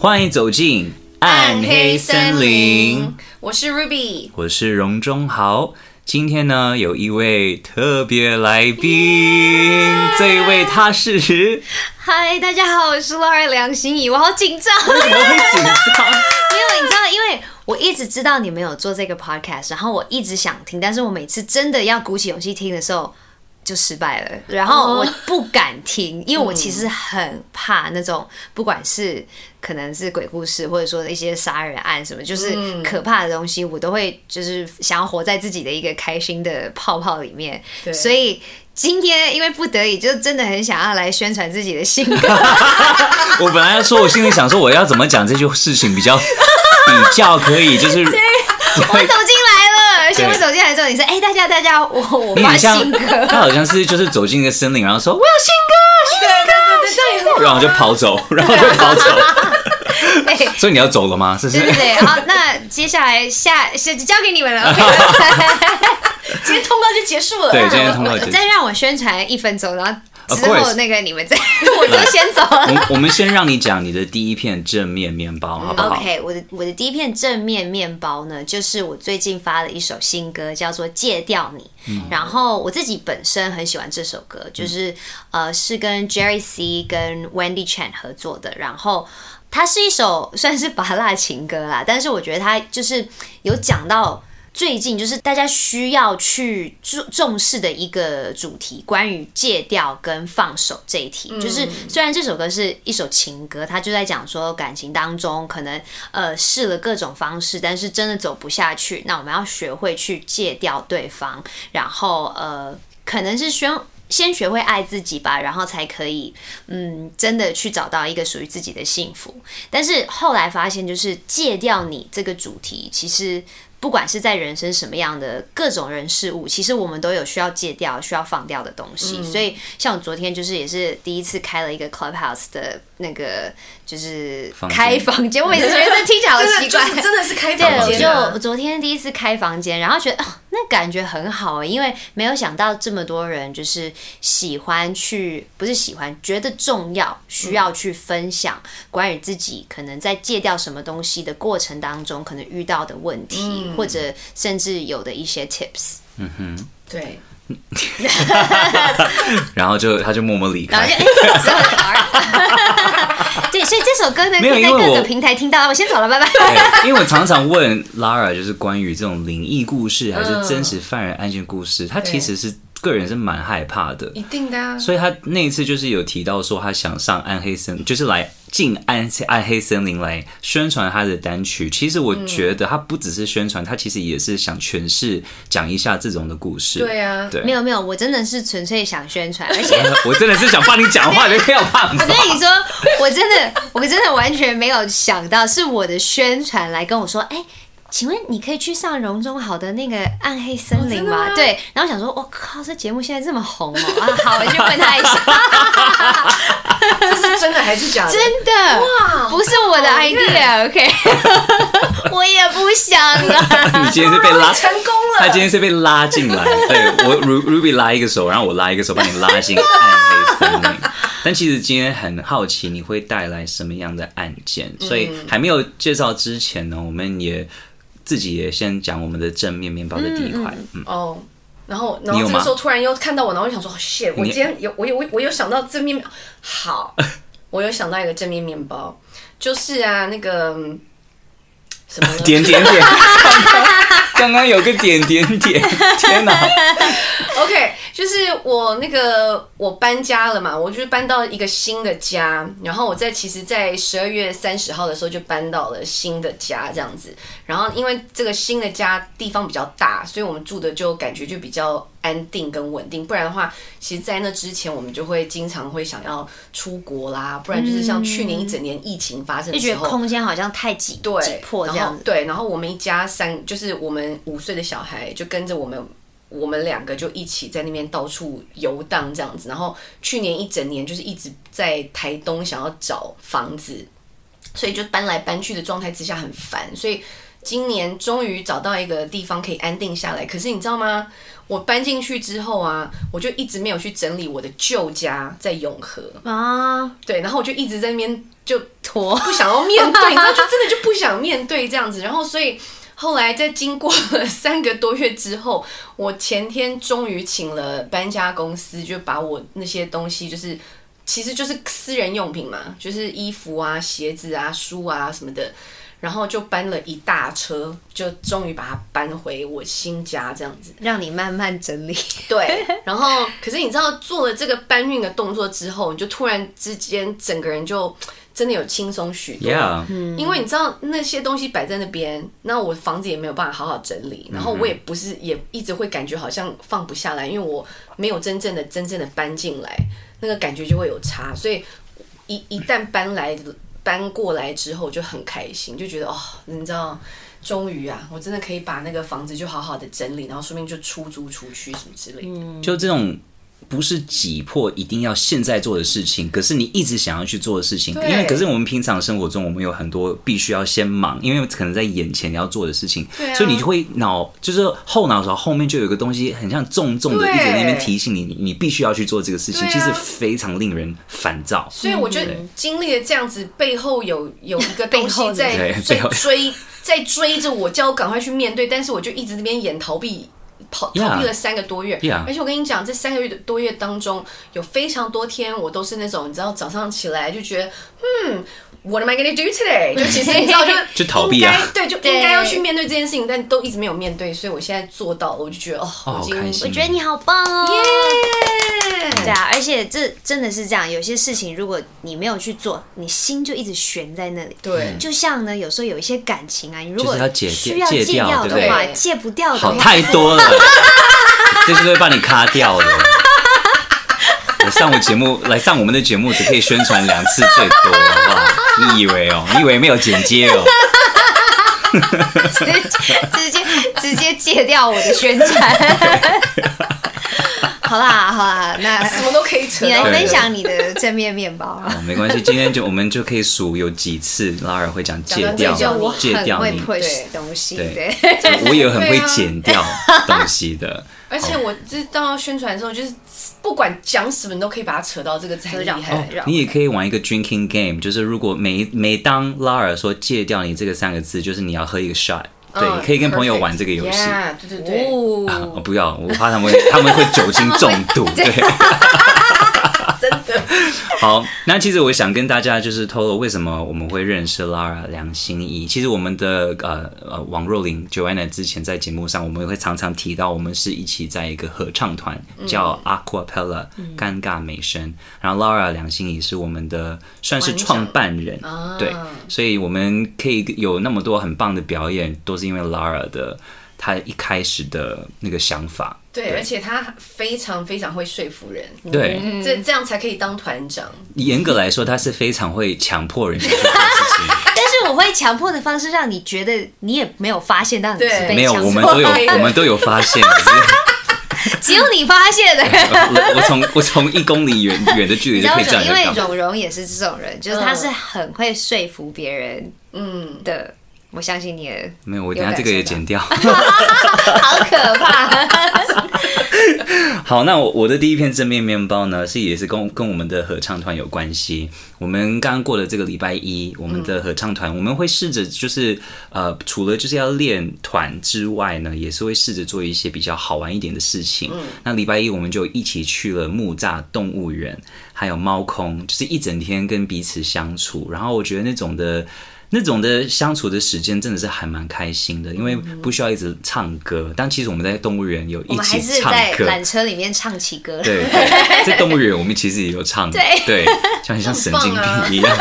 歡迎走進暗黑森林，森林我是 Ruby，我是榮忠豪。今天呢，有一位特別來賓，Yeah! 這一位他是。嗨，大家好，我是 Lara 梁心頤，我好緊張，我很緊張。為什麼會緊張？因為你知道，因為我一直知道你們有做這個 podcast，然後我一直想聽，但是我每次真的要鼓起勇氣聽的時候。就失敗了，然後我不敢聽，哦、因為我其實很怕那種，嗯、不管是可能是鬼故事，或者說一些殺人案什麼，嗯、就是可怕的東西，我都會就是想要活在自己的一個開心的泡泡裡面。對所以今天因為不得已，就真的很想要來宣傳自己的性格。 我本來說我心裡想說，我要怎麼講這件事情比較比較可以，就是 我走進來。對我們走進來之後你說：“哎、欸，大家，大家，我我發新歌。”他好像是就是走進一個森林，然後說：“ 我有新歌，新歌。新歌”歌歌然後就跑走，然後就跑走。所以你要走了嗎？是是對，對，對， 好，那接下來下就交給你們了。 今天通告就結束了。對，今天通告結束。再讓我宣傳一分鐘，然後。之後那個你們再，Of course. 我就先走了。Right. 我們先讓你講你的第一片正面麵包，好不好？OK，我的我的第一片正面麵包呢，就是我最近發了一首新歌，叫做《戒掉你》。嗯、然後我自己本身很喜歡這首歌，就是、嗯、呃是跟 Jerry C 跟 Wendy Chan 合作的。然後它是一首算是芭樂情歌啦，但是我覺得它就是有講到、嗯。最近就是大家需要去重重視的一個主題，關於戒掉跟放手這一題。就是雖然這首歌是一首情歌，它就在講說感情當中可能呃試了各種方式，但是真的走不下去。那我們要學會去戒掉對方，然後呃可能是先，先學會愛自己吧，然後才可以嗯真的去找到一個屬於自己的幸福。但是後來發現，就是戒掉你這個主題其實。不管是在人生什麼樣的各種人事物，其實我們都有需要戒掉、需要放掉的東西。嗯、所以，像我昨天就是也是第一次開了一個 Clubhouse 的那個。就是開房間，房間 我也直覺得這聽起來好奇怪，真的是開房間。對，我就昨天第一次開房間，然後覺得哦，那感覺很好、欸，因為沒有想到這麼多人就是喜歡去，不是喜歡覺得重要，需要去分享關於自己可能在戒掉什麼東西的過程當中可能遇到的問題，或者甚至有的一些 tips。嗯哼，對。 然後就他就默默離開，欸、 對，所以這首歌呢，沒有可以在各個平台聽到了，啊，我，我先走了，拜拜對。因為我常常問 Lara，就是關於這種靈異故事還是真實犯人案件故事，他、嗯、其實是對個人是蠻害怕的，一定的，啊。所以他那一次就是有提到說他想上暗黑森，就是來。進暗黑森林來宣傳他的單曲，其實我覺得他不只是宣傳，嗯、他其實也是想詮釋講一下這種的故事。對啊，對，沒有沒有，我真的是純粹想宣傳，而且、呃、我真的是想幫你講話就，就不要怕。吧我跟你說，我真的，我真的完全沒有想到，是我的宣傳來跟我說，哎、欸。請問你可以去上榮忠豪的那個暗黑森林嗎？哦、嗎對，然後想說，我、哦、靠，這節目現在這麼紅哦 啊！好，我去問他一下， 這是真的還是假的？真的哇，不是我的 idea。OK，我也不想了。你今天是被拉、oh, 成功了，他今天是被拉進來。對我，Ruby 拉一個手，然後我拉一個手，把你拉進暗黑森林。 但其實今天很好奇，你會帶來什麼樣的案件？嗯嗯，所以還沒有介紹之前呢，我們也。自己也先講我們的正面麵包的第一塊，嗯，嗯，嗯哦，然後然後這個時候突然又看到我，然後就想說，謝，我今天有我有我有我有想到正面麵包，好， 我有想到一個正面麵包，就是啊那個什麼點點點，剛剛 有個點點點，天吶 OK 就是我那個我搬家了嘛，我就是搬到一個新的家，然後我在其實，在十二月三十號的時候就搬到了新的家，這樣子。然後因為這個新的家地方比較大，所以我們住的就感覺就比較安定跟穩定。不然的話，其實在那之前，我們就會經常會想要出國啦。不然就是像去年一整年疫情發生的時候，嗯，就覺得空間好像太擠，對擠破這樣子。對，然後，對，然後我們一家三，就是我們五歲的小孩就跟着我們。我們兩個就一起在那邊到處遊蕩這樣子，然後去年一整年就是一直在台東想要找房子，所以就搬來搬去的狀態之下很煩，所以今年終於找到一個地方可以安定下來。可是你知道嗎？我搬進去之後啊，我就一直沒有去整理我的舊家在永和啊，對，然後我就一直在那邊就拖，不想要面對， 你知道就真的就不想面對這樣子，然後所以。後來在經過了三個多月之後，我前天終於請了搬家公司，就把我那些東西，就是其實就是私人用品嘛，就是衣服啊、鞋子啊、書啊什麼的，然後就搬了一大車，就終於把它搬回我新家，這樣子，讓你慢慢整理。對，然後，可是你知道，做了這個搬運的動作之後，你就突然之間整個人就真的有輕鬆許多，Yeah. 因為你知道那些東西擺在那邊，那我房子也沒有辦法好好整理，然後我也不是也一直會感覺好像放不下來，因為我沒有真正的真正的搬進來，那個感覺就會有差。所以一一旦搬來搬過來之後就很開心，就覺得哦，你知道，終於啊，我真的可以把那個房子就好好的整理，然後說不定就出租出去什麼之類的，就這種。不是急迫一定要現在做的事情，可是你一直想要去做的事情，對因為可是我們平常生活中，我們有很多必須要先忙，因為可能在眼前你要做的事情，啊、所以你就會腦就是後腦勺後面就有一個東西，很像重重的一直在那邊提醒你，對你，你必須要去做這個事情，啊、其實非常令人煩躁。所以我覺得你經歷了這樣子，背後有有一個東西在在 的追 在追着我，叫我趕快去面對，但是我就一直那邊演逃避。逃逃避了三個多月，而且我跟你講，這三個月的多月當中，有非常多天我都是那種，你知道，早上起來就覺得，嗯，What am I gonna do today？就其實你知道就就逃避，對，就應該要去面對這件事情，但都一直沒有面對，所以我現在做到了，我就覺得哦，好開心，我覺得你好棒哦，耶！對啊，而且這真的是這樣，有些事情如果你沒有去做，你心就一直懸在那裡。對，就像呢，有時候有一些感情啊，你如果要戒掉，戒不掉的話，戒不掉，好太多了。 這是不是會把你卡掉的？我上我節目，來上我們的節目，只可以宣傳兩次最多好不好？你以為哦、喔？你以為沒有剪接哦、喔？ 直接直接直接戒掉我的宣傳。 對 好啦好啦，那什麼都可以扯。你來分享你的正面面包啊。對、 哦。沒關係，今天就我們就可以數有幾次拉爾會講戒掉， 戒掉我很會 push 東西對對對，我也很會剪掉東西的。 而且我知道宣傳之後，就是不管講什麼，你都可以把它扯到這個字、哦、你也可以玩一個 drinking game，就是如果每每當拉爾說戒掉你這個三個字，就是你要喝一個 shot。對，可以跟朋友玩這個遊戲。對對對，哦、啊，不要，我怕他們，他們會酒精中毒。對。 好，那其實我想跟大家就是透露，為什麼我們會認識 Lara 梁心頤。其實我們的呃呃王若琳 Joanna 之前在節目上，我們也會常常提到，我們是一起在一個合唱團叫 Aquapella 尷、嗯、尬美聲。然後 Lara 梁心頤是我們的算是創辦人，哦、對，所以我們可以有那麼多很棒的表演，都是因為 Lara 的。他一開始的那個想法，對，而且他非常非常會說服人，對，這這樣才可以當團長。嚴格來說，他是非常會強迫人的，但是我會強迫的方式讓你覺得你也沒有發現到你自己。沒有，我們都有，我們都有發現，只有你發現的。我從我從一公里遠遠的距離就可以這樣，因為榮榮也是這種人，就是他是很會說服別人，嗯的。我相信你也有沒有，我等下這個也剪掉。 好可怕！ 好，那我我的第一片正面面包呢，是也是跟跟我們的合唱團有關係。我們剛剛過了這個禮拜一，我們的合唱團、嗯、我們會試着就是呃，除了就是要練團之外呢，也是會試着做一些比較好玩一點的事情。嗯、那禮拜一我們就一起去了木柵動物園，還有貓空，就是一整天跟彼此相處。然後我覺得那種的。那種的相處的時間真的是還蠻開心的，因為不需要一直唱歌。嗯嗯，但其實我們在動物園有一起唱歌，纜車裡面唱起歌。對，對 在動物園我們其實也有唱。對，像對像神經病一樣。啊、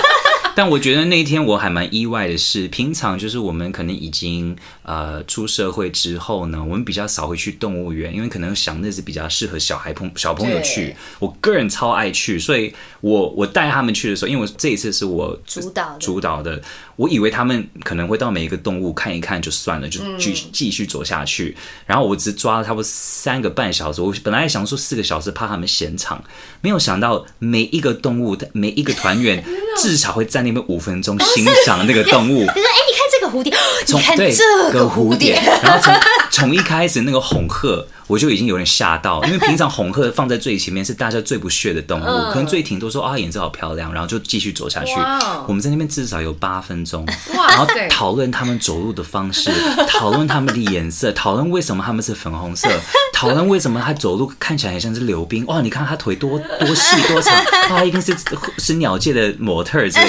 但我覺得那一天我還蠻意外的是， 平常就是我們可能已經呃出社會之後呢，我們比較少會去動物園，因為可能想那是比較適合小孩朋小朋友去。對耶 我個人超愛去，所以我我帶他們去的時候，因為我這一次是我主導對耶 主導的。我以為他們可能會到每一個動物看一看就算了，就繼續，繼續走下去。嗯、然後我只抓了差不多三個半小時，我本來想說四個小時，怕他們嫌長，沒有想到每一個動物，每一個團員至少會在那邊五分鐘欣賞那個動物。你說、嗯，哎、哦欸，你看這個蝴蝶，從你看這個蝴，個蝴蝶，然後從。啊啊從一開始那個紅鶴，我就已經有點嚇到，因為平常紅鶴放在最前面是大家最不屑的動物，可能最挺多說啊哦，顏色好漂亮，然後就繼續走下去。Wow. 我們在那邊至少有八分鐘，Wow. 然後討論他們走路的方式，討論 他們的顏色，討論為什麼他們是粉紅色，討論為什麼他走路看起來很像是溜冰。哇，哦，你看他腿多多細多長，他一定是是鳥界的模特兒。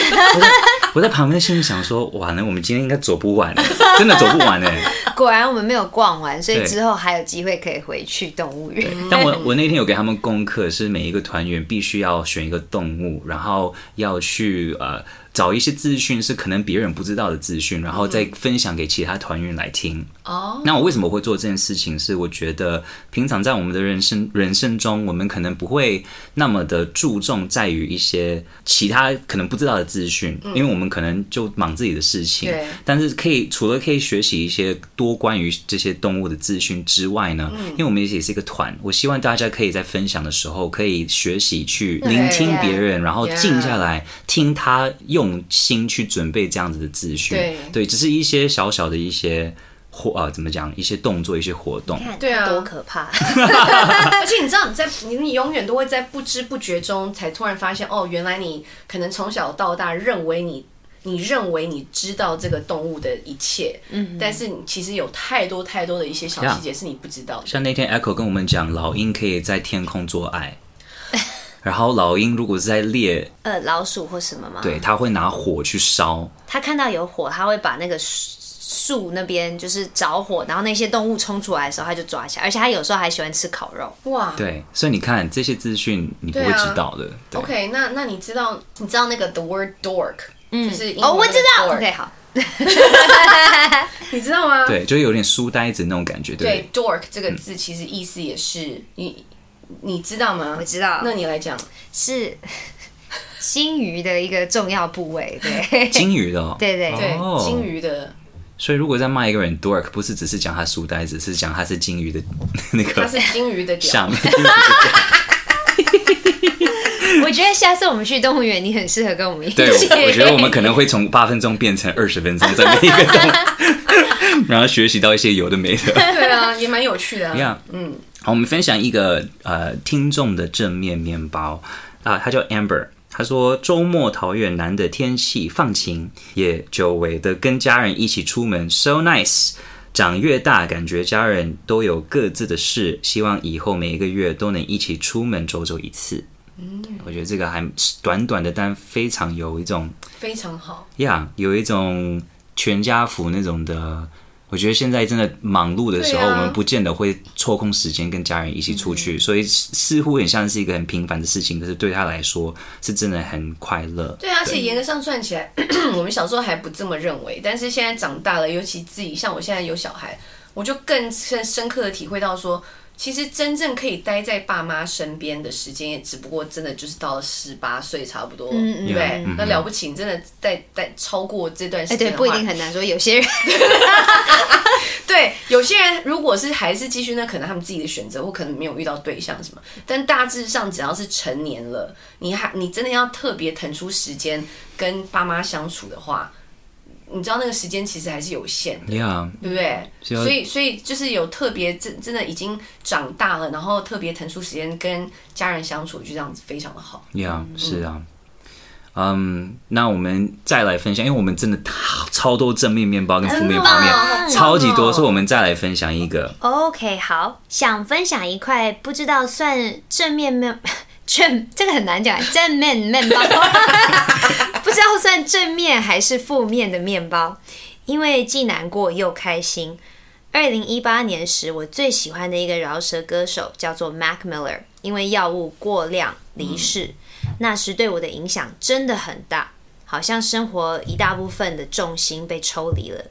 我在旁邊心裡想說，完了，我們今天應該走不完，欸，真的走不完哎，欸。 果然我們沒有逛完，所以之後還有機會可以回去動物園對。 但我我那天有給他們功課，是每一個團員必須要選一個動物，然後要去呃。找一些資訊是可能別人不知道的資訊，然後再分享給其他團員來聽。哦、嗯，那我為什麼會做這件事情？是我覺得平常在我們的人生人生中，我們可能不會那麼的注重在於一些其他可能不知道的資訊，嗯、因為我們可能就忙自己的事情。嗯、但是可以除了可以學習一些多關於這些動物的資訊之外呢，嗯、因為我們也是一個團，我希望大家可以在分享的時候可以學習去聆聽別人，對然後靜下來聽他用。用心去準備這樣子的資訊，對，對，只是一些小小的一些活啊，怎麼講？一些動作，一些活動，看對啊，多可怕！ 而且你知道你在，你在你永遠都會在不知不覺中，才突然發現哦，原來你可能從小到大認為你，你認為你知道這個動物的一切，嗯哼，但是你其實有太多太多的一些小細節是你不知道的。像那天 Echo 跟我們講，老鷹可以在天空做愛。然後老鷹如果是在獵，呃，老鼠、或什麼嗎？對，它會拿火去燒。它看到有火，它會把那個樹那邊就是着火，然後那些動物衝出來的時候，它就抓起來。而且它有時候還喜歡吃烤肉。哇，對，所以你看這些資訊，你不會知道的。啊、對 OK，那那你知道你知道那個 the word dork，、嗯、就是哦，oh, 我知道。ork OK，好， 你知道嗎？對，就有點書呆子那種感覺，對不對？dork 這個字其實意思也是、嗯、你。你知道嗎？我知道。那你來講，是金魚的一個重要部位。對，金魚的，對對對，金魚的。所以，如果在罵一個人 dork，不是只是講他書呆子，是講他是金魚的那個，他是金魚的下面的。 我覺得下次我們去動物園，你很適合跟我們一起。對，我覺得我們可能會從八分鐘變成二十分鐘在那一個動物，然後學習到一些有的沒的。 對啊，也蠻有趣的啊。一樣，嗯。我們分享一個呃，聽眾的正面面包啊，他、呃、叫 Amber，他說，周末桃園難得天氣放晴，也久違的跟家人一起出門，So nice。長越大，感覺家人都有各自的事，希望以後每一個月都能一起出門走走一次。嗯，我覺得這個還短短的，但非常有一種非常好，呀，yeah, 有一種全家福那種的。我覺得現在真的忙碌的時候，我們不見得會抽空時間跟家人一起出去，啊、所以似乎很像是一個很平凡的事情。可是對他來說，是真的很快樂。對啊，而且嚴格上算起來咳咳，我們小時候還不這麼認為，但是現在長大了，尤其自己像我現在有小孩，我就更深深刻的體會到說。其實真正可以待在爸媽身邊的時間，也只不過真的就是到了十八歲差不多。對，那了不起，真的待待超過這段時間，欸、對，對不一定很難說有。 有些人，對有些人，如果是還是繼續，那可能他們自己的選擇，或可能沒有遇到對象什麼。但大致上，只要是成年了，你還你真的要特別騰出時間跟爸媽相處的話。你知道那個時間其實還是有限，對不對？所以，所以就是有特別真真的已經長大了，然後特別騰出時間跟家人相處，就這樣子非常的好。Yeah，是啊，嗯，那我們再來分享，因為我們真的超多正面面包跟負面面包，超級多，所以我們再來分享一個。OK，好，想分享一塊，不知道算正面面，正這個很難講，正面面包。不知道算正面還是負面的麵包，因為既難過又開心。二零一八年時，我最喜歡的一個饒舌歌手叫做 Mac Miller，因為藥物過量離世，嗯，那時對我的影響真的很大，好像生活一大部分的重心被抽離了。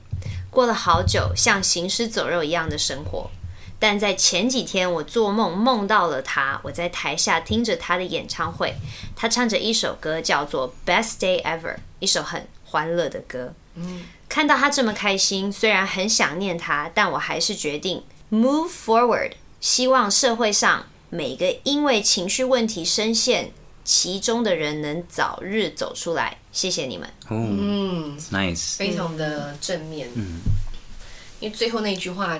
過了好久，像行屍走肉一樣的生活。但在前幾天，我做夢夢到了他。我在台下聽着他的演唱會，他唱着一首歌，叫做《Best Day Ever》，一首很歡樂的歌。嗯，看到他這麼開心，雖然很想念他，但我還是決定 move forward。希望社會上每個因為情緒問題深陷其中的人能早日走出來。謝謝你們。哦。嗯，it's nice，非常的正面。嗯，因為最後那一句話。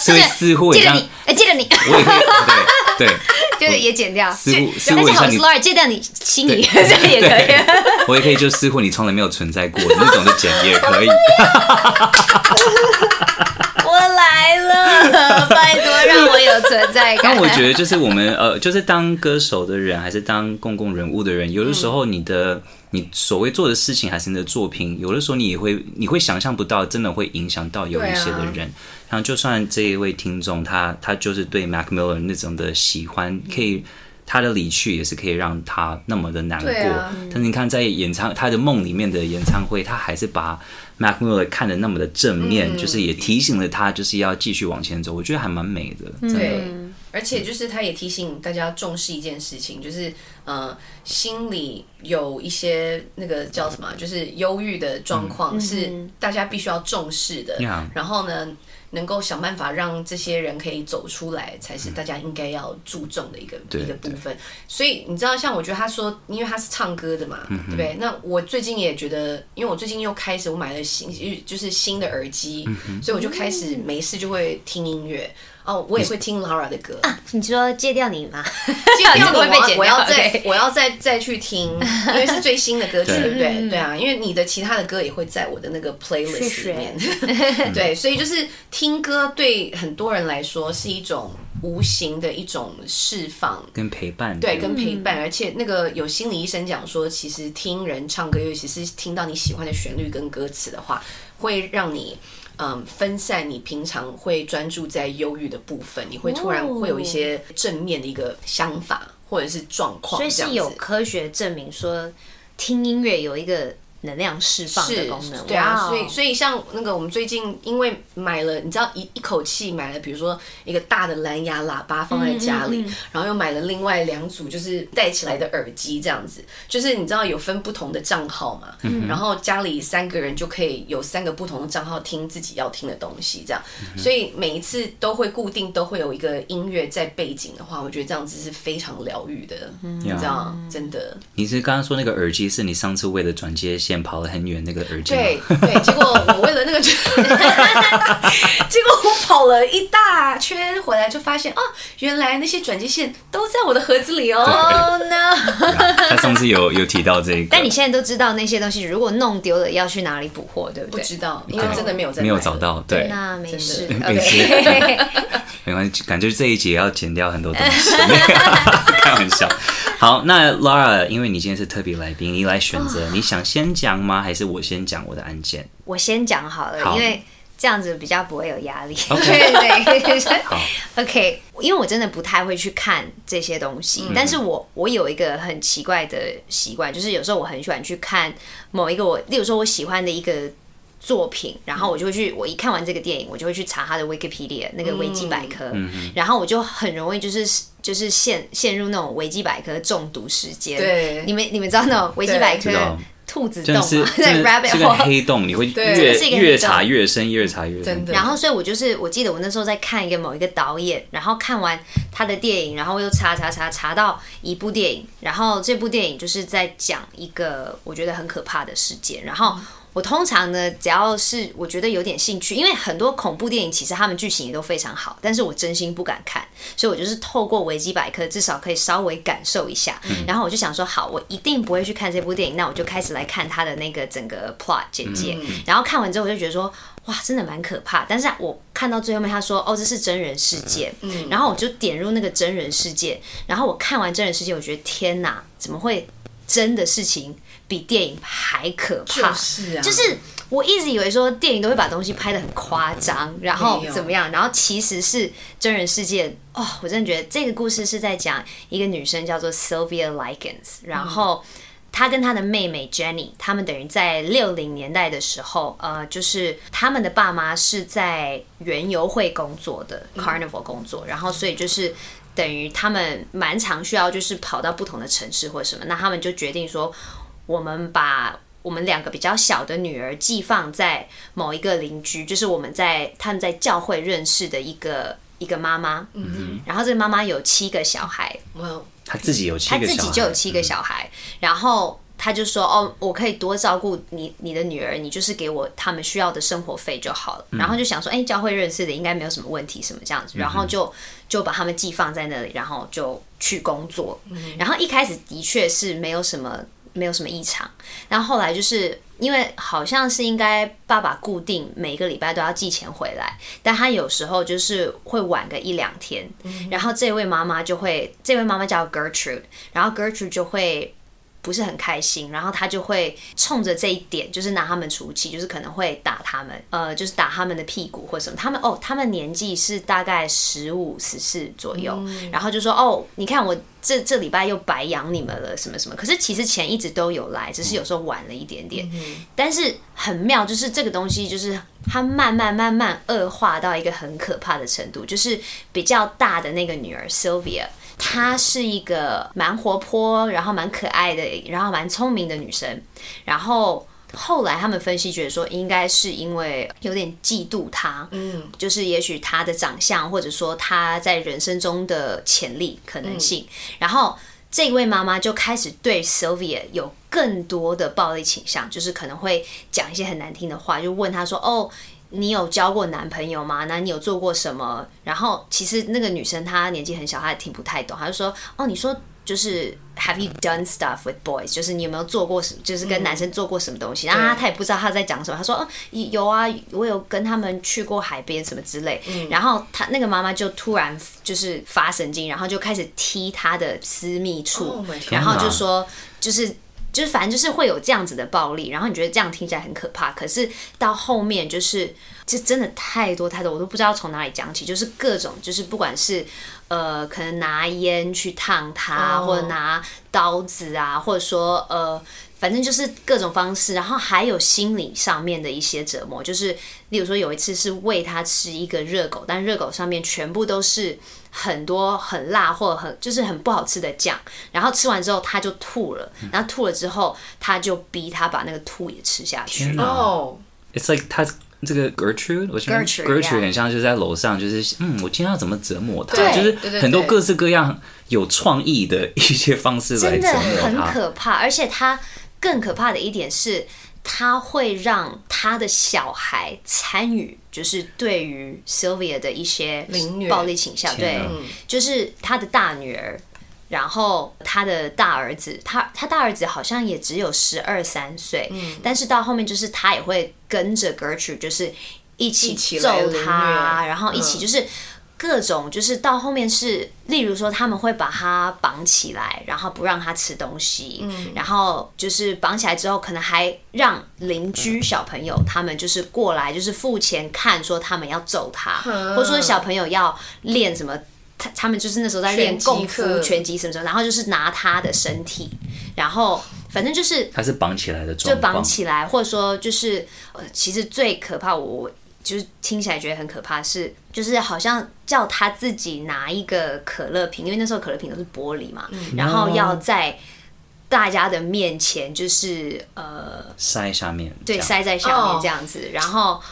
所以似乎也記得你，我也可以，對對，就是也剪掉，似乎，但是好 s m r 剪掉你心裡，這也可以。我也可以，就似乎你從來沒有存在過，你那種就剪也可以。我來了，拜託讓我有存在感。但我覺得就是我們呃，就是當歌手的人，還是當公共人物的人，有的時候你的。你所謂做的事情還是你的作品，有的時候你也會你會想象不到，真的會影響到有一些的人。然後、啊、就算這一位聽眾，他他就是對 Mac Miller 那種的喜歡，可以他的離去也是可以讓他那麼的難過。啊、但是你看，在演唱他的夢裡面的演唱會，他還是把 Mac Miller 看得那麼的正面，嗯、就是也提醒了他，就是要繼續往前走。我覺得還蠻美的，真的。對而且就是，他也提醒大家重視一件事情，嗯、就是，呃，心裡有一些那個叫什麼，就是憂鬱的狀況是大家必須要重視的。嗯、然後呢，嗯、能夠想辦法讓這些人可以走出來，才是大家應該要注重的一個、嗯、一個部分。所以你知道，像我覺得他說，因為他是唱歌的嘛，對不對？那我最近也覺得，因為我最近又開始我買了新就是新的耳機，嗯、所以我就開始沒事就會聽音樂。嗯嗯哦，我也會聽 Lara 的歌啊。你說戒掉你嗎？戒掉你，我要再，我要再再去聽，因為是最新的歌曲，對不對？對，對啊，因為你的其他的歌也會在我的那個 playlist 裡面。是是，對，所以就是聽歌對很多人來說是一種無形的一種釋放跟陪伴，對，跟陪伴。嗯，而且那個有心理醫生講說，其實聽人唱歌，尤其是聽到你喜歡的旋律跟歌詞的話，會讓你。嗯，um, 分散你平常會專注在憂鬱的部分，你會突然會有一些正面的一個想法、哦、或者是狀況。所以是有科學證明說，聽音樂有一個。能量釋放的功能，對啊。Wow 所以所以像那個我們最近因為買了，你知道一一口氣買了，比如說一個大的藍牙喇叭放在家裡，mm hmm. 然後又買了另外兩組就是戴起來的耳機這樣子，就是你知道有分不同的賬號嘛，mm hmm. 然後家裡三個人就可以有三個不同的賬號聽自己要聽的東西，這樣，mm hmm. 所以每一次都會固定都會有一個音樂在背景的話，我覺得這樣子是非常療癒的，mm hmm. 你知道真的。你是剛剛說那個耳機是你上次為了轉接線。跑得很遠，那個耳機，對對，結果我為了那個，結果我跑了一大圈回來，就發現哦，原來那些轉接線都在我的盒子裡哦。那他上次有有提到這個，但你現在都知道那些東西如果弄丟了要去哪裡補貨，對不對？不知道，因為真的沒有沒有找到。對，那沒事，沒事，沒關係。感覺這一集要剪掉很多東西。開玩笑，好，那 Lara，因為你今天是特別來賓，你來選擇，你想先講嗎？還是我先講我的案件？我先講好了，好，因為這樣子比較不會有壓力。OK，OK，因為我真的不太會去看這些東西，嗯、但是我我有一個很奇怪的習慣，就是有時候我很喜歡去看某一個我，例如說我喜歡的一個作品，然後我就會去，嗯、我一看完這個電影，我就會去查他的 Wikipedia 那個維基百科，嗯、然後我就很容易就是就是陷陷入那種維基百科中毒時間。對，你們你們知道那種維基百科？兔子洞嘛，在 rabbit，這個黑洞 對你會越越查越深，越查越深。對然後，所以我就是，我記得我那時候在看一個某一個導演，然後看完他的電影，然後我又查查查查到一部電影，然後這部電影就是在講一個我覺得很可怕的事件，然後。我通常呢，只要是我覺得有點興趣，因為很多恐怖電影其實他們劇情也都非常好，但是我真心不敢看，所以我就是透過維基百科，至少可以稍微感受一下。嗯、然後我就想說，好，我一定不會去看這部電影，那我就開始來看他的那個整個 plot 簡介。嗯、然後看完之後，我就覺得說，哇，真的蠻可怕。但是我看到最後面，他說，哦，這是真人事件。嗯、然後我就點入那個真人事件，然後我看完真人事件，我覺得天哪，怎麼會真的事情？比電影還可怕，是啊，就是就是我一直以為說，電影都會把東西拍得很誇張，然後怎麼樣，然後其實是真人世界哦、喔，我真的覺得這個故事是在講一個女生叫做 Sylvia Likens，然後她跟她的妹妹 Jenny，他們等於在六零年代的時候，呃，就是他們的爸媽是在園遊會工作的 Carnival 工作，然後所以就是等於他們蠻常需要就是跑到不同的城市或者什麼，那他們就決定說，我們把我們兩個比較小的女兒寄放在某一個鄰居，就是我們在他們在教會認識的一個一個媽媽，嗯哼，然後這個媽媽有七個小孩，她，他自己有，七個小孩，他自己就有七個小孩，嗯、哼然後他就說，哦，我可以多照顧你你的女兒，你就是給我他們需要的生活費就好了，然後就想說，哎、欸，教會認識的應該沒有什麼問題，什麼這樣子，然後就就把他們寄放在那裡，然後就去工作，嗯、哼然後一開始的確是沒有什麼。沒有什麼異常，然後後來就是因為好像是應該爸爸固定每個禮拜都要寄錢回來，但他有時候就是會晚個一兩天，然後這位媽媽就會，這位媽媽叫 Gertrude，然後 Gertrude 就會。不是很開心，然後他就會衝着這一點，就是拿他們出氣，就是可能會打他們，呃，就是打他們的屁股或什麼。他們哦，他們年紀是大概十五、十四左右，嗯、然後就說哦，你看我這這禮拜又白養你們了，什麼什麼。可是其實錢一直都有來，只是有時候晚了一點點。嗯嗯嗯、但是很妙，就是這個東西就是它慢慢慢慢惡化到一個很可怕的程度，就是比較大的那個女兒 Sylvia。她是一個蠻活潑，然後蠻可愛的，然後蠻聰明的女生。然後後來他們分析覺得說，應該是因為有點嫉妒她，嗯，就是也許她的長相，或者說她在人生中的潛力可能性。嗯，然後這位媽媽就開始對 Sylvia 有更多的暴力傾向，就是可能會講一些很難聽的話，就問她說：“哦。”你有交過男朋友嗎？那你有做過什麼？然後其實那個女生她年紀很小，她也聽不太懂，她就說：“哦，你說就是 have you done stuff with boys？就是你有沒有做過什麼，就是跟男生做過什麼東西？”嗯、啊，她也不知道她在講什麼，她說：“哦，有啊，我有跟他們去過海邊什麼之類。嗯”然後她那個媽媽就突然就是發神經，然後就開始踢她的私密處，哦 my God, 啊、然後就說：“就是。”就是反正就是會有這樣子的暴力，然後你覺得這樣聽起來很可怕，可是到後面就是，就真的太多太多，我都不知道從哪裡講起，就是各種，就是不管是呃，可能拿煙去燙它，oh. 或者拿刀子啊，或者說呃。反正就是各種方式，然後還有心理上面的一些折磨，就是，例如說有一次是餵他吃一個熱狗，但熱狗上面全部都是很多很辣或者很就是很不好吃的醬，然後吃完之後他就吐了，然後吐了之後他就逼他把那個吐也吃下去。哦哪、oh，It's like 他這個 Gertrude，Gertrude Gertrude 很像就是在樓上，就是嗯，我今天要怎麼折磨他？對就是很多各式各樣有創意的一些方式來折磨他。對對對，真的很可怕，而且他。更可怕的一點是，他會讓他的小孩參與，就是對於 Sylvia 的一些暴力傾向。女對，嗯、就是他的大女兒，然後他的大兒子，他他大兒子好像也只有十二三歲，嗯、但是到後面就是他也會跟着 Gertrude，就是一起揍他，然後一起就是。嗯各種就是到後面是，例如說他們會把他綁起來，然後不讓他吃東西，然後就是綁起來之後，可能還讓鄰居小朋友他們就是過來，就是付錢看，說他們要揍他，或者說小朋友要練什麼，他他們就是那時候在練功夫、拳擊什麼什麼，然後就是拿他的身體，然後反正就是他是綁起來的狀況，就綁起來，或者說就是呃，其實最可怕我。就是聽起來覺得很可怕，是就是好像叫他自己拿一個可樂瓶，因為那時候可樂瓶都是玻璃嘛，No. 然後要在大家的面前，就是呃塞下面，對，塞在下面這樣子，oh. 然後。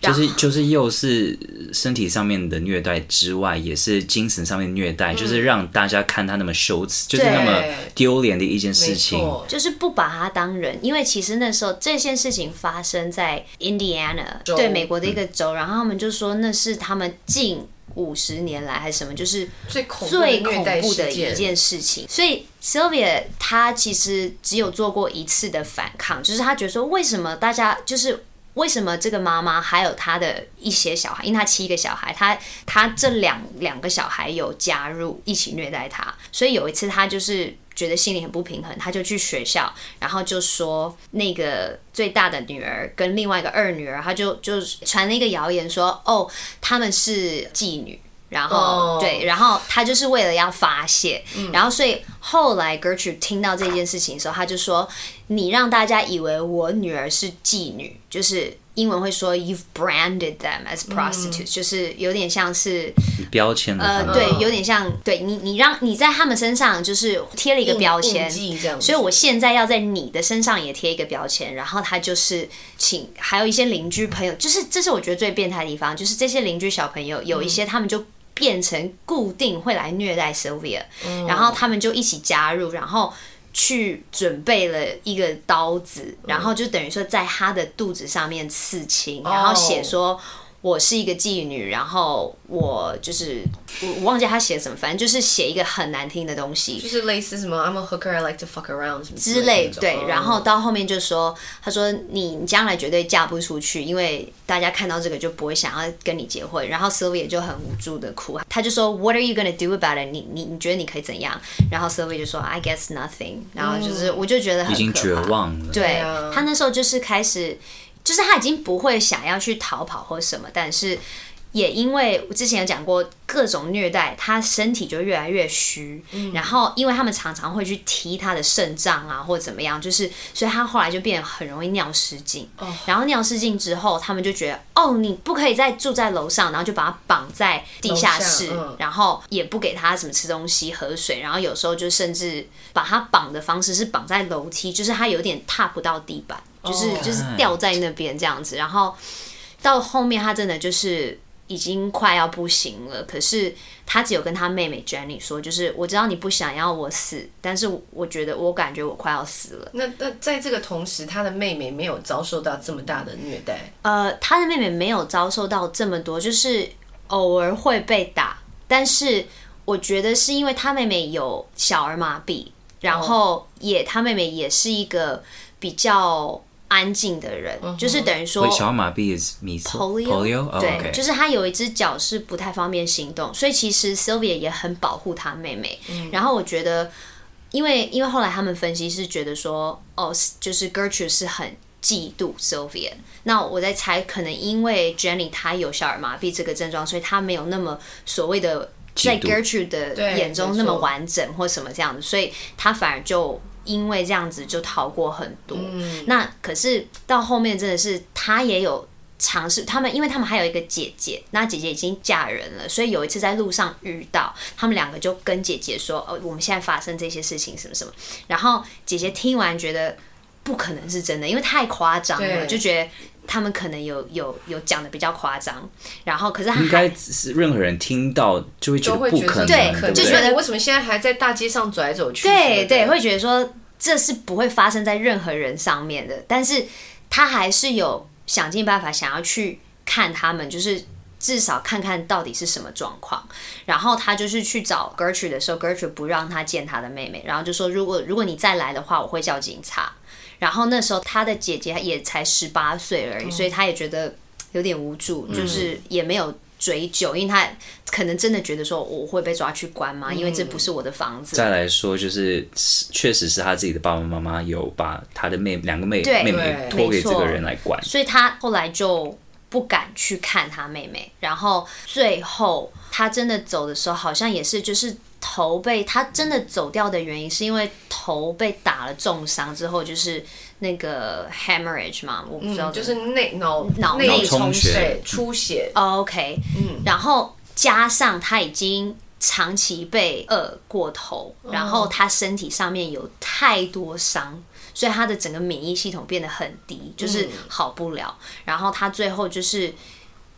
就是就是又是身體上面的虐待之外，也是精神上面虐待，嗯、就是讓大家看他那麼羞恥對，就是那麼丟臉的一件事情，沒錯就是不把他當人。因為其實那時候這件事情發生在 Indiana，州對，美國的一個州，嗯、然後他們就說那是他們近五十年來還是什麼，就是最最恐怖的一件事情。所以 Sylvia 她其實只有做過一次的反抗，就是她覺得說為什麼大家就是。為什麼這個媽媽還有她的一些小孩，因為她七個小孩，她她這兩兩個小孩有加入一起虐待她，所以有一次她就是覺得心裡很不平衡，她就去學校，然後就說那個最大的女兒跟另外一個二女兒，她就就傳了一個謠言說，哦，他們是妓女。然後、oh, 對，然後他就是為了要發洩，嗯、然後所以後來 Gertrude 聽到這件事情的時候，他就說：“你讓大家以為我女兒是妓女，就是英文會說 ‘you've branded them as prostitutes’，、嗯、就是有點像是標籤的、啊、呃，對，有點像對你你讓你在他們身上就是貼了一個標籤，所以我現在要在你的身上也貼一個標籤。”然後他就是請還有一些鄰居朋友，就是這是我覺得最變態的地方，就是這些鄰居小朋友有一些他們就。變成固定會來虐待 Sylvia，、嗯、然後他們就一起加入，然後去準備了一個刀子，然後就等於說在他的肚子上面刺青，嗯、然後寫說。我是一個妓女，然後我就是我忘記他寫什麼，反正就是寫一個很難聽的東西，就是類似什麼 I'm a hooker, I like to fuck around 什麼之類，對。然後到後面就說，他說你將來絕對嫁不出去，因為大家看到這個就不會想要跟你結婚。然後 Sylvia 也就很無助的哭，他就說 What are you gonna do about it？你你你覺得你可以怎樣？然後 Sylvia 就說 I guess nothing。然後就是我就覺得很絕望，對，他那時候就是開始。就是他已經不會想要去逃跑，或什麼，但是也因為我之前有講過各種虐待，他身體就越來越虛。嗯、然後因為他們常常會去踢他的腎臟啊，或者怎麼樣，就是所以他後來就變得很容易尿失禁。哦、然後尿失禁之後，他們就覺得哦，你不可以再住在樓上，然後就把他綁在地下室，樓下。嗯、然後也不給他什麼吃東西、喝水，然後有時候就甚至把他綁的方式是綁在樓梯，就是他有點踏不到地板。就是就是掉在那邊這樣子，Oh, okay. 然後到後面他真的就是已經快要不行了。可是他只有跟他妹妹 Jenny 說，就是我知道你不想要我死，但是我覺得我感覺我快要死了。那那在這個同時，他的妹妹沒有遭受到這麼大的虐待？呃，他的妹妹沒有遭受到這麼多，就是偶爾會被打。但是我覺得是因為他妹妹有小兒麻痹，然後也、oh. 他妹妹也是一個比較。安靜的人，uh huh. 就是等於說小兒麻痹是 polio，對，okay. 就是他有一只腳是不太方便行動，所以其實 Sylvia 也很保護他妹妹。嗯、然後我覺得，因為因為後來他們分析是覺得說，哦，就是 Gertrude 是很嫉妒 Sylvia。那我在猜，可能因為 Jenny 她有小兒麻痹這個症狀，所以她沒有那麼所謂的在 Gertrude 的眼中那麼完整或什麼這樣子，所以她反而就。因為這樣子就逃過很多。嗯、那可是到後面真的是，他也有嘗試。他們因為他們還有一個姐姐，那姐姐已經嫁人了，所以有一次在路上遇到，他們兩個就跟姐姐說：“哦，我們現在發生這些事情什麼什麼。”然後姐姐聽完覺得不可能是真的，因為太誇張了，對就覺得他們可能有有有講的比較誇張。然後可是他應該是任何人聽到就會覺得不可能，可能對，對對就覺得、欸、為什麼現在還在大街上走來走去是不是？對對，會覺得說。這是不會發生在任何人上面的，但是他還是有想盡辦法想要去看他們，就是至少看看到底是什麼狀況。然後他就是去找 Gertrude 的時候，Gertrude 不讓他見他的妹妹，然後就說如果如果你再來的話，我會叫警察。然後那時候他的姐姐也才十八歲而已，嗯、所以他也覺得有點無助，就是也沒有。追究，因為他可能真的覺得說我會被抓去關嗎？因為這不是我的房子。嗯、再來說，就是確實是他自己的爸爸媽媽有把他的妹兩個妹對妹妹托給這個人來管，所以他後來就不敢去看他妹妹。然後最後他真的走的時候，好像也是就是。頭被他真的走掉的原因，是因為頭被打了重傷之後，就是那個 hemorrhage 嘛，我不知道、嗯，就是內腦腦內沖血，出血，哦。OK，嗯，然後加上他已經長期被餓過頭，然後他身體上面有太多傷，所以他的整個免疫系統變得很低，就是好不了。嗯、然後他最後就是。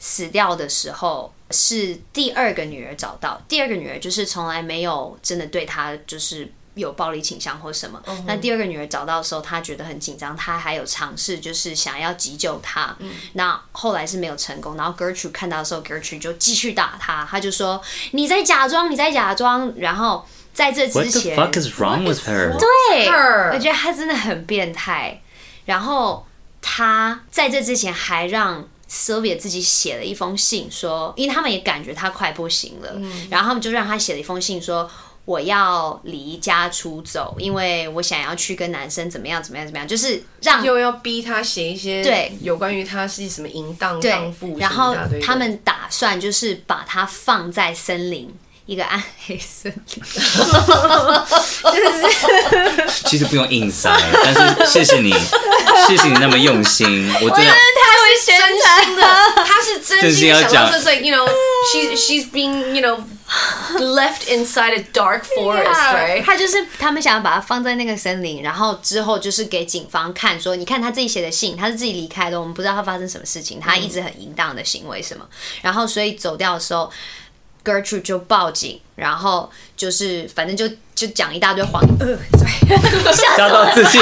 死掉的時候是第二個女兒找到，第二個女兒就是從來沒有真的對她就是有暴力傾向或什麼。Oh、那第二個女兒找到的時候，她覺得很緊張，她還有嘗試就是想要急救她。那、mm hmm. 後，後來是沒有成功。然後 Gertrude 看到的時候，Gertrude 就繼續打她，她就說：“你在假裝，你在假裝。”然後在這之前 What the fuck is wrong with her？對，我覺得她真的很變態。然後她在這之前還讓。Sylvia 自己寫了一封信，說，因為他們也感覺他快不行了，嗯、然後他們就讓他寫了一封信說，說我要離家出走，因為我想要去跟男生怎麼樣，怎麼樣，怎麼樣，就是讓又要逼他寫一些對有關於他是什麼淫蕩蕩婦，然後他們打算就是把他放在森林。一個暗黑森林，其實不用硬塞，但是謝謝你，謝謝你那麼用心。我真的太會宣傳了，他是真心要講。 就是 you know she she's being you know left inside a dark forest, Yeah , right? 他就是他們想要把它放在那個森林，然後之後就是給警方看，說，你看他自己寫的信，他是自己離開的，我們不知道他發生什麼事情，他一直很淫蕩的行為什麼，然後所以走掉的時候。Gertrude 就報警，然後就是反正就就講一大堆謊言，呃，對，嚇到自己，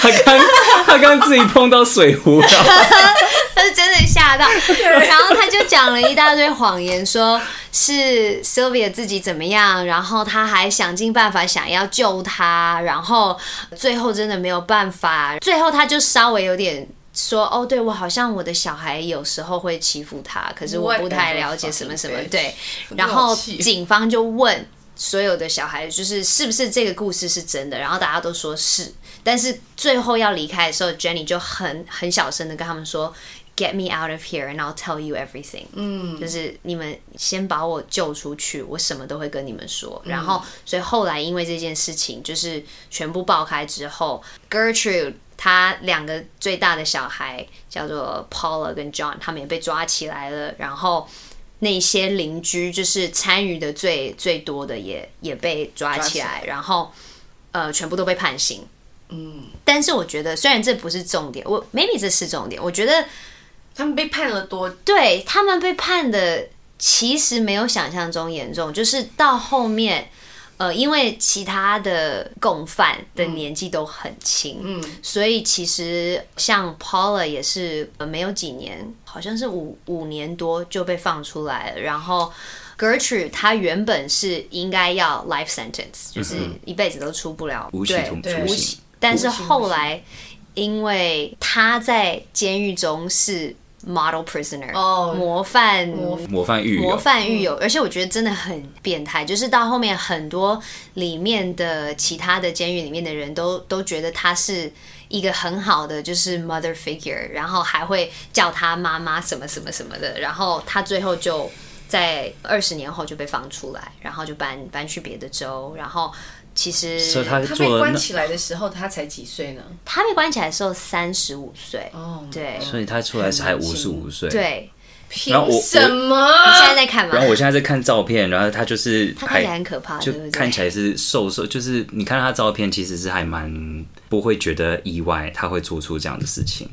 他剛他剛自己碰到水壺了 他是真的嚇到，然後他就講了一大堆謊言說，說是 Sylvia 自己怎麼樣，然後他還想盡辦法想要救他，然後最後真的沒有辦法，最後他就稍微有點。說哦，對我好像我的小孩有時候會欺負他，可是我不太了解什麼什麼。 對，然後警方就問所有的小孩，就是是不是這個故事是真的？然後大家都說是，但是最後要離開的時候，Jenny 就很很小聲的跟他們說：“Get me out of here and I'll tell you everything。”嗯， 就是你們先把我救出去，我什麼都會跟你們說。然後，所以後來因為這件事情就是全部爆開之後，Gertrude。 他兩個最大的小孩叫做 Paula 跟 John，他們也被抓起來了。然後那些鄰居就是參與的最最多的也，也也被抓起來。然後呃，全部都被判刑。嗯，但是我覺得雖然這不是重點，我 maybe 這是重點。我覺得他們被判了多，對他們被判的其實沒有想象中嚴重，就是到後面。呃，因為其他的共犯的年紀都很輕，嗯，嗯，所以其實像 Paula 也是，呃，沒有幾年，好像是五五年多就被放出來了。然後 Gertrude 他原本是應該要 life sentence，嗯哼，就是一輩子都出不了，對，不行，對，對，但是後來因為他在監獄中是。Model prisoner 哦，oh, 模範、嗯、模，模範獄友模範獄友，而且我覺得真的很變態，就是到後面很多裡面的其他的監獄裡面的人都都覺得他是一個很好的就是 mother figure，然後還會叫他媽媽什麼什麼什麼的，然後他最後就在二十年後就被放出來，然後就搬搬去別的州，然後。其實所以他做，他被關起來的時候，他才幾歲呢？他被關起來的時候三十五歲，哦，oh my god 對，所以他出來才五十五歲，對。然後我什麼？你現在在看嗎？然後我現在在看照片，然後他就是還他看起來很可怕，就看起來是瘦瘦，就是你看他照片，其實是還蠻不會覺得意外，他會做出,出這樣的事情。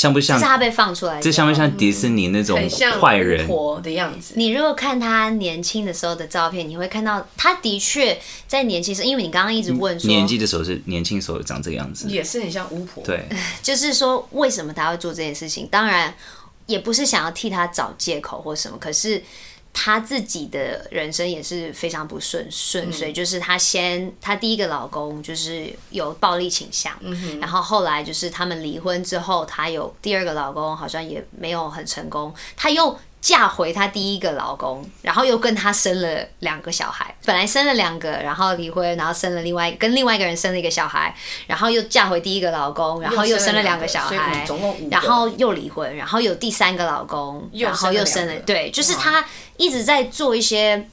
像不像？這是他被放出來，這這像不像迪士尼那種壞人、嗯、很像巫婆的樣子？你如果看他年輕的時候的照片，你會看到他的確在年輕時候，因為你剛剛一直問說，年紀的時候是年輕時候長這個樣子，也是很像巫婆。對，就是說為什麼他會做這件事情？當然也不是想要替他找借口或什麼，可是。她自己的人生也是非常不順順，嗯、所以就是她先，她第一個老公就是有暴力傾向，嗯、哼然後後來就是他們離婚之後，她有第二個老公，好像也沒有很成功，她又。嫁回她第一個老公，然後又跟她生了兩個小孩。本來生了兩個，然後離婚，然後生了另外跟另外一個人生了一個小孩，然後又嫁回第一個老公，然後又生了兩個小孩，總共五個。然後又離婚，然後有第三個老公，然後又生了。對，就是她一直在做一些。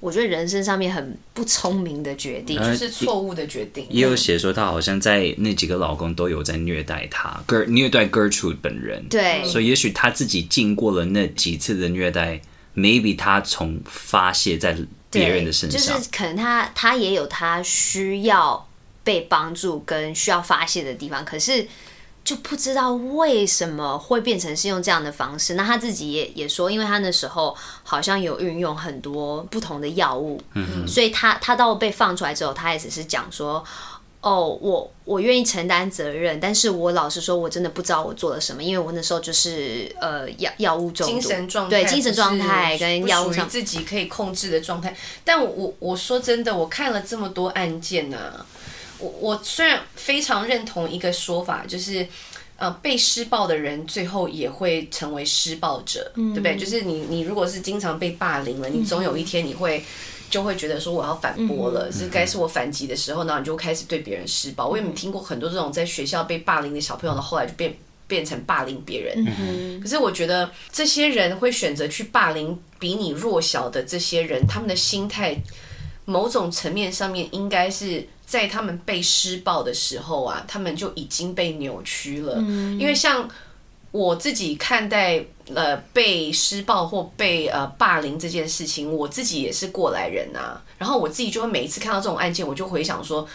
我覺得人生上面很不聰明的決定，呃，就是錯誤的決定。也有寫說，她好像在那幾個老公都有在虐待她虐待 Gertrude 本人。對，所以也許她自己經過了那幾次的虐待，Maybe 她從發洩在別人的身上，就是可能她她也有她需要被幫助跟需要發洩的地方，可是。就不知道為什麼會變成是用這樣的方式。那他自己也也說，因為他那時候好像有運用很多不同的藥物，嗯哼，所以他他到被放出來之後，他也只是講說，哦，我我願意承擔責任，但是我老實說，我真的不知道我做了什麼，因為我那時候就是呃藥藥物中毒，精神狀態，對精神狀態跟藥物你自己可以控制的狀態。但我我說真的，我看了這麼多案件呢，啊。我我雖然非常認同一個說法，就是，呃，被施暴的人最後也會成為施暴者，mm hmm. 對不對？就是你你如果是經常被霸凌了，你總有一天你會、mm hmm. 就會覺得說我要反駁了，mm hmm. 是該是我反擊的時候，呢，你就開始對別人施暴。Mm hmm. 我有沒有聽過很多這種在學校被霸凌的小朋友，的後來就變變成霸凌別人。Mm hmm. 可是我覺得這些人會選擇去霸凌比你弱小的這些人，他們的心態某種層面上面應該是。在他們被施暴的時候啊，他們就已經被扭曲了。嗯、因為像我自己看待呃被施暴或被呃霸凌這件事情，我自己也是過來人吶，啊。然後我自己就會每一次看到這種案件，我就回想說。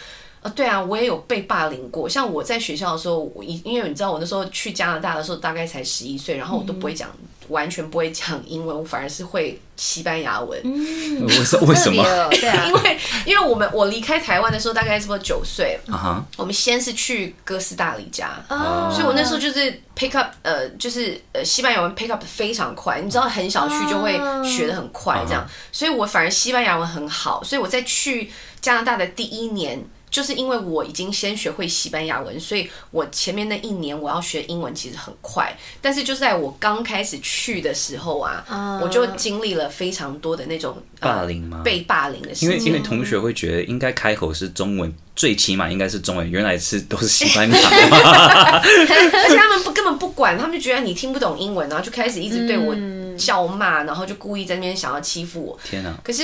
啊，對啊，我也有被霸凌過。像我在學校的時候，我因因為你知道，我那時候去加拿大的時候大概才十一歲，然後我都不會講，完全不會講英文，我反而是會西班牙文。嗯，為什麼？ 因為因為我們我離開台灣的時候大概差不多九歲，啊、uh huh. 我們先是去哥斯大黎加，uh huh. 所以我那時候就是 pick up，呃，就是呃西班牙文 pick up 非常快。你知道，很小去就會學得很快，這樣，uh huh. 所以我反而西班牙文很好。所以我在去加拿大的第一年。就是因為我已經先學會西班牙文，所以我前面那一年我要學英文其實很快。但是就在我剛開始去的時候啊，嗯，我就經歷了非常多的那種霸凌嗎，呃，被霸凌的事情。因為，因為同學會覺得應該開口是中文，最起碼應該是中文。原來是都是西班牙的。而且他們不，根本不管，他們就覺得你聽不懂英文，然後就開始一直對我叫罵，嗯，然後就故意在那邊想要欺負我。天哪！可是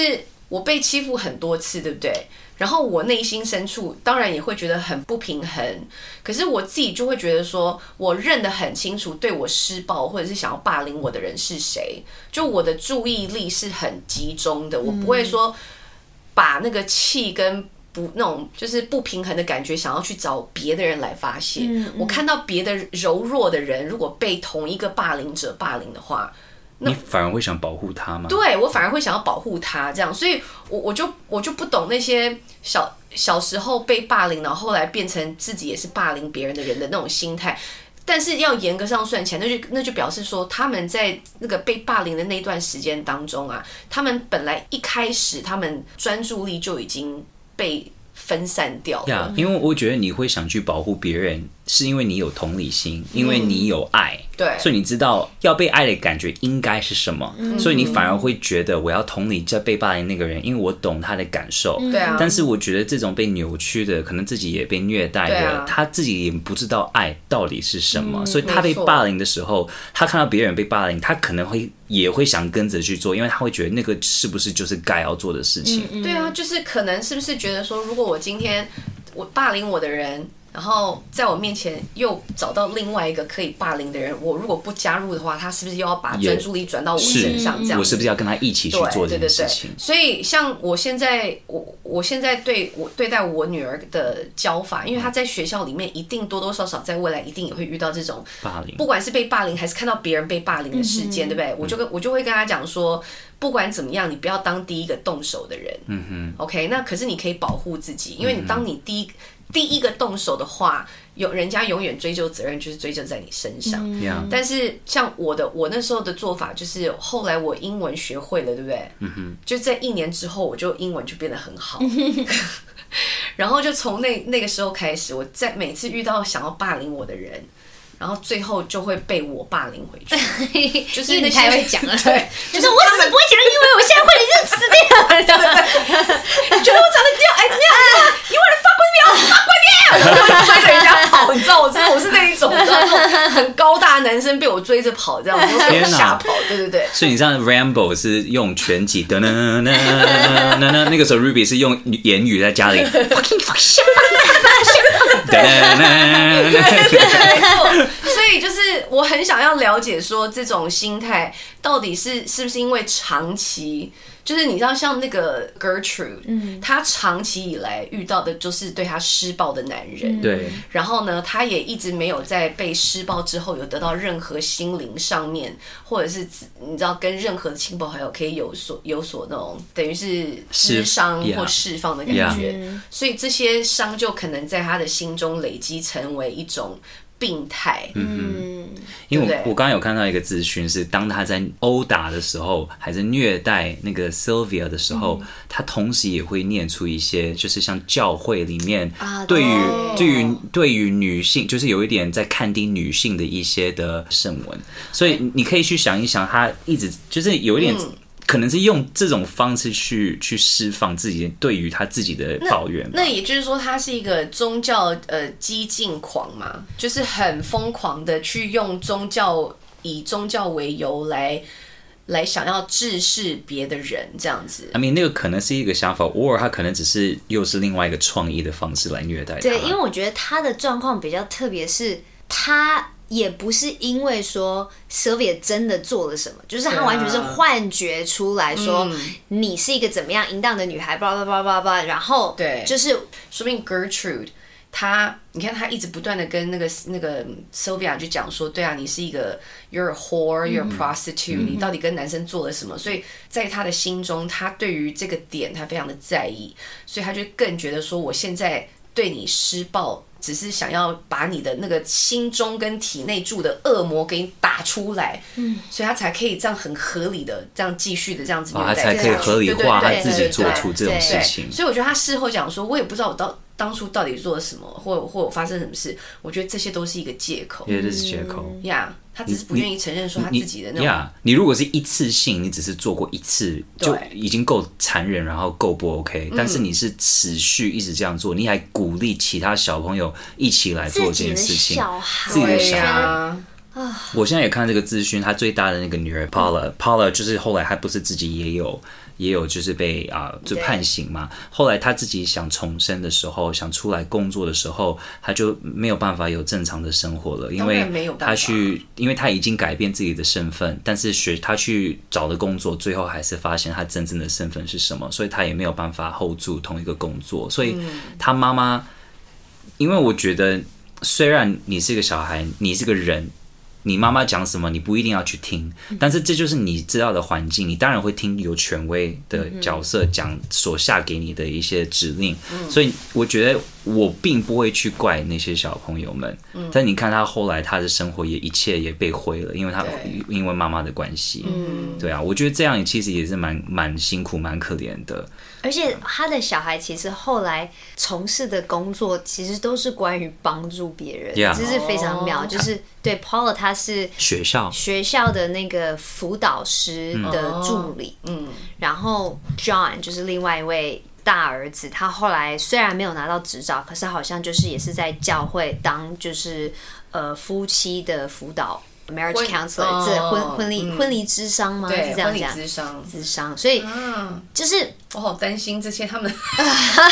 我被欺負很多次，對不對？然後我內心深處當然也會覺得很不平衡，可是我自己就會覺得說，我認得很清楚，對我施暴或者是想要霸凌我的人是誰，就我的注意力是很集中的，我不會說把那個氣跟不那種就是不平衡的感覺，想要去找別的人來發洩。我看到別的柔弱的人，如果被同一個霸凌者霸凌的話。那，你反而會想保護他嗎？對，我反而會想要保護他，這樣，所以我，我我就我就不懂那些小小時候被霸凌，然後後來變成自己也是霸凌別人的人的那種心態。但是要嚴格上算起來，那就那就表示說他們在那個被霸凌的那段時間當中啊，他們本來一開始他們專注力就已經被分散掉了。Yeah, 因為我覺得你會想去保護別人。是因為你有同理心，因為你有愛，嗯、對，所以你知道要被愛的感覺應該是什麼，嗯、所以你反而會覺得我要同理在被霸凌那個人，因為我懂他的感受，對啊、嗯。但是我覺得這種被扭曲的，可能自己也被虐待的，啊、他自己也不知道愛到底是什麼，嗯、所以他被霸凌的時候，沒錯、他看到別人被霸凌，他可能會也會想跟着去做，因為他會覺得那個是不是就是該要做的事情、嗯？對啊，就是可能是不是覺得說，如果我今天我霸凌我的人。然後在我面前又找到另外一個可以霸凌的人，我如果不加入的話，他是不是又要把專注力轉到我身上？Yeah, 這樣是我是不是要跟他一起去做這件事情？對對對，所以，像我現在，我我現在對我對待我女兒的教法，因為她在學校裡面一定多多少少在未來一定也會遇到這種霸凌，不管是被霸凌還是看到別人被霸凌的事件，嗯哼，對不對？我就跟我就會跟她講說，不管怎麼樣，你不要當第一個動手的人。嗯哼，OK。那可是你可以保護自己，因為你當你第一。嗯第一個動手的話，有人家永遠追究責任就是追究在你身上。Yeah. 但是像我的，我那時候的做法就是，後來我英文學會了，對不對？嗯哼、mm，hmm. 就在一年之後，我就英文就變得很好。Mm hmm. 然後就從那那個時候開始，我在每次遇到想要霸凌我的人。然後最後就會被我爸領回去，就是你還會講，對，就是我只不會講，因為我現在會認字了。你覺得我長得吊，哎，怎麼樣？你過來，你過來，你過來，你過來！我就追着人家跑，你知道我，我是那一種，知道嗎？很高大的男生被我追着跑，這樣子我就會被嚇跑，對對對。所以你知道 Rambo 是用拳擊，那那那那，那個時候 Ruby 是用言語在家裡。 對，對對對，沒錯，所以就是我很想要了解，說這種心態到底是是不是因為長期。就是你知道，像那個 Gertrude，、嗯、他她長期以來遇到的，就是對她施暴的男人，對、嗯。然後呢，她也一直沒有在被施暴之後有得到任何心靈上面，或者是你知道跟任何親朋好友可以有所有所那種等於是施傷或釋放的感覺，yeah. Yeah. 所以這些傷就可能在他的心中累積成為一種。病態，嗯，嗯，因為我對，對我剛剛有看到一個資訊，是當他在毆打的時候，還是虐待那個 Sylvia 的時候，嗯、他同時也會念出一些，就是像教會裡面對於、啊、對，對於對於，對於女性，就是有一點在看低女性的一些的聖文，所以你可以去想一想，他一直就是有一點、嗯。可能是用這種方式去去釋放自己對於他自己的抱怨那，那也就是說，他是一個宗教、呃、激進狂嘛，就是很瘋狂的去用宗教以宗教為由來來想要制式別的人這樣子。I mean，那個可能是一個想法，or 他可能只是又是另外一個創意的方式來虐待他。對，因為我覺得他的狀況比較特別，是他。也不是因為說 Sylvia 真的做了什麼，就是她完全是幻覺出來說你是一個怎麼樣淫蕩的女孩，巴拉巴拉巴拉。Blah blah blah blah blah, 然後、就是、對，就是說不定 Gertrude 她，你看她一直不斷的跟那個那個 Sylvia 就講說，對啊，你是一個 you're a whore，you're a prostitute，、嗯、你到底跟男生做了什麼？所以在他的心中，他對於這個點他非常的在意，所以他就更覺得說，我現在對你施暴。只是想要把你的那個心中跟體內住的惡魔給你打出來，嗯、所以他才可以這樣很合理的這樣繼續的這樣子、哦，他才可以合理化他自己做出這種事情。對對對對所以我覺得他事後講說，我也不知道我到當初到底做了什麼，或或發生什麼事，我覺得這些都是一個借口，也是借口，呀、嗯。Yeah, 他只是不願意承認說他自己的那種。呀，你，yeah, 你如果是一次性，你只是做過一次，對就已經夠殘忍，然後夠不 OK。但是你是持續一直這樣做，嗯、你還鼓勵其他小朋友一起來做這件事情，自己的小孩，自己的小孩啊！我現在也看這個資訊，他最大的那個女兒 pa、嗯、Paula，Paula 就是後來還不是自己也有。也有就是被啊、uh, 就判刑嘛，對後來他自己想重生的時候，想出來工作的時候，他就沒有辦法有正常的生活了，因為他去，沒辦法因為他已經改變自己的身份，但是學他去找的工作，最後還是發現他真正的身份是什麼，所以他也沒有辦法 hold 住同一個工作，所以他媽媽，嗯、因為我覺得雖然你是個小孩，你是個人。你媽媽講什麼，你不一定要去聽，但是這就是你知道的環境，你當然會聽有權威的角色講所下給你的一些指令。嗯、所以我覺得我並不會去怪那些小朋友們，嗯、但你看他後來他的生活也一切也被毀了，因為他對因為媽媽的關係。嗯、對啊，我覺得這樣也其實也是蠻蠻辛苦、蠻可憐的。而且他的小孩其實後來從事的工作，其實都是關於幫助別人，Yeah. 這是非常妙。Oh. 就是對 Paula，他是學校學校的那個輔導師的助理，嗯，oh. 然後 John 就是另外一位大兒子，他後來雖然沒有拿到執照，可是好像就是也是在教會當就是呃夫妻的輔導。Marriage counselor，是婚婚禮婚禮諮商嗎？對，婚禮諮商諮商，所以嗯，就是我好擔心這些他們。對啊，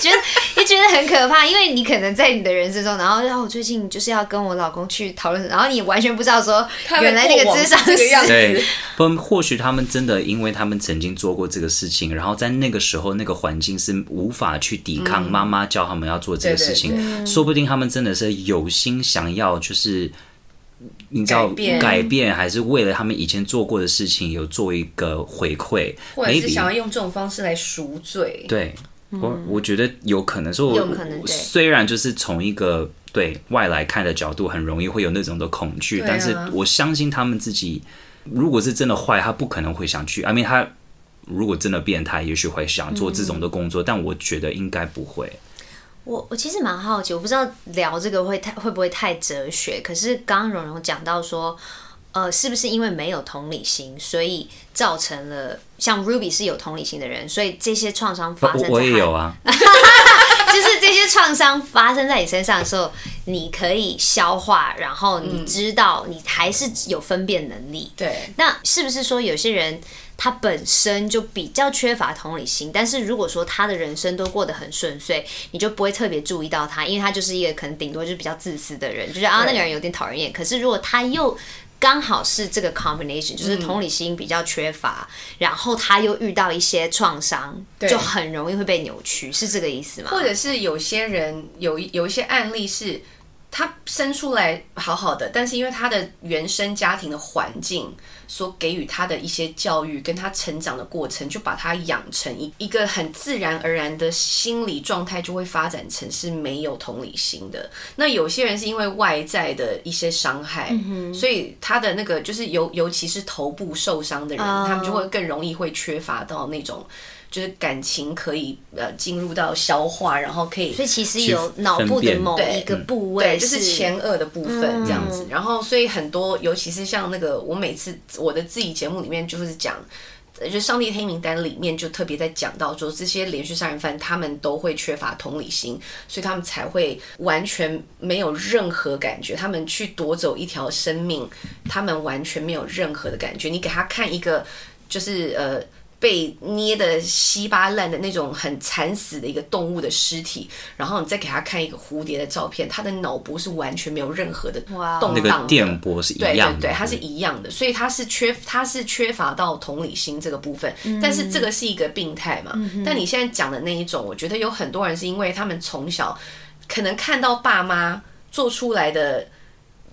覺得也覺得很可怕，因為你可能在你的人生中，然後哦，最近就是要跟我老公去討論，然後你完全不知道說原來那個諮商是這個樣子。對，或或許他們真的，因為他們曾經做過這個事情，然後在那個時候那個環境是無法去抵抗媽媽叫他們要做這個事情，說不定他們真的是有心想要就是。你知道改變，改變，還是為了他們以前做過的事情有做一個回饋，或者是想要用這種方式來贖罪？Maybe, 嗯、對，我我覺得有可能說，說雖然就是從一個對外來看的角度，很容易會有那種的恐懼，啊、但是我相信他們自己，如果是真的壞，他不可能會想去。I mean，他如果真的變態，也許會想做這種的工作，嗯、但我覺得應該不會。我我其實蠻好奇，我不知道聊這個會太會不會太哲學。可是剛剛榮榮講到說，呃，是不是因為沒有同理心，所以造成了像 Ruby 是有同理心的人，所以這些創傷發生在我，我也有啊。 就是這些創傷發生在你身上的時候，你可以消化，然後你知道你還是有分辨能力。對，那是不是說有些人他本身就比較缺乏同理心？但是如果說他的人生都過得很順遂，你就不會特別注意到他，因為他就是一個可能頂多就是比較自私的人，就是啊對，那個人有點討人厭。可是如果他又。剛好是這個 combination，就是同理心比較缺乏，嗯、然後他又遇到一些創傷，對就很容易會被扭曲，是這個意思嗎？或者是有些人有有一些案例是。他生出來好好的，但是因為他的原生家庭的環境所給予他的一些教育，跟他成長的過程，就把他養成一一個很自然而然的心理狀態，就會發展成是沒有同理心的。那有些人是因為外在的一些傷害，mm hmm. 所以他的那個就是尤尤其是頭部受傷的人，oh. 他們就會更容易會缺乏到那種。就是感情可以呃進入到消化，然後可以。所以其實有腦部的某一個部位，對，就是前額的部分這樣子。嗯、然後所以很多，尤其是像那個，我每次我的自己節目裡面就是講，就《上帝的黑名單》裡面就特別在講到說，這些連續殺人犯他們都會缺乏同理心，所以他們才會完全沒有任何感覺，他們去奪走一條生命，他們完全沒有任何的感覺。你給他看一個，就是呃。被捏的稀巴爛的那種很慘死的一個動物的屍體，然後你再給他看一個蝴蝶的照片，他的腦波是完全沒有任何的動盪。電波是一樣，對對對，他是一樣的，所以他是缺他是缺乏到同理心這個部分。但是這個是一個病態嘛？嗯、哼但你現在講的那一種，我覺得有很多人是因為他們從小可能看到爸媽做出來的。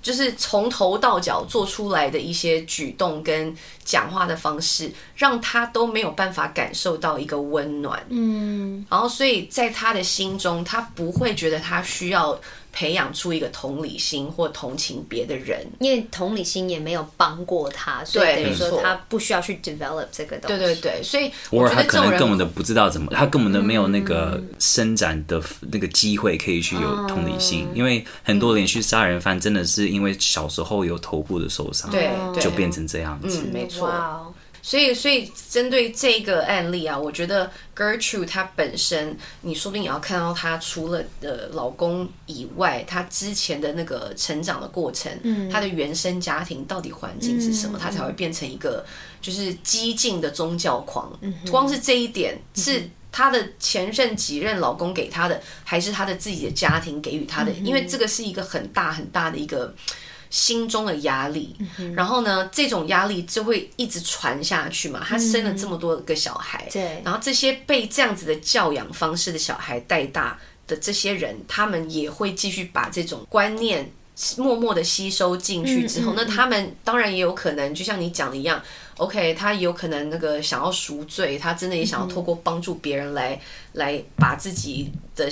就是從頭到腳做出來的一些舉動跟講話的方式，讓他都沒有辦法感受到一個溫暖。嗯，然後所以在他的心中，他不會覺得他需要。培養出一個同理心或同情別的人，因為同理心也沒有幫過他，所以等於說他不需要去 develop 這個東西。對對對，嗯、所以偶爾他可能根本都不知道怎麼，他根本都沒有那個伸展的那個機會可以去有同理心。嗯、因為很多連續殺人犯真的是因為小時候有頭部的受傷，對，就變成這樣子。嗯、沒錯。所以，所以針對這個案例啊，我覺得 Gertrude 她本身，你說不定也要看到她除了的老公以外，她之前的那個成長的過程，她的原生家庭到底環境是什麼，她才會變成一個就是激進的宗教狂。嗯，光是這一點，是她的前任幾任老公給她的，還是她的自己的家庭給予她的？因為這個是一個很大很大的一個。心中的壓力，嗯、哼然後呢，這種壓力就會一直傳下去嘛。嗯、哼他生了這麼多個小孩，對、嗯哼，然後這些被這樣子的教養方式的小孩帶大的這些人，他們也會繼續把這種觀念默默的吸收進去。之後，嗯嗯嗯那他們當然也有可能，就像你講的一樣，OK，他有可能那個想要贖罪，他真的也想要透過幫助別人來、嗯、哼來把自己的。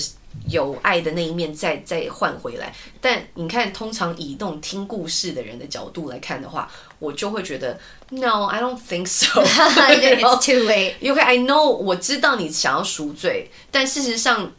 有愛的那一面再再換回來，但你看，通常以這種聽故事的人的角度來看的話，我就會覺得 No, I don't think so. No, It's too late. Okay, I know，我知道你想要贖罪，但事實上。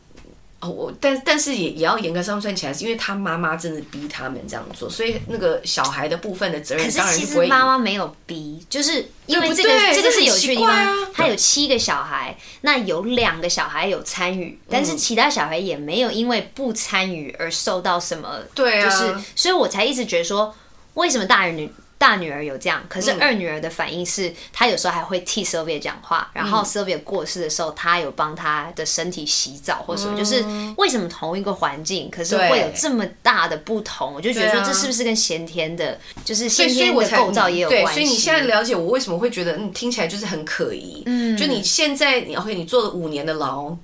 哦，我但但是，也也要嚴格上算起來，是因為他媽媽真的逼他們這樣做，所以那個小孩的部分的責任，當然就不會。可是其實媽媽沒有逼，就是因為這個對對、這個、這個是有趣的地方。他、啊、有七個小孩，對 那有兩個小孩有參與，但是其他小孩也沒有因為不參與而受到什麼。對啊，就是，所以我才一直覺得說，為什麼大人？大女兒有這樣，可是二女兒的反應是，嗯、她有時候還會替 Sylvia 講話。然後 Sylvia 過世的時候，她有幫她的身體洗澡，或者什麼。嗯、就是為什麼同一個環境，可是會有這麼大的不同？對我就覺得說，這是不是跟先天的，就是先天的構造也有關係？所以你現在了解我為什麼會覺得，你聽起來就是很可疑。嗯，就你現在你，你 OK，你坐了五年的牢。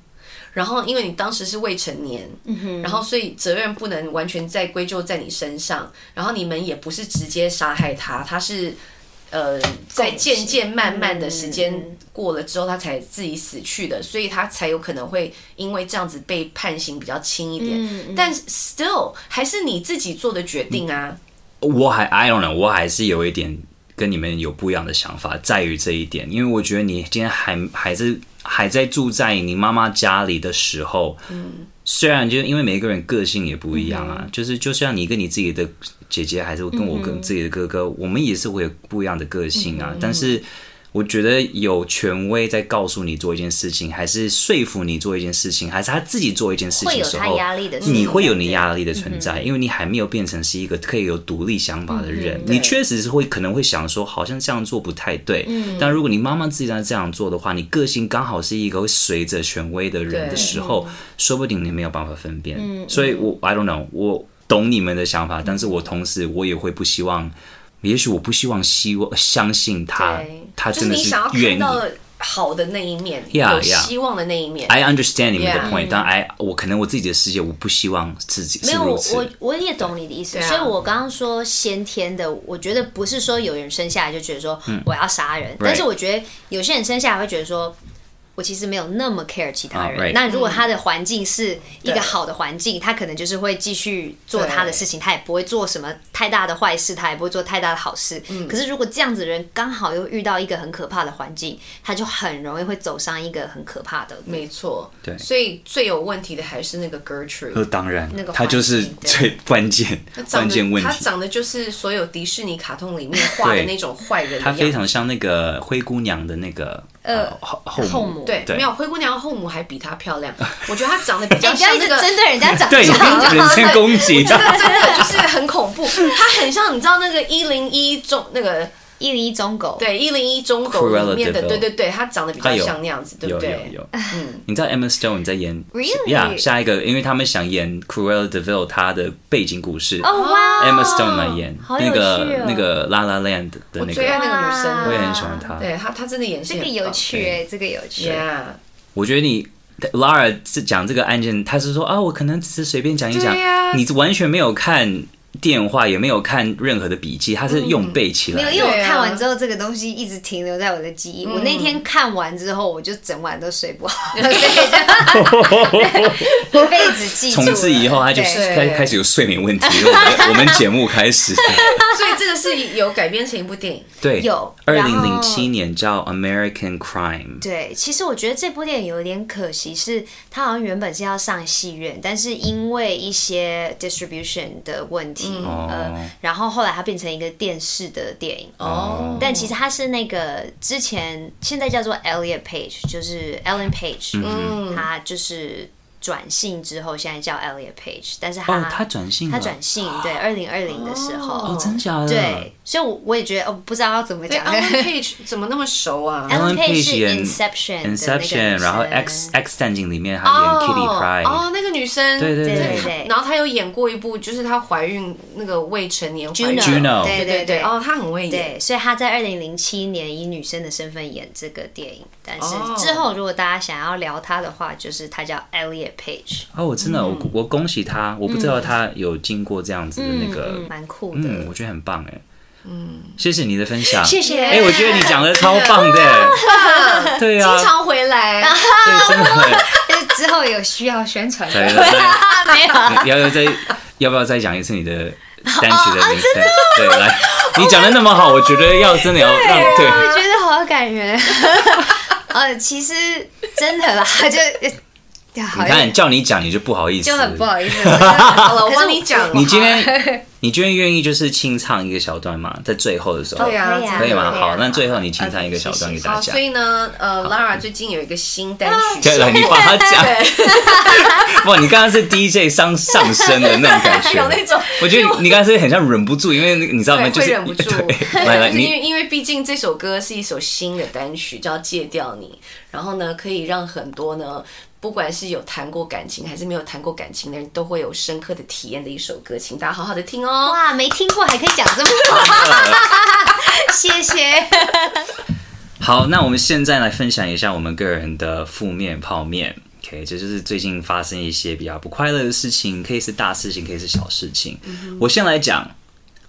然後，因為你當時是未成年，然後所以責任不能完全在歸咎在你身上。然後你們也不是直接殺害他，他是，呃，在漸漸慢慢的時間過了之後，他才自己死去的，所以他才有可能會因為這樣子被判刑比較輕一點。但是 still 還是你自己做的決定啊。我還 I don't know，我還是有一點。跟你們有不一樣的想法，在於這一點，因為我覺得你今天還還是還在住在你媽媽家裡的時候，嗯，雖然就因為每一個人個性也不一樣啊，嗯，就是就像你跟你自己的姐姐，還是跟我跟自己的哥哥，嗯，我們也是會有不一樣的個性啊，嗯，但是。我覺得有權威在告訴你做一件事情，還是說服你做一件事情，還是他自己做一件事情的時候，會你會有你壓力的存在，嗯嗯，因為你還沒有變成是一個可以有獨立想法的人。嗯嗯，你確實是會可能會想說，好像這樣做不太對。嗯嗯，但如果你媽媽自己在這樣做的話，你個性剛好是一個隨着權威的人的時候，嗯、說不定你沒有辦法分辨。嗯嗯，所以我 I don't know，我懂你們的想法，但是我同時我也會不希望。也許我不希望希望相信他，對他真的是，是想要看到好的那一面，yeah, yeah. 有希望的那一面。I understand 你們的 point，mm hmm. 但 I 我可能我自己的世界，我不希望自己沒有我我，我也懂你的意思。對所以我剛剛說先天的，我覺得不是說有人生下來就覺得說我要殺人，嗯、但是我覺得有些人生下來會覺得說。我其實沒有那麼 care 其他人。那如果他的環境是一個好的環境，他可能就是會繼續做他的事情，他也不會做什麼太大的壞事，他也不會做太大的好事。可是如果這樣子的人剛好又遇到一個很可怕的環境，他就很容易會走上一個很可怕的。沒錯。所以最有問題的還是那個 Gertrude。當然。那個環境，他就是最關鍵關鍵問題。他長得就是所有迪士尼卡通裡面畫的那種壞人。他非常像那個灰姑娘的那個。呃，後後母，後母對，對沒有灰姑娘後母還比她漂亮，我覺得她長得比較像，那個 欸、不要一直針對人家長，對人身攻擊，真的就是很，恐很恐怖，她很像，你知道那個一零一中那個。一零一中狗，對一零一中狗裡面的，對對對，它長得比較像那樣子，對不對？有有有。嗯，你知道 Emma Stone 在演，Yeah，下一個，因為他們想演 Cruella Deville 她的背景故事。哦 Emma Stone 來演那個那個 La La Land 的那個。那個女生，我也很喜歡她。對，她她真的演戲。這個有趣哎，這個有趣。我覺得你 Lara 是講這個案件，她是說啊，我可能只是隨便講一講，你完全沒有看。電話也沒有看任何的筆記，他是用背起來。沒有、嗯，因為我看完之後，這個東西一直停留在我的記憶。嗯、我那天看完之後，我就整晚都睡不好。一輩子記住。從此以後，他就開開始有睡眠問題了。對對對。我們我們節目開始，所以這個是有改編成一部電影。對，有。二零零七年叫《American Crime》。對，其實我覺得這部電影有一點可惜，是他好像原本是要上戲院，但是因為一些 distribution 的問題。嗯呃、然後後來它變成一個電視的電影哦，但其實它是那個之前現在叫做 Elliot Page，就是 Ellen Page，嗯哼，他就是轉性之後現在叫 Elliot Page，但是他、哦、他轉性，他轉性，對，二零二零的時候，哦，哦，真的假的？對。所以，我也覺得，哦，不知道要怎麼講。Ellen Page 怎麼那麼熟啊？Ellen Page 是《Inception》然後《X X 戰警》裡面她演 Kitty Pryde 哦，那個女生。對對對。然後她有演過一部，就是她懷孕那個未成年懷孕。Juno 對對對。哦，她很未成年，所以她在二零零七年以女生的身份演這個電影。但是之後，如果大家想要聊她的話，就是她叫 Elliot Page。哦，我真的，我我恭喜她！我不知道她有經過這樣子的那個，蠻酷的，嗯，我覺得很棒哎。嗯，謝謝你的分享，謝謝。哎，我覺得你講的超棒的，對呀，經常回來，對，真的。之後有需要宣傳，對啊，沒有。要要再要不要再講一次你的單曲的名稱？對，來，你講的那麼好，我覺得要真的要讓對，我覺得好感人。呃，其實真的啦，就你看叫你講你就不好意思，真的不好意思。好了，我幫你講，你今天。你居然願意就是清唱一個小段嘛，在最後的時候，可以嗎？好，那最後你清唱一個小段給大家。所以呢，呃，Lara 最近有一個新單曲，來，你把它講。哇，你剛剛是 DJ 上上升的那種感覺，有那種。我覺得你剛剛是很像忍不住，因為你知道嗎？會忍不住。來來，因為因為畢竟這首歌是一首新的單曲，叫《戒掉你》，然後呢，可以讓很多呢。不管是有談過感情還是沒有談過感情的人都會有深刻的體驗的一首歌，請大家好好的聽哦。哇，沒聽過還可以講這麼多，謝謝。好，那我們現在來分享一下我們個人的負面泡面。OK，這就是最近發生一些比較不快樂的事情，可以是大事情，可以是小事情。嗯哼，我先來講，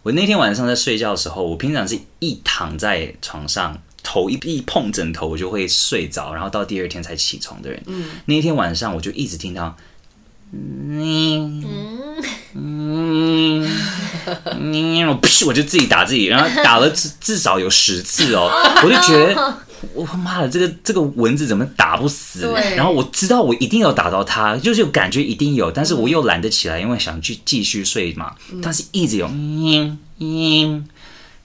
我那天晚上在睡覺的時候，我平常是一躺在床上，頭一碰枕頭，我就會睡着，然後到第二天才起床的人。嗯、那天晚上我就一直聽到，嚶嚶嚶，我不是我就自己打自己，然後打了至至少有十次哦， 我就覺得我媽的，這個這個蚊子怎麼打不死？對然後我知道我一定要打到它，就是有感覺一定有，但是我又懶得起來，因為想去繼續睡嘛，嗯、但是一直有嚶嚶。嗯嗯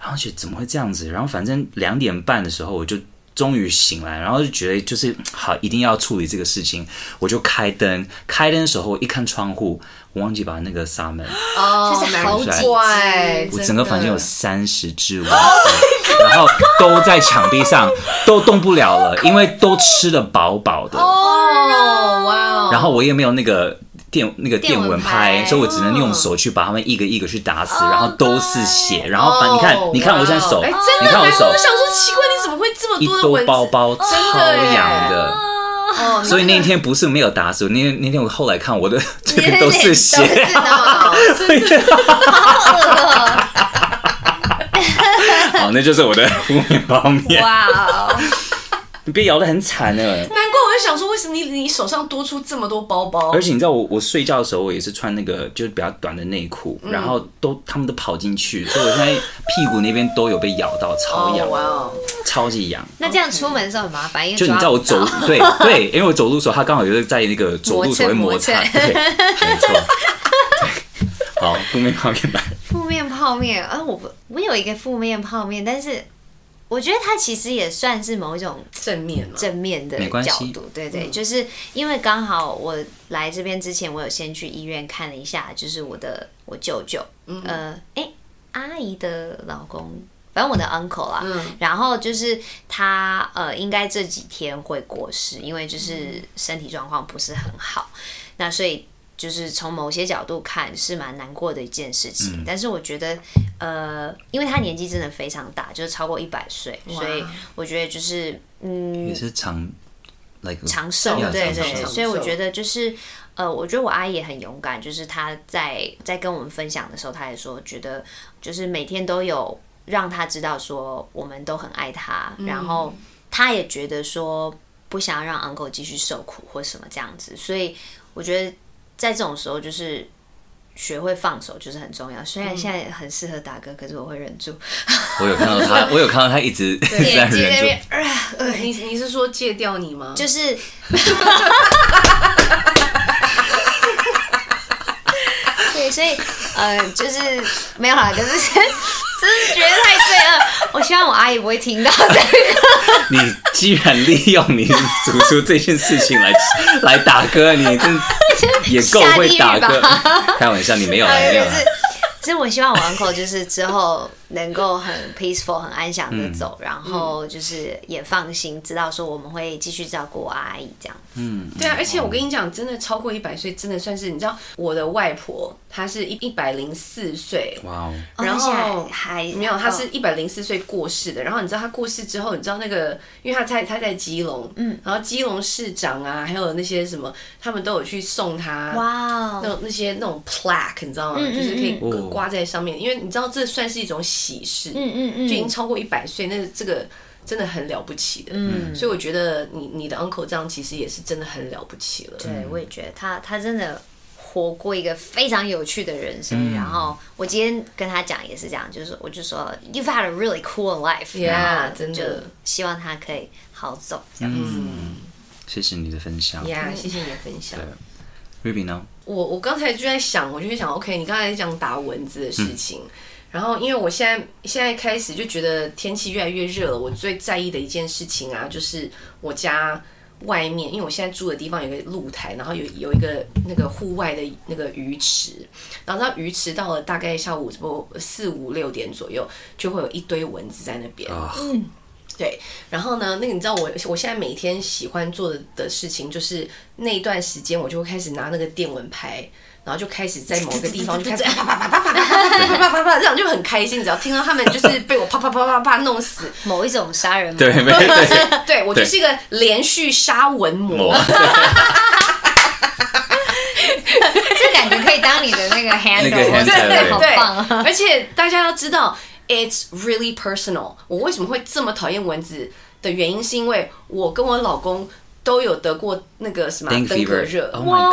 然後覺得怎麼會這樣子？然後反正兩點半的時候我就終於醒來，然後就覺得就是好，一定要處理這個事情。我就開燈，開燈的時候我一看窗戶，我忘記把那個紗門、um、哦，好乖，我整個房間有三十只蚊子，的然後都在牆壁上，都動不了了，因為都吃的飽飽的哦，哇哦，然後我也沒有那個。電那個電蚊拍，所以我只能用手去把他們一個一個去打死，然後都是血，然後把你看，你看我現在手，你看我手，我想說奇怪，你怎麼會這麼多的包包超癢的？所以那天不是沒有打死，那天那天我後來看我的這邊都是血，所以，好，那就是我的敷面包面，哇，你被咬的很慘呢。你手上多出這麼多包包，而且你知道我我睡覺的時候，我也是穿那個就是比較短的內褲，嗯、然後都他們都跑進去，所以我現在屁股那邊都有被咬到，超癢，oh, wow. 超級癢。那這樣出門的時候很麻煩，Okay. 就你知道我走 對對，因為我走路的時候他剛好就是在那個走路時候會摩擦，摩切摩切 okay, 沒錯。好，負面泡麵。負面泡麵啊，我我有一個負面泡麵，但是。我覺得他其實也算是某一種正面，正面的角度，對對，就是因為剛好我來這邊之前，我有先去醫院看了一下，就是我的我舅舅，呃，哎、欸，阿姨的老公，反正我的 uncle 啦，然後就是他呃，應該這幾天會過世，因為就是身體狀況不是很好，那所以。就是從某些角度看是蠻難過的一件事情，嗯、但是我覺得，呃，因為他年紀真的非常大，就是超過一百歲，哇所以我覺得就是，嗯，也是長，like、a，長壽壽，對，對對，壽所以我覺得就是，呃，我覺得我阿姨也很勇敢，就是她在在跟我們分享的時候他，她也說覺得，就是每天都有讓她知道說我們都很愛她，嗯、然後她也覺得說不想要讓 Uncle 繼續受苦或什麼這樣子，所以我覺得。在這種時候，就是學會放手，就是很重要。雖然現在很適合打歌，可是我會忍住對。 我有看到他，我有看到他一直在忍住。你你是說戒掉你嗎？就是， 對，所以，呃，就是沒有了，就是。真是覺得太罪惡，我希望我阿姨不會聽到這個。 你既然利用你讀書這件事情來來打歌，你真也夠會打歌。開玩笑，你沒有沒有其實、啊就是就是、我希望我 uncle 就是之後。能夠很 peaceful、很安詳的走，嗯、然後就是也放心，知道說我們會繼續照顧我阿姨這樣嗯，嗯對啊，而且我跟你講，真的超過一百歲，真的算是你知道，我的外婆她是一一百零四歲，哇、哦，然後還，還沒有，她是一百零四歲過世的。然後你知道她過世之後，你知道那個，因為她在她在基隆，嗯，然後基隆市長啊，還有那些什麼，他們都有去送她，哇、哦那那，那種那些那種 plaque，你知道嗎？嗯嗯嗯就是可以掛在上面，哦、因為你知道這算是一種。喜事，嗯嗯嗯，就已經超過一百歲，那這個真的很了不起的，嗯，所以我覺得你你的 uncle 這樣其實也是真的很了不起了，嗯、對，我也覺得他他真的活過一個非常有趣的人生，嗯、然後我今天跟他講也是這樣，就是我就說 you've had a really cool life，yeah，真的、嗯，希望他可以好走這樣子，嗯，謝謝你的分享，yeah，謝謝你的分享，Ruby 呢？我我剛才就在想，我就在想，OK，你剛才講打蚊子的事情。嗯然後，因為我現在現在開始就覺得天氣越來越熱了。我最在意的一件事情啊，就是我家外面，因為我現在住的地方有個露台，然後有有一個那個戶外的那個魚池。然後那魚池到了大概下午四五六點左右，就會有一堆蚊子在那邊。嗯，oh. 對。然後呢，那個你知道我我現在每天喜歡做的、的事情，就是那一段時間我就會開始拿那個電蚊拍。然後就開始在某個地方就開始啪啪啪啪啪啪啪啪啪啪啪，這樣就很開心。你知道，聽到他們就是被我啪啪啪啪啪弄死某一種殺人魔，對我就是一個連續殺蚊魔，這感覺可以當你的那個 handle，對對對，好棒！而且大家要知道，it's really personal。我為什麼會這麼討厭蚊子的原因，是因為我跟我老公。都有得過那個什麼、啊、Fever 登革熱，對、oh、my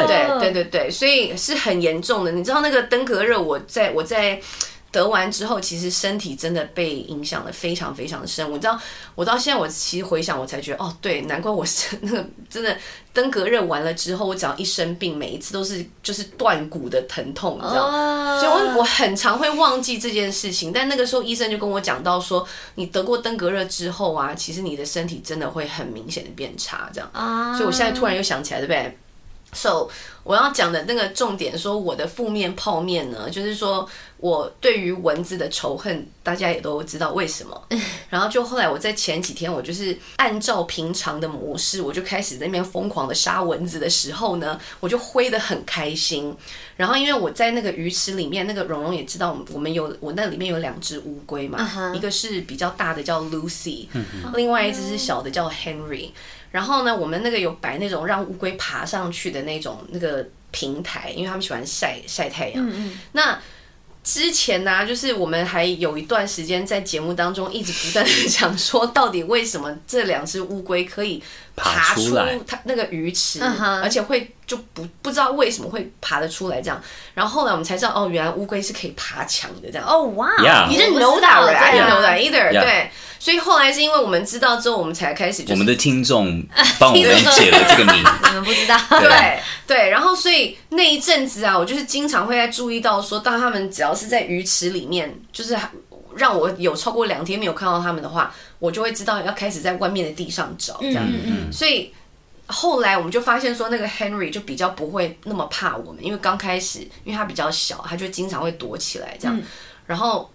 God 對對對對對，所以是很嚴重的。你知道那個登革熱，我在我在。得完之後，其實身體真的被影響了非常非常深。我知道，我到現在我其實回想，我才覺得哦，對，難怪我生那個真的登革熱完了之後，我只要一生病，每一次都是就是斷骨的疼痛，你知道。所以我我很常會忘記這件事情，oh. 但那個時候醫生就跟我講到說，你得過登革熱之後啊，其實你的身體真的會很明顯的變差，這樣。啊。所以我現在突然又想起來，對不對？So，我要講的那個重點，說我的負面泡面呢，就是說我對於蚊子的仇恨，大家也都知道為什麼。 然後就後來我在前幾天，我就是按照平常的模式，我就開始在那邊瘋狂的殺蚊子的時候呢，我就揮得很開心。然後因為我在那個魚池裡面，那個蓉蓉也知道我們有我那裡面有兩隻烏龜嘛，uh huh. 一個是比較大的叫 Lucy， 另外一隻是小的叫 Henry。然後呢，我們那個有擺那種讓烏龜爬上去的那種那個平台，因為他們喜歡曬晒太陽。嗯嗯。那之前呢、啊，就是我們還有一段時間在節目當中一直不斷的講說，到底為什麼這兩只烏龜可以。爬出它那個魚池，uh huh. 而且會就不不知道為什麼會爬得出來這樣。然後後來我們才知道，哦，原來烏龜是可以爬牆的這樣。哦哇，I didn't know that either, 對。所以後來是因為我們知道之後，我們才開始。我們的聽眾幫我們解了這個謎。 你們不知道，對對。然後所以那一陣子啊，我就是經常會在注意到說，當他們只要是在魚池裡面，就是讓我有超過兩天沒有看到他們的話。我就會知道要開始在外面的地上找這樣，所以後來我們就發現說，那個 Henry 就比較不會那麼怕我們，因為剛開始，因為他比較小，他就經常會躲起來這樣。然後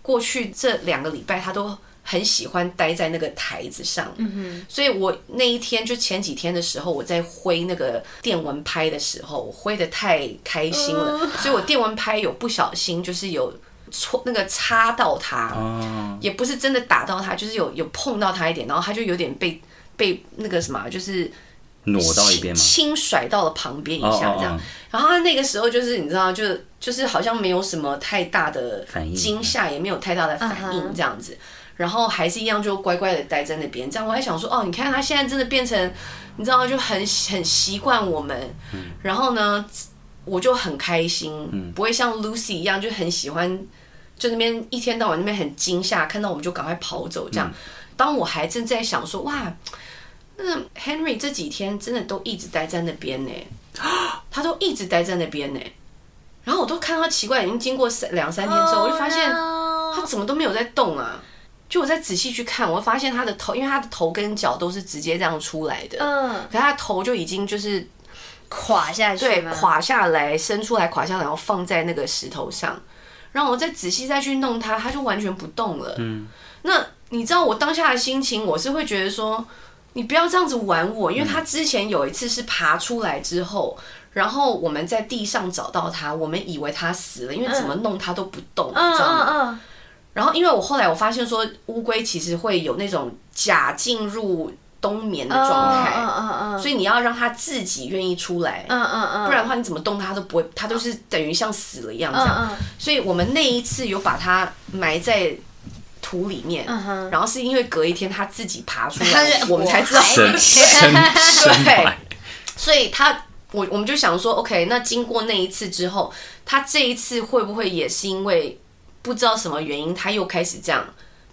過去這兩個禮拜，他都很喜歡待在那個檯子上。嗯嗯。所以我那一天就前幾天的時候，我在揮那個電蚊拍的時候，我揮得太開心了，所以我電蚊拍有不小心就是有。那個插到他，哦、也不是真的打到他，就是有有碰到他一點，然後他就有點被被那個什麼，就是挪到一邊嗎？輕甩到了旁邊一下這樣，哦哦哦然後他那個時候就是你知道，就就是好像沒有什麼太大的驚嚇，反應也沒有太大的反應這樣子，嗯、然後還是一樣就乖乖的待在那邊。這樣我還想說，哦，你看他現在真的變成，你知道，就很很習慣我們，嗯、然後呢，我就很開心，嗯、不會像 Lucy 一樣就很喜歡。就那邊一天到晚那邊很驚嚇，看到我們就趕快跑走，這樣，嗯、當我還正在想說哇，那 Henry 這幾天真的都一直待在那邊呢、欸，他都一直待在那邊呢、欸。然後我都看他奇怪，已經經過三兩三天之後，我就發現、oh, no. 他怎麼都沒有在動啊。就我再仔細去看，我發現他的頭，因為他的頭跟腳都是直接這樣出來的。嗯，可他頭就已經就是垮，垮下去了，對，垮下來伸出來，垮下來，然後放在那個石頭上。然後我再仔細再去弄它，它就完全不動了。嗯，那你知道我當下的心情，我是會覺得說，你不要這樣子玩我，因為它之前有一次是爬出來之後，嗯、然後我們在地上找到它，我們以為它死了，因為怎麼弄它都不動，嗯、你知道嗎？嗯、然後因為我後來我發現說，烏龜其實會有那種假進入。冬眠的狀態，uh, uh, uh, uh, 所以你要讓它自己願意出來，uh, uh, uh, 不然的話你怎麼動它都不會，它都是等於像死了一樣這樣。Uh, uh, uh, 所以我們那一次有把它埋在土裡面，uh huh. 然後是因為隔一天它自己爬出來，啊、我們才知道，是，對。所以他，我我們就想說，OK，那經過那一次之後，他這一次會不會也是因為不知道什麼原因，他又開始這樣？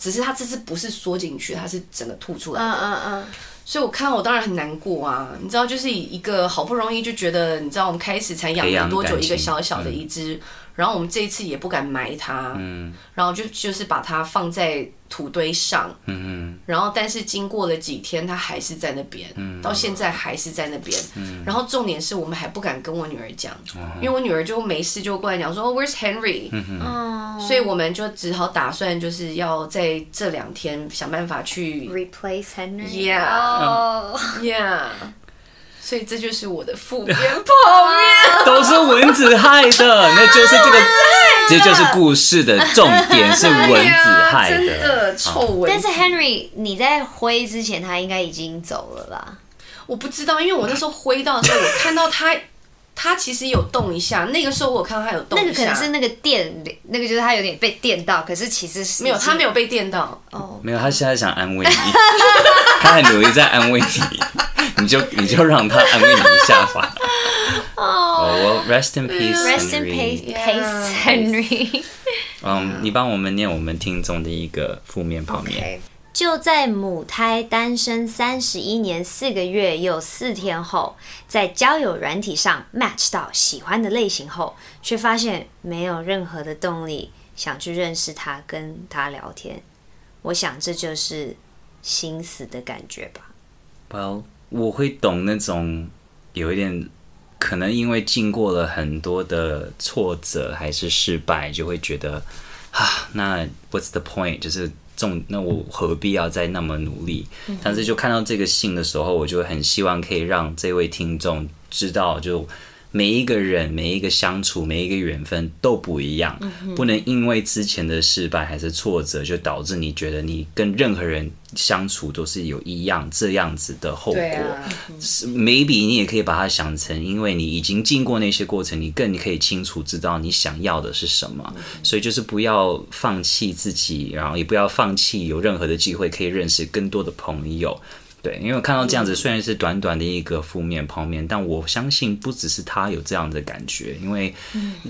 只是它這次不是縮進去，它是整個吐出來的。嗯嗯嗯，所以我看我當然很難過啊，你知道，就是以一個好不容易就覺得，你知道，我們開始才養了多久，一個小小的一隻。然後我們這一次也不敢埋它，嗯，然後就就是把它放在土堆上，嗯嗯，然後但是經過了幾天，它還是在那邊，嗯，到現在還是在那邊，嗯，然後重點是我們還不敢跟我女兒講，因為我女兒就沒事就過來講說哦，Where's Henry？嗯，哦，所以我們就只好打算就是要在這兩天想辦法去 replace Henry，yeah，yeah。所以這就是我的副面泡麵，都是蚊子害的，啊、那就是這個，這就是故事的重點， 啊、是蚊子害的，臭蚊的。 但是 Henry，你在揮之前，他應該已經走了吧？我不知道，因為我那時候揮到的時候，我看到他。 他其實有動一下，那個時候我看到他有動一下。那個可能是那個電，那個就是他有點被電到。可是其實是沒有，他沒有被電到。哦，沒有，他現在想安慰你，他很努力在安慰你，你就你就讓他安慰你一下吧。哦，Well, rest in peace，rest in peace，peace Henry。嗯，你幫我們念我們聽眾的一個負面泡麵。就在母胎單身三十一年四個月又四天後，在交友軟體上 match 到喜歡的類型後，卻發現沒有任何的動力想去認識他、跟他聊天。我想這就是心死的感覺吧。Well, 我會懂那種有一點可能因為經過了很多的挫折還是失敗，就會覺得啊，那 What's the point？就是。那我何必要再那麼努力？但是就看到這個信的時候，我就很希望可以讓這位聽眾知道，就。每一個人、每一個相處、每一個緣分都不一樣，嗯、哼不能因為之前的失敗還是挫折，就導致你覺得你跟任何人相處都是有一樣這樣子的後果。是、啊嗯、，maybe 你也可以把它想成，因為你已經經過那些過程，你更可以清楚知道你想要的是什麼。嗯、哼所以就是不要放棄自己，然後也不要放棄有任何的機會，可以認識更多的朋友。對，因為我看到這樣子，雖然是短短的一個負面碰面，嗯、但我相信不只是他有這樣的感覺，因為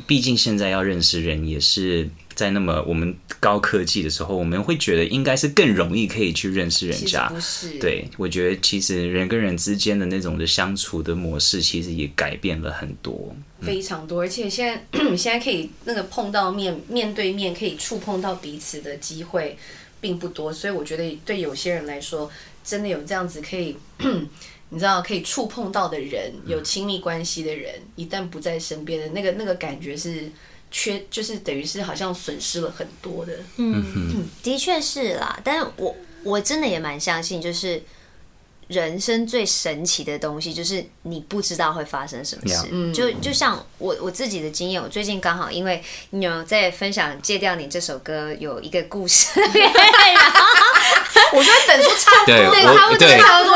畢竟現在要認識人也是在那麼我們高科技的時候，我們會覺得應該是更容易可以去認識人家。不是對，我覺得其實人跟人之間的那種的相處的模式，其實也改變了很多，非常多。而且現在現在可以那個碰到面、面對面可以觸碰到彼此的機會並不多，所以我覺得對有些人來說。真的有這樣子可以， 你知道可以觸碰到的人，有親密關係的人，嗯、一旦不在身邊的那個那個感覺是缺，就是等於是好像損失了很多的。嗯，哼嗯，的確是啦。但是我我真的也蠻相信，就是人生最神奇的東西，就是你不知道會發生什麼事。嗯、就就像我我自己的經驗，我最近剛好因為你有在分享《戒掉你》這首歌，有一個故事。 我覺得等，書差不多，他不知道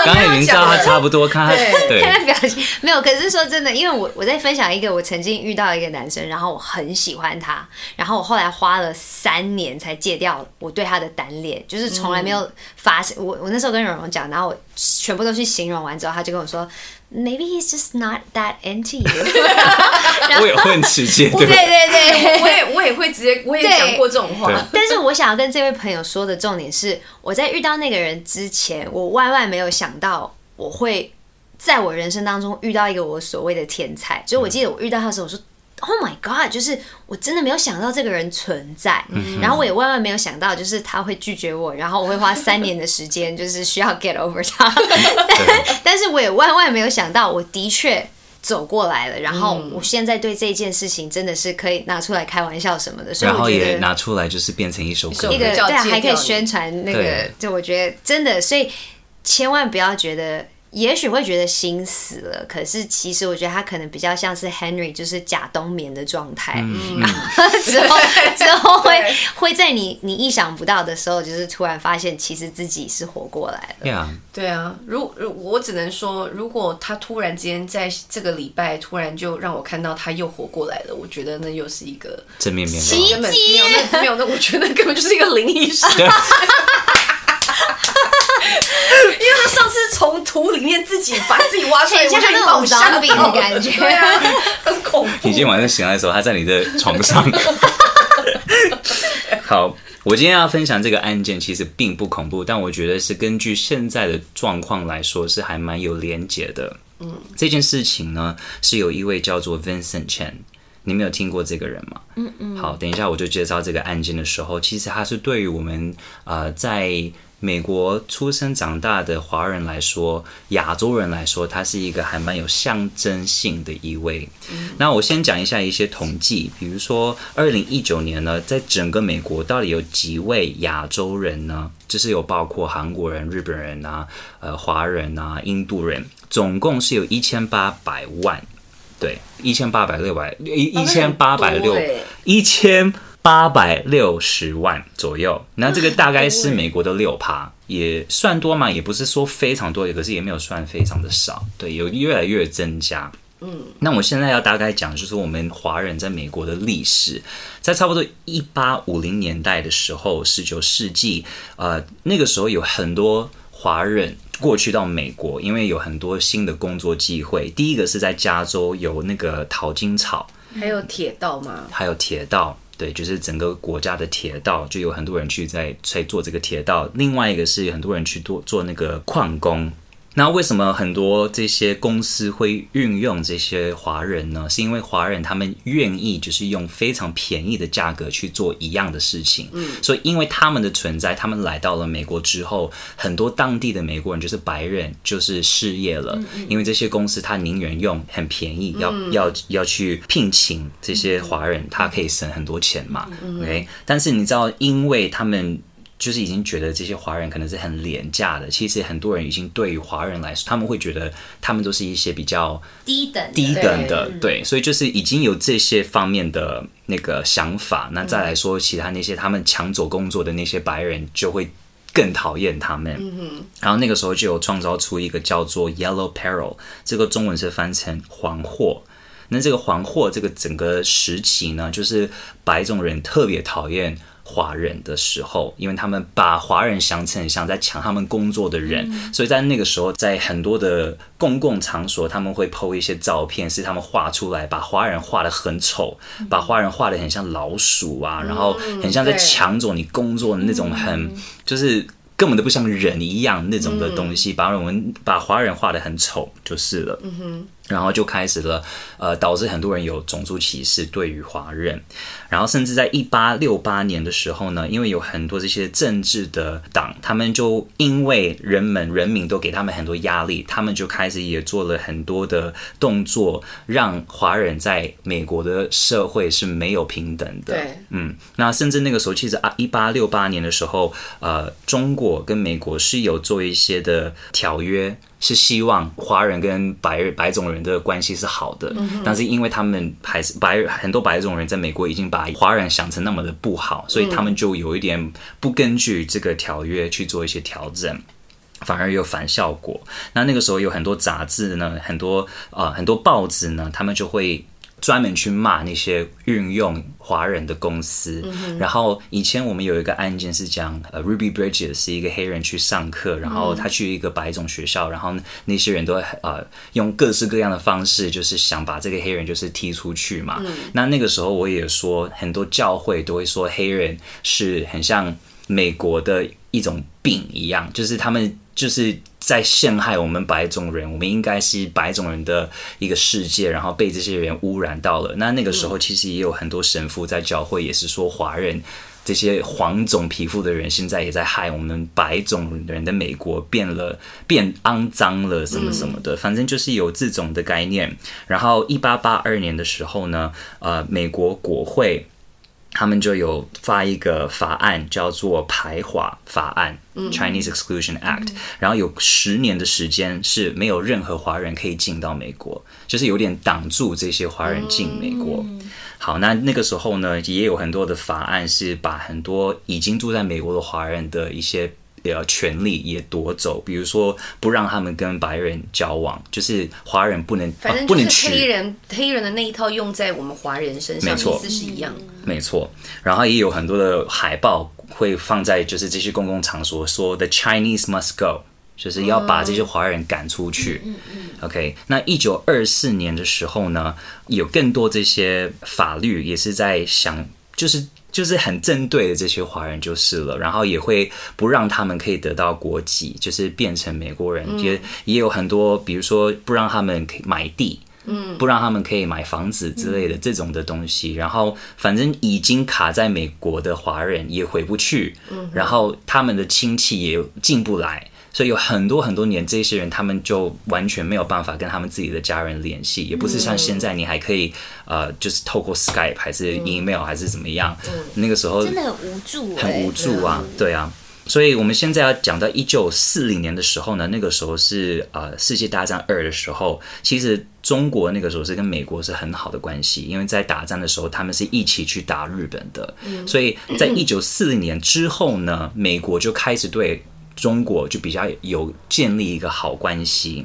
他要講知道他差不多，看他那對對 表情，沒有。可是說真的，因為我我在分享一個我曾經遇到一個男生，然後我很喜歡他，然後我後來花了三年才戒掉我對他的單戀，就是從來沒有發現、嗯、我。我那時候跟蓉蓉講，然後我全部都去形容完之後，他就跟我說。Maybe he's just not that into you 後。我也會直接， 對對對， 我也我也會直接，我也講過這種話。對 但是我想要跟這位朋友說的重點是，我在遇到那個人之前，我萬萬沒有想到我會在我人生當中遇到一個我所謂的天才。所以我記得我遇到他的時候，我說。Oh my god！就是我真的沒有想到這個人存在，嗯、哼然後我也萬萬沒有想到，就是他會拒絕我，然後我會花三年的時間，就是需要 get over 他。 對 但是我也萬萬沒有想到，我的確走過來了。然後我現在對這件事情真的是可以拿出來開玩笑什麼的，然後 所以我覺得拿出來就是變成一首歌那個對，還可以宣傳那個。對就我覺得真的，所以千萬不要覺得。也許會覺得心死了，可是其實我覺得他可能比較像是 Henry，就是假冬眠的狀態，嗯嗯、 然後之後，對之後會對會在你你意想不到的時候，就是突然發現其實自己是活過來了。對啊，對啊。如如我只能說，如果他突然間在這個禮拜突然就讓我看到他又活過來了，我覺得那又是一個正面面，奇蹟根本沒有那沒有，那我覺得根本就是一個靈異事。 上次從土裡面自己把自己挖出來，像那種喪屍的感覺，對啊，很恐怖。你今天晚上醒來的時候，他在你的床上。 好，我今天要分享這個案件，其實並不恐怖，但我覺得是根據現在的狀況來說，是還蠻有連結的。嗯。這件事情呢，是有一位叫做 Vincent Chin。你沒有聽過這個人嗎？嗯嗯。好，等一下我就介紹這個案件的時候，其實他是對於我們呃在美國出生長大的華人來說，亞洲人來說，他是一個還蠻有象徵性的一位。嗯、那我先講一下一些統計，比如說二零一九年呢，在整個美國到底有幾位亞洲人呢？就是有包括韓國人、日本人啊、呃、華人啊、印度人，總共是有一千八百萬。對，一千八百六百一一千八百六一千八百六十萬左右，那這個大概是美國的六趴，也算多嘛，也不是說非常多，可是也沒有算非常的少。對，有越來越增加。嗯，那我現在要大概講，就是我們華人在美國的歷史，在差不多一八五零年代的時候，十九世紀，呃，那個時候有很多。華人過去到美國，因為有很多新的工作機會。第一個是在加州有那個淘金潮，還有鐵道嘛，還有鐵道，對，就是整個國家的鐵道，就有很多人去在在做這個鐵道。另外一個是有很多人去做做那個礦工。那為什麼很多這些公司會運用這些華人呢？是因為華人他們願意就是用非常便宜的價格去做一樣的事情。嗯，所以因為他們的存在，他們來到了美國之後，很多當地的美國人就是白人就是失業了。嗯嗯。因為這些公司他寧願用很便宜，要要要去聘請這些華人，他可以省很多錢嘛。OK，但是你知道，因為他們。就是已經覺得這些華人可能是很廉價的，其實很多人已經對於華人來說，他們會覺得他們都是一些比較低等、低等的，對，所以就是已經有這些方面的那個想法。那再來說其他那些他們搶走工作的那些白人，就會更討厭他們。嗯、然後那個時候就有創造出一個叫做 Yellow Peril，這個中文是翻成黃禍。那這個黃禍這個整個時期呢，就是白種人特別討厭華人的時候，因為他們把華人想成很像在搶他們工作的人，嗯、所以在那個時候，在很多的公共場所，他們會 PO 一些照片，是他們畫出來，把華人畫得很醜，嗯、把華人畫得很像老鼠啊，嗯、然後很像在搶走你工作的那種很，嗯、就是根本都不像人一樣那種的東西，把、嗯、我們把華人畫得很醜就是了。嗯嗯。然後就開始了，呃，導致很多人有種族歧視，對於華人，然後甚至在一八六八年的時候呢，因為有很多這些政治的黨，他們就因為人們人民都給他們很多壓力，他們就開始也做了很多的動作，讓華人在美國的社會是沒有平等的。對，嗯，那甚至那個時候其實啊，一八六八年的時候，呃，中國跟美國是有做一些的條約。是希望華人跟白人、白種人的關係是好的，嗯、哼但是因為他們還是白很多白種人在美國已經把華人想成那麼的不好，所以他們就有一點不根據這個條約去做一些調整，嗯、反而有反效果。那那個時候有很多雜誌呢，很多啊、呃，很多報紙呢，他們就會。專門去罵那些運用華人的公司，嗯哼。然後以前我們有一個案件是講，呃，Ruby Bridges 是一個黑人去上課，然後他去一個白種學校，嗯。然後那些人都呃用各式各樣的方式，就是想把這個黑人就是踢出去嘛。嗯。那那個時候我也說，很多教會都會說黑人是很像美國的一種病一樣，就是他們就是。在陷害我們白種人，我們應該是白種人的一個世界，然後被這些人污染到了。那那個時候其實也有很多神父在教會，也是說華人這些黃種皮膚的人現在也在害我們白種人的美國變了，變骯髒了，什麼什麼的，嗯、反正就是有這種的概念。然後一八八二年的時候呢，呃，美國國會。他們就有發一個法案，叫做排華法案、嗯、（Chinese Exclusion Act）、嗯嗯、然後有十年的時間是沒有任何華人可以進到美國，就是有點擋住這些華人進美國。嗯嗯、好，那那個時候呢，也有很多的法案是把很多已經住在美國的華人的一些。利也要權利也奪走，比如說不讓他們跟白人交往，就是華人不能，反正就是黑人、啊、黑人的那一套用在我們華人身上，沒錯，意思是一樣。嗯、沒錯，然後也有很多的海報會放在就是這些公共場所，說 The Chinese must go，就是要把這些華人趕出去。嗯、OK，那一九二四年的時候呢，有更多這些法律也是在想，就是。就是很針對的這些華人就是了，然後也會不讓他們可以得到國籍，就是變成美國人，也、嗯、也有很多，比如說不讓他們可以買地，嗯，不讓他們可以買房子之類的、嗯、這種的東西，然後反正已經卡在美國的華人也回不去，嗯哼，然後他們的親戚也進不來。所以有很多很多年，這些人他們就完全沒有辦法跟他們自己的家人聯繫，也不是像現在你還可以、嗯、呃，就是透過 Skype 還是 Email、嗯、還是怎麼樣。對、那個時候真的很無助、欸，很無助啊，對啊。所以我們現在要講到一九四零年的時候呢，那個時候是呃世界大戰二的時候，其實中國那個時候是跟美國是很好的關係，因為在打仗的時候他們是一起去打日本的。嗯、所以在一九四零年之後呢，美國就開始對。中國就比較有建立一個好關係，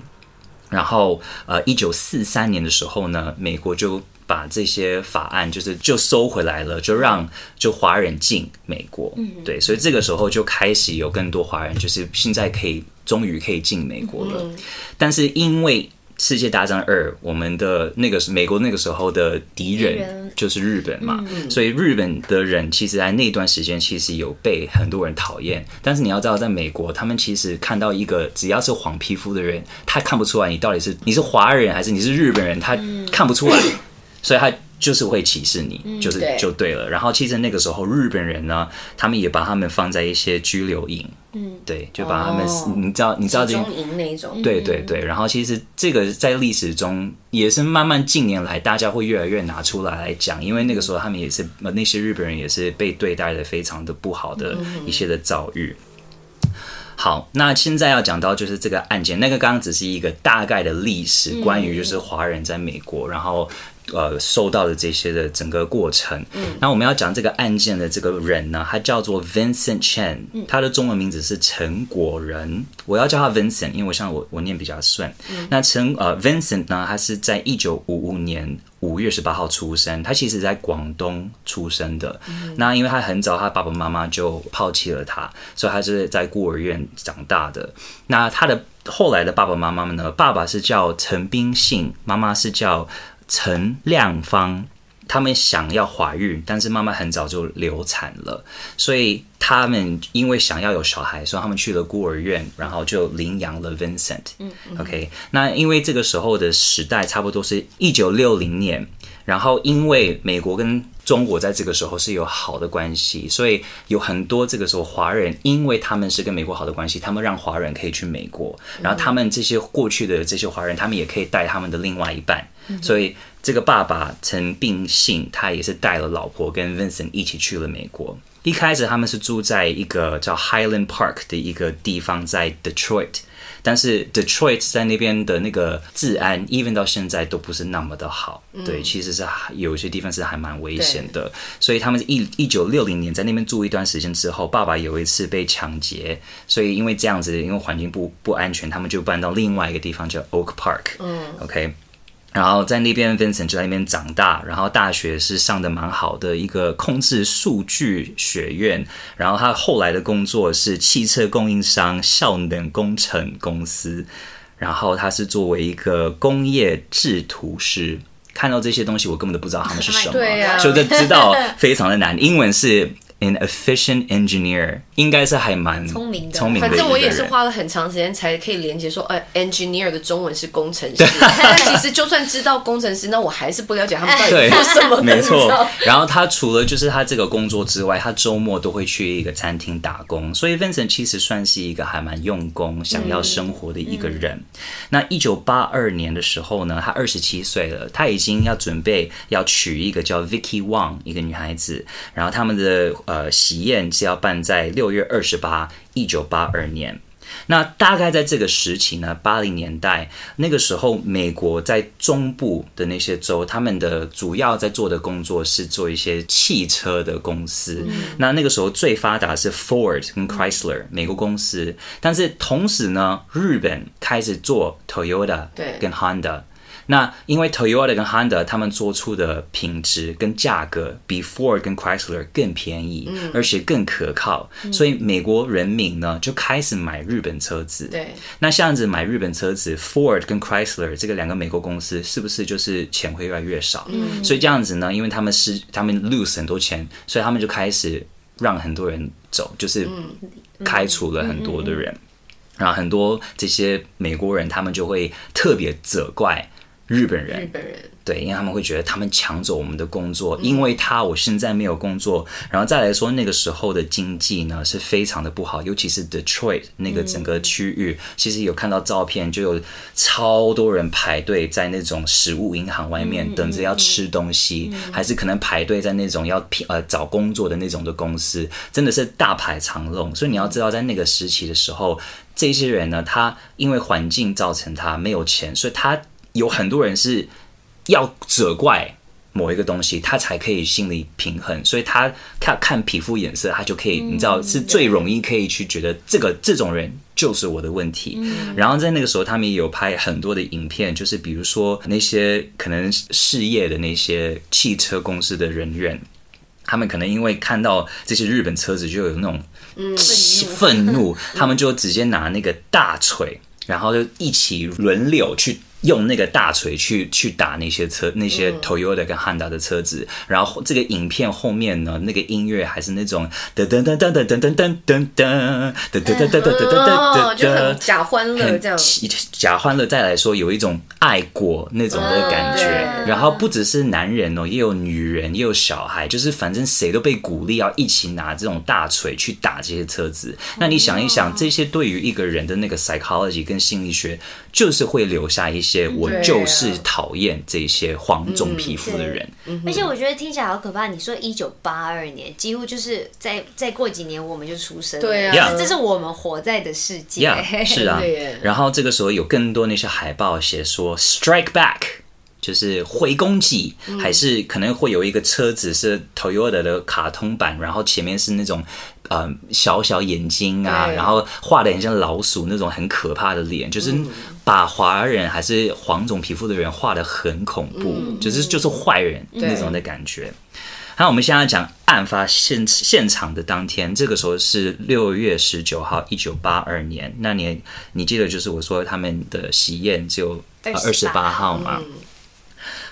然後呃，一九四三年的時候呢，美國就把這些法案就是就收回來了，就讓就華人進美國，嗯、對，所以這個時候就開始有更多華人，就是現在可以終於可以進美國了，嗯、但是因為。世界大戰二，我們的那個是美國那個時候的敵人就是日本嘛，嗯、所以日本的人其實在那段時間其實有被很多人討厭，但是你要知道，在美國，他們其實看到一個只要是黃皮膚的人，他看不出來你到底是你是華人還是你是日本人，他看不出來，嗯、所以他。 就是會歧視你，就是就對了。嗯、對，然後其實那個時候日本人呢，他們也把他們放在一些拘留營，嗯，對，就把他們，哦、你知道，你知道集中營那一種，對對對。嗯、然後其實這個在歷史中也是慢慢近年來大家會越來越拿出來來講，因為那個時候他們也是、嗯、那些日本人也是被對待的非常的不好的一些的遭遇。嗯、哼好，那現在要講到就是這個案件，那個剛剛只是一個大概的歷史，關於就是華人在美國，嗯、然後。呃，受到的這些的整個過程。嗯、那我們要講這個案件的這個人呢，他叫做 Vincent Chin，嗯、他的中文名字是陳果仁。我要叫他 Vincent，因為我像我我念比較順。嗯、那陳呃 Vincent 呢，他是在一九五五年五月十八號出生，他其實在廣東出生的。嗯、那因為他很早，他爸爸媽媽就拋棄了他，所以他是在孤兒院長大的。那他的後來的爸爸媽媽們呢？爸爸是叫陳冰信，媽媽是叫。陳亮芳，他們想要懷孕，但是媽媽很早就流產了，所以他們因為想要有小孩，所以他們去了孤兒院，然後就領養了 Vincent。嗯。嗯，OK，那因為這個時候的時代差不多是一九六零年，然後因為美國跟中國在這個時候是有好的關係，所以有很多這個時候華人，因為他們是跟美國好的關係，他們讓華人可以去美國，然後他們這些過去的這些華人，他們也可以帶他們的另外一半。嗯哼。所以這個爸爸陳并信，他也是帶了老婆跟 Vincent 一起去了美國。一開始他們是住在一個叫 Highland Park 的一個地方，在 Detroit。但是 Detroit 在那邊的那個治安，even 到現在都不是那麼的好，嗯、對，其實是有一些地方是還蠻危險的。對所以他們一一九六零年在那邊住一段時間之後，爸爸有一次被搶劫，所以因為這樣子，因為環境不不安全，他們就搬到另外一個地方叫 Oak Park，OK、嗯。Okay? 然後在那邊，Vincent 就在那邊長大。然後大學是上的蠻好的一個控制數據學院。然後他後來的工作是汽車供應商效能工程公司。然後他是作為一個工業制圖師，看到這些東西，我根本都不知道他們是什麼，啊對啊、所以就知道非常的難。英文是。An efficient engineer 應該是還蠻聰明的，聰明的。反正、啊、我也是花了很長時間才可以連接說，哎、呃、engineer 的中文是工程師。 但其實就算知道工程師，那我還是不了解他們到底做什麼。沒錯。然後他除了就是他這個工作之外，他周末都會去一個餐廳打工。所以 Vincent 其實算是一個還蠻用功、想要生活的一個人。嗯嗯、那一九八二年的時候呢，他二十七歲了，他已經要準備要娶一個叫 Vicky Wong 一個女孩子，然後他們的。呃，喜宴是要辦在六月二十八，一九八二年。那大概在這個時期呢，八零年代那個時候，美國在中部的那些州，他們的主要在做的工作是做一些汽車的公司。那那個時候最發達是 Ford 跟 Chrysler 美國公司，但是同時呢，日本開始做 Toyota 跟 Honda，對。那因為 Toyota 跟 Honda 他們做出的品質跟價格比 Ford 跟 Chrysler 更便宜，而且更可靠，所以美國人民呢就開始買日本車子。對，那這樣子買日本車子，Ford 跟 Chrysler 這個兩個美國公司是不是就是錢會越來越少？所以這樣子呢，因為他們是他們 lose lo 很多錢，所以他們就開始讓很多人走，就是開除了很多的人，然後很多這些美國人他們就會特別責怪。日本人，日本人對，因為他們會覺得他們搶走我們的工作，嗯、因為他我現在沒有工作。然後再來說那個時候的經濟呢，是非常的不好，尤其是 Detroit 那個整個區域，嗯、其實有看到照片，就有超多人排隊在那種食物銀行外面，嗯、等着要吃東西，嗯、還是可能排隊在那種要呃找工作的那種的公司，真的是大排長龍。所以你要知道，在那個時期的時候，這些人呢，他因為環境造成他沒有錢，所以他。有很多人是要責怪某一個東西，他才可以心理平衡，所以他他看皮膚顏色，他就可以，嗯、你知道是最容易可以去覺得這個、嗯、這種人就是我的問題。嗯、然後在那個時候，他們也有拍很多的影片，就是比如說那些可能失業的那些汽車公司的人員，他們可能因為看到這些日本車子就有那種憤、嗯、 怒， 他們就直接拿那個大錘，然後就一起輪流去。用那個大錘去去打那些車，那些 Toyota 跟 Honda 的車子。嗯、然後這個影片後面呢，那個音樂還是那種噔噔噔噔噔噔噔噔噔噔噔噔噔噔噔噔噔噔，噔、欸呃、很假歡樂這樣，假歡樂再來說，有一種愛國那種的感覺、啊、然噔不只是男人哦，也有女人，也有小孩，就是反正誰都被鼓勵要一起拿這種大錘去打這些車子。嗯、噢那你想一想，這些對於一個人的那個 psychology 跟心理學。就是會留下一些我就是討厭這些黃種皮膚的人，啊嗯嗯、而且我覺得聽起來好可怕。你說一九八二年，幾乎就是在再過幾年我們就出生了。對啊，這是我們活在的世界。Yeah, 是啊，對啊，然後這個時候有更多那些海報寫說 “Strike Back”，就是回攻擊，嗯、還是可能會有一個車子是 Toyota 的卡通版，然後前面是那種嗯、呃、小小眼睛啊，對然後畫的很像老鼠那種很可怕的臉，就是。嗯把華人還是黃種皮膚的人畫得很恐怖，嗯、就是就是壞人那種的感覺。對那我們現在講案發現現場的當天，這個時候是六月十九號，一九八二年。那年你，你記得就是我說他們的喜宴就二十八號嘛。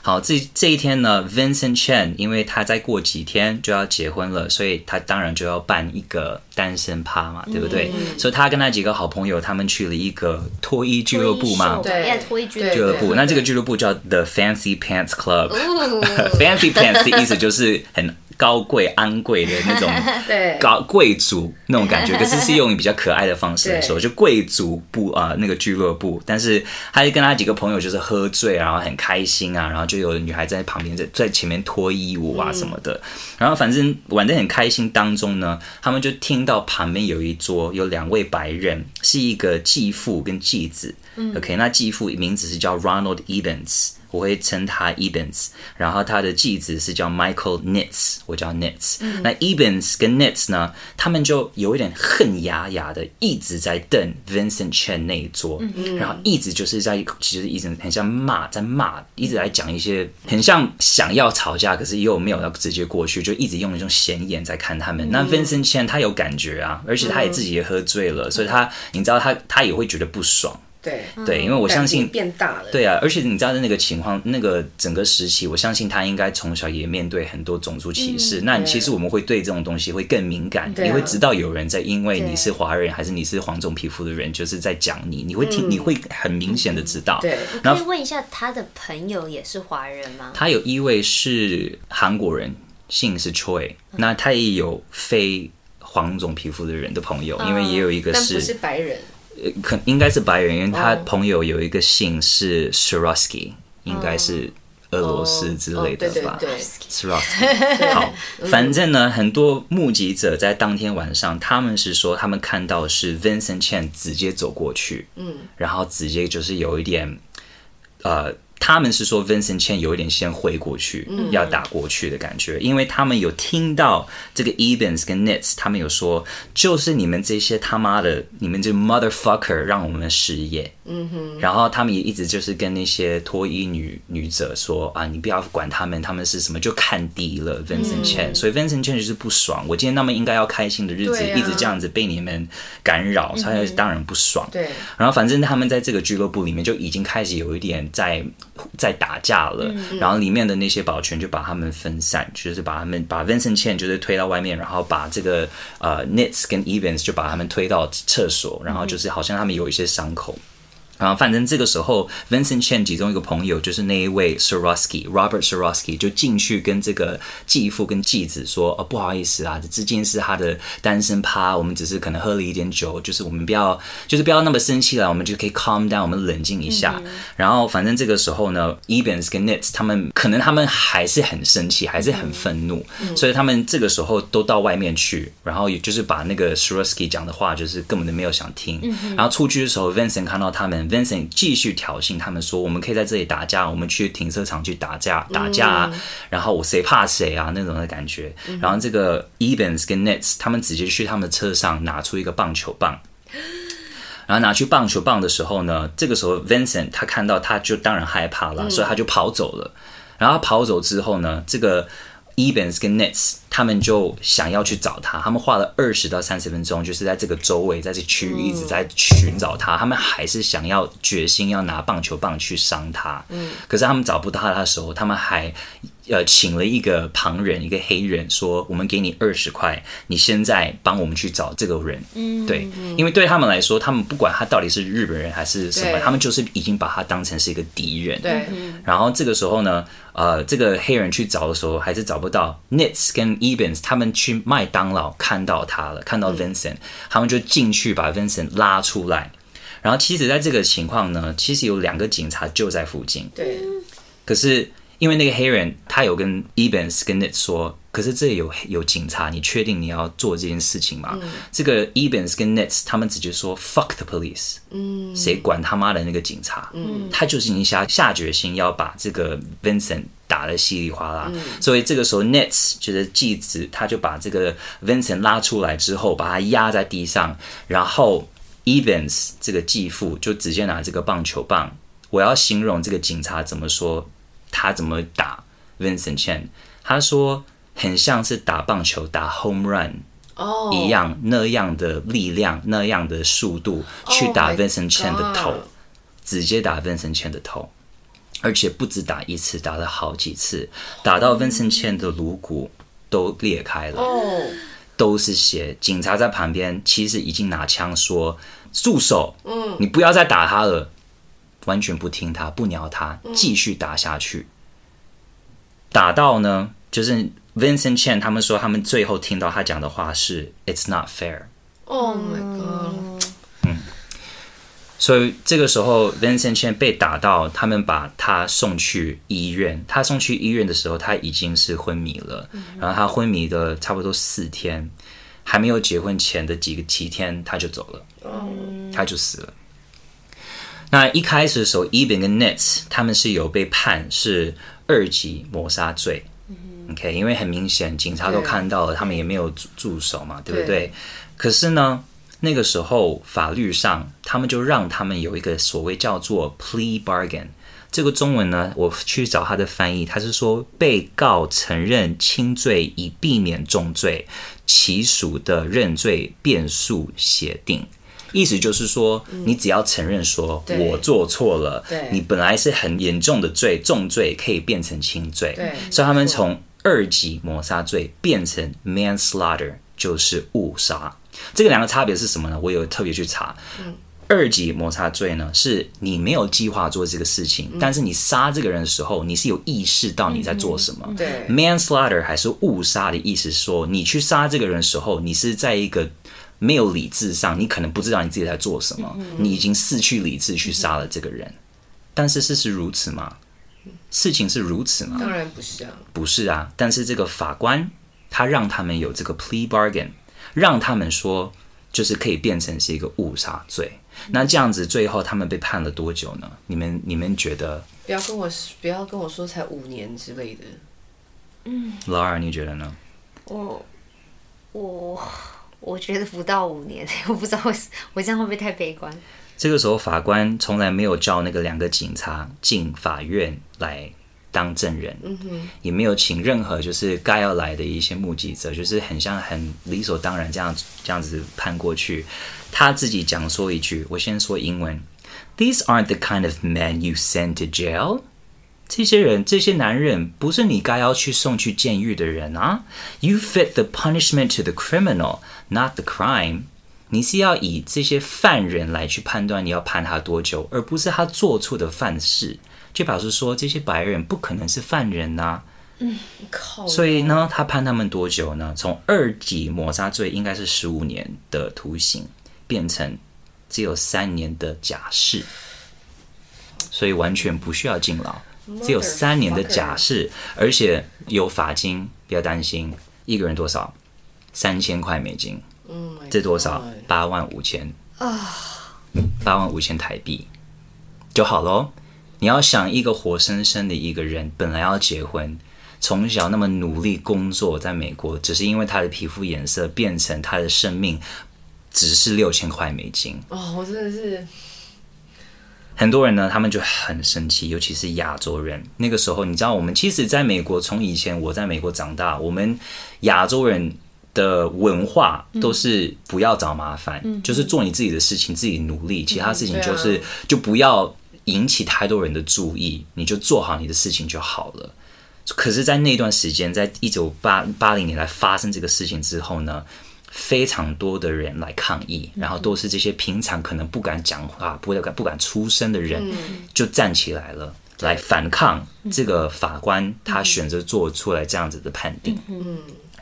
好，這這一天呢，Vincent Chin，因為他再過幾天就要結婚了，所以他當然就要辦一個單身趴嘛，嗯、對不對？所、so、以他跟他幾個好朋友，他們去了一個脫衣俱樂部嘛，托對，脫、yeah, 衣俱樂部。那這個俱樂部叫 The Fancy Club、哦、 Fancy Pants Club，Fancy Pants 的意思就是很。高貴安貴的那種，高貴族那種感覺， 對 可是是用比較可愛的方式來說， 對 就貴族部啊，呃、那個俱樂部，但是他跟他幾個朋友就是喝醉啊，然後很開心啊，然後就有女孩在旁邊在在前面脫衣服啊什麼的，嗯，然後反正玩的很開心當中呢，他們就聽到旁邊有一桌有兩位白人，是一個繼父跟繼子。OK，那繼父名字是叫 Ronald Ebens，我會稱他 Ebens，然後他的繼子是叫 Michael Nitz，我叫 Nitz。嗯、那 Ebens 跟 Nitz 呢，他們就有一點恨牙牙的，一直在瞪 Vincent Chin 那一桌，嗯嗯，然後一直就是在其實、就是、一直很像罵，在罵，一直來講一些很像想要吵架，可是又沒有要直接過去，就一直用一種閒言在看他們。嗯、那 Vincent Chin 他有感覺啊，而且他也自己也喝醉了，嗯、所以他你知道他他也會覺得不爽。對對，因為我相信變大了。對啊，而且你知道的那個情況，那個整個時期，我相信他應該從小也面對很多種族歧視。那你其實我們會對這種東西會更敏感，你會知道有人在因為你是華人還是你是黃種皮膚的人就是在講你，你會聽，你會很明顯的知道。對，可以問一下他的朋友也是華人嗎？他有一位是韓國人，姓是 Choi，那他也有非黃種皮膚的人的朋友，因為也有一個是白人。可應該是白人因為，他朋友有一個姓是 s h u r o s k y、oh. 應該是俄羅斯之類的吧。s h u r a s k y 對好，反正呢，很多目擊者在當天晚上，他們是說他們看到是 Vincent Chin 直接走過去，嗯，然後直接就是有一點，呃。他們是說 Vincent Chin 有一點先揮過去，嗯、哼要打過去的感覺，因為他們有聽到這個 Evans 跟 Nits，他們有說就是你們這些他媽的，你們這 motherfucker 讓我們失業。嗯哼。然後他們也一直就是跟那些脫衣女女者說啊，你不要管他們，他們是什麼就看低了 Vincent Chin，嗯、所以 Vincent Chin 就是不爽，我今天那麼應該要開心的日子，啊、一直這樣子被你們干擾，他當然不爽。嗯、對。然後反正他們在這個俱樂部裡面就已經開始有一點在。在打架了，嗯嗯，然後裡面的那些保全就把他們分散，就是把他們把 Vincent Chin 就是推到外面，然後把這個呃 Nitz 跟 Evans 就把他們推到廁所，嗯嗯，然後就是好像他們有一些傷口。啊，然後反正這個時候，Vincent Chin 其中一個朋友就是那一位 Siroski Robert Siroski 就進去跟這個繼父跟繼子說：“啊、哦，不好意思啊，這之前是他的單身趴，我們只是可能喝了一點酒，就是我們不要，就是不要那麼生氣了，我們就可以 calm down，我們冷靜一下。嗯”然後，反正這個時候呢、嗯、，Ebens 跟 Nitz 他們可能他們還是很生氣，還是很憤怒，嗯、所以他們這個時候都到外面去，然後也就是把那個 Siroski 講的話就是根本都沒有想聽。然後出去的時候，Vincent 看到他們。Vincent 繼續挑釁他們說：“我們可以在這裡打架，我們去停車場去打架，打架啊！嗯、然後我誰怕誰啊？那種的感覺。嗯”然後這個 Evans 跟 Nitz 他們直接去他們的車上拿出一個棒球棒，然後拿去棒球棒的時候呢，這個時候 Vincent 他看到他就當然害怕了，嗯、所以他就跑走了。然後他跑走之後呢，這個。Ebens 跟 Nitz 他們就想要去找他，他們花了二十到三十分鐘，就是在這個周圍，在這區域一直在尋找他，嗯、他們還是想要決心要拿棒球棒去傷他，嗯、可是他們找不到他的時候，他們還。呃，請了一個旁人，一個黑人，說：“我們給你二十塊，你現在幫我們去找這個人。嗯哼哼”對，因為對他們來說，他們不管他到底是日本人還是什麼，對他們就是已經把他當成是一個敵人。對，然後這個時候呢，呃，這個黑人去找的時候還是找不到。Nitz 跟 Evans 他們去麥當勞看到他了，看到 Vincent，、嗯、他們就進去把 Vincent 拉出來。然後，其實在這個情況呢，其實有兩個警察就在附近。對，可是。因為那個黑人，他有跟 Ebens 跟 Nitz 說，可是，這裡有有警察，你確定你要做這件事情嗎？嗯、這個 Ebens 跟 Nitz，他們直接說 fuck the police，、嗯、誰管他媽的那個警察？嗯、他就是已經下下決心要把這個 Vincent 打得稀里嘩啦。嗯、所以這個時候，Nitz 就是繼子，他就把這個 Vincent 拉出來之後，把他壓在地上，然後 Ebens 這個繼父就直接拿這個棒球棒，我要形容這個警察怎麼說？他怎麼打 Vincent Chin？他說很像是打棒球打 Home Run 哦一樣、oh. 那樣的力量、那樣的速度去打 Vincent Chin 的頭，oh、my God. 直接打 Vincent Chin 的頭，而且不止打一次，打了好幾次，打到 Vincent Chin 的顱骨都裂開了哦，oh. 都是血。警察在旁邊其實已經拿槍說：“住手！嗯，你不要再打他了。”完全不聽他，不鳥他，繼續打下去。嗯、打到呢，就是 Vincent Chin 他們說，他們最後聽到他講的話是 “It's not fair”。Oh my god！嗯，所、so, 以這個時候 Vincent Chin 被打到，他們把他送去醫院。他送去醫院的時候，他已經是昏迷了。嗯、然後他昏迷的差不多四天，還沒有結婚前的幾個七天，他就走了。嗯、他就死了。那一開始的時候，Eben 跟 Nitz 他們是有被判是二級謀殺罪，嗯、哼，OK，因為很明顯警察都看到了，他們也沒有住手嘛，嗯、對不對？對，可是呢，那個時候法律上，他們就讓他們有一個所謂叫做 plea bargain，這個中文呢，我去找他的翻譯，他是說被告承認輕罪以避免重罪，其屬的認罪辯訴協定。意思就是說，你只要承認說我做錯了，嗯、對對，你本來是很嚴重的罪、重罪，可以變成輕罪。對所以他們從二級謀殺罪變成 manslaughter，就是誤殺。這個兩個差別是什麼呢？我有特別去查。嗯、二級謀殺罪呢，是你沒有計劃做這個事情，嗯、但是你殺這個人的時候，你是有意識到你在做什麼。嗯、manslaughter 還是誤殺的意思說，說你去殺這個人的時候，你是在一個。沒有理智上，你可能不知道你自己在做什麼，嗯嗯，你已經失去理智去殺了這個人。嗯嗯，但是事實如此嗎？嗯、事情是如此嗎？當然不是啊，不是啊。但是這個法官他讓他們有這個 plea bargain，讓他們說就是可以變成是一個誤殺罪。嗯、那這樣子最後他們被判了多久呢？你們你們覺得？不要跟我不要跟我說才五年之類的。嗯，Lara 你覺得呢？我我。我我覺得不到五年，我不知道我我這樣會不會太悲觀。這個時候，法官從來沒有叫那個兩個警察進法院來當證人，嗯哼、mm，hmm. 也沒有請任何就是該要來的一些目擊者，就是很像很理所當然這樣這樣子判過去。他自己講說一句，我先說英文：These aren't the kind of men you send to jail。這些人，這些男人，不是你該要去送去監獄的人啊！You fit the punishment to the criminal, not the crime。你是要以這些犯人來去判斷你要判他多久，而不是他做錯的犯事。就表示說，這些白人不可能是犯人啊！嗯，靠！所以呢，他判他們多久呢？從二級謀殺罪應該是十五年的徒刑，變成只有三年的假釋，所以完全不需要進牢。只有三年的假釋，而且有罰金，不要擔心。一個人多少？三千塊美金。嗯，Oh my God. 這多少？八萬五千啊，oh. 八萬五千台幣就好咯。你要想一個活生生的一個人，本來要結婚，從小那麼努力工作，在美國，只是因為他的皮膚顏色，變成他的生命，只是六千塊美金。哦，我真的是。很多人呢，他們就很生氣，尤其是亞洲人。那個時候，你知道，我們其實在美國，從以前我在美國長大，我們亞洲人的文化都是不要找麻煩，嗯、就是做你自己的事情，嗯、自己努力，其他事情就是、嗯啊、就不要引起太多人的注意，你就做好你的事情就好了。可是，在那段時間，在一九八八零年代發生這個事情之後呢，非常多的人來抗議，然後都是這些平常可能不敢講話、不敢不敢出聲的人，就站起來了來反抗這個法官，他選擇做出來這樣子的判定。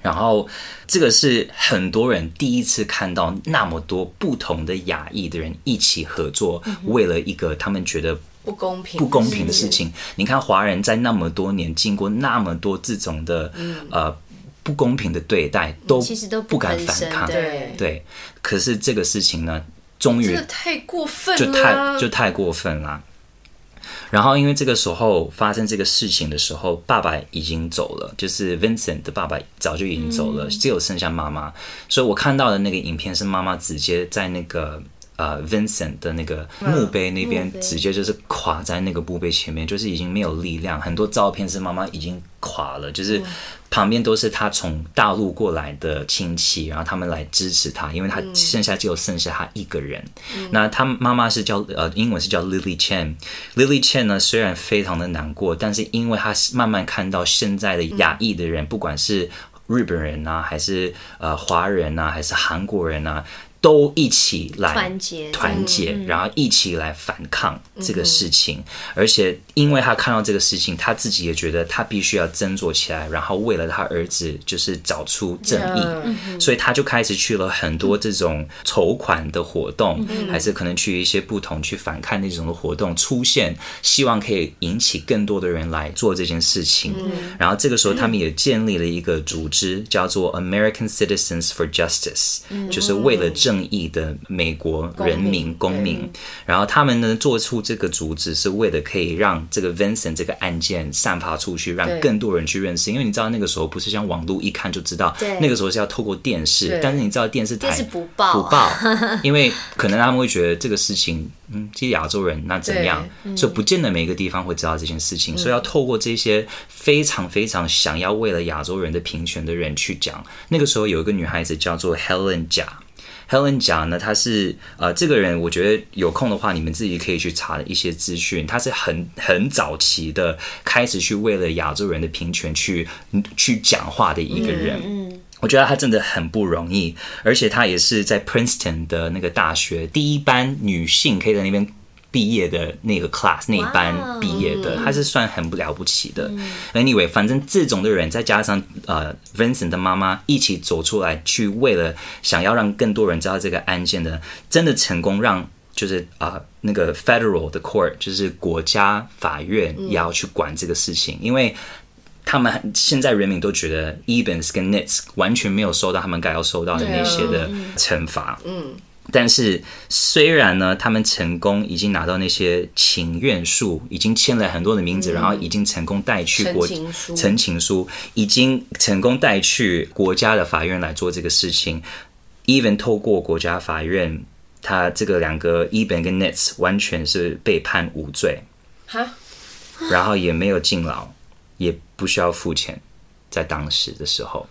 然後這個是很多人第一次看到那麼多不同的亞裔的人一起合作，為了一個他們覺得不公平不公平的事情。你看，華人在那麼多年經過那麼多這種的呃。不公平的對待，都不敢反抗。對，對，可是這個事情呢，終於就太、哦這個、太過分了，就太就太過分了。然後，因為這個時候發生這個事情的時候，爸爸已經走了，就是 Vincent 的爸爸早就已經走了，嗯、只有剩下媽媽。所以我看到的那個影片是媽媽直接在那個。呃、uh,，Vincent 的那個墓碑那邊，直接就是垮在那個墓碑前面，wow, okay. 就是已經沒有力量。很多照片是媽媽已經垮了，就是旁邊都是他從大陸過來的親戚，然後他們來支持他，因為他剩下只有剩下他一個人。那他媽媽是叫呃，英文是叫 Lily Chen，Lily Chen 呢雖然非常的難過，但是因為她是慢慢看到現在的亞裔的人，不管是日本人吶、啊，還是呃華人吶、啊，還是韓國人吶、啊。都一起來團結，嗯、然後一起來反抗這個事情。嗯、而且，因為他看到這個事情，嗯、他自己也覺得他必須要振作起來，然後為了他兒子就是找出正義，嗯、所以他就開始去了很多這種籌款的活動，嗯、還是可能去一些不同去反抗那種的活動出現，希望可以引起更多的人來做這件事情。嗯、然後這個時候，他們也建立了一個組織，叫做 American Citizens for Justice，就是為了證。正義的美國人民公民，然後他們呢做出這個組織，是為了可以讓這個 Vincent 這個案件散發出去，對讓更多人去認識。因為你知道那個時候不是像網絡，一看就知道，對那個時候是要透過電視，對但是你知道電視台不報，不報，不報 因為可能他們會覺得這個事情，嗯，這些亞洲人那怎麼樣，對所以不見得每一個地方會知道這件事情。嗯、所以要透過這些非常非常想要為了亞洲人的平權的人去講。那個時候有一個女孩子叫做 Helen 甲。Helen 講呢，她是呃，這個人我覺得有空的話，你們自己可以去查一些資訊。她是很很早期的開始去為了亞洲人的平權去去講話的一個人。嗯，嗯我覺得她真的很不容易，而且她也是在 Princeton 的那個大學第一班女性可以在那邊，畢業的那個 class 那一班畢業的，他 Wow ,、um, 是算很不了不起的。Um, anyway，反正這種的人再加上呃 Vincent 的媽媽一起走出來去，為了想要讓更多人知道這個案件的，真的成功讓就是啊、呃、那個 federal the court 就是國家法院也要去管這個事情，um, 因為他們現在人民都覺得 Ebens 跟 Nitz 完全沒有收到他們該要收到的那些的懲罰。嗯。No, um, um, 但是，雖然呢，他們成功已經拿到那些請願書，已經簽了很多的名字，嗯、然後已經成功帶去國，陳情書,陳情書已經成功帶去國家的法院來做這個事情。Even 透過國家法院，他這個兩個 Ebens 跟 Nitz 完全是被判無罪哈，然後也沒有進牢，也不需要付錢，在當時的時候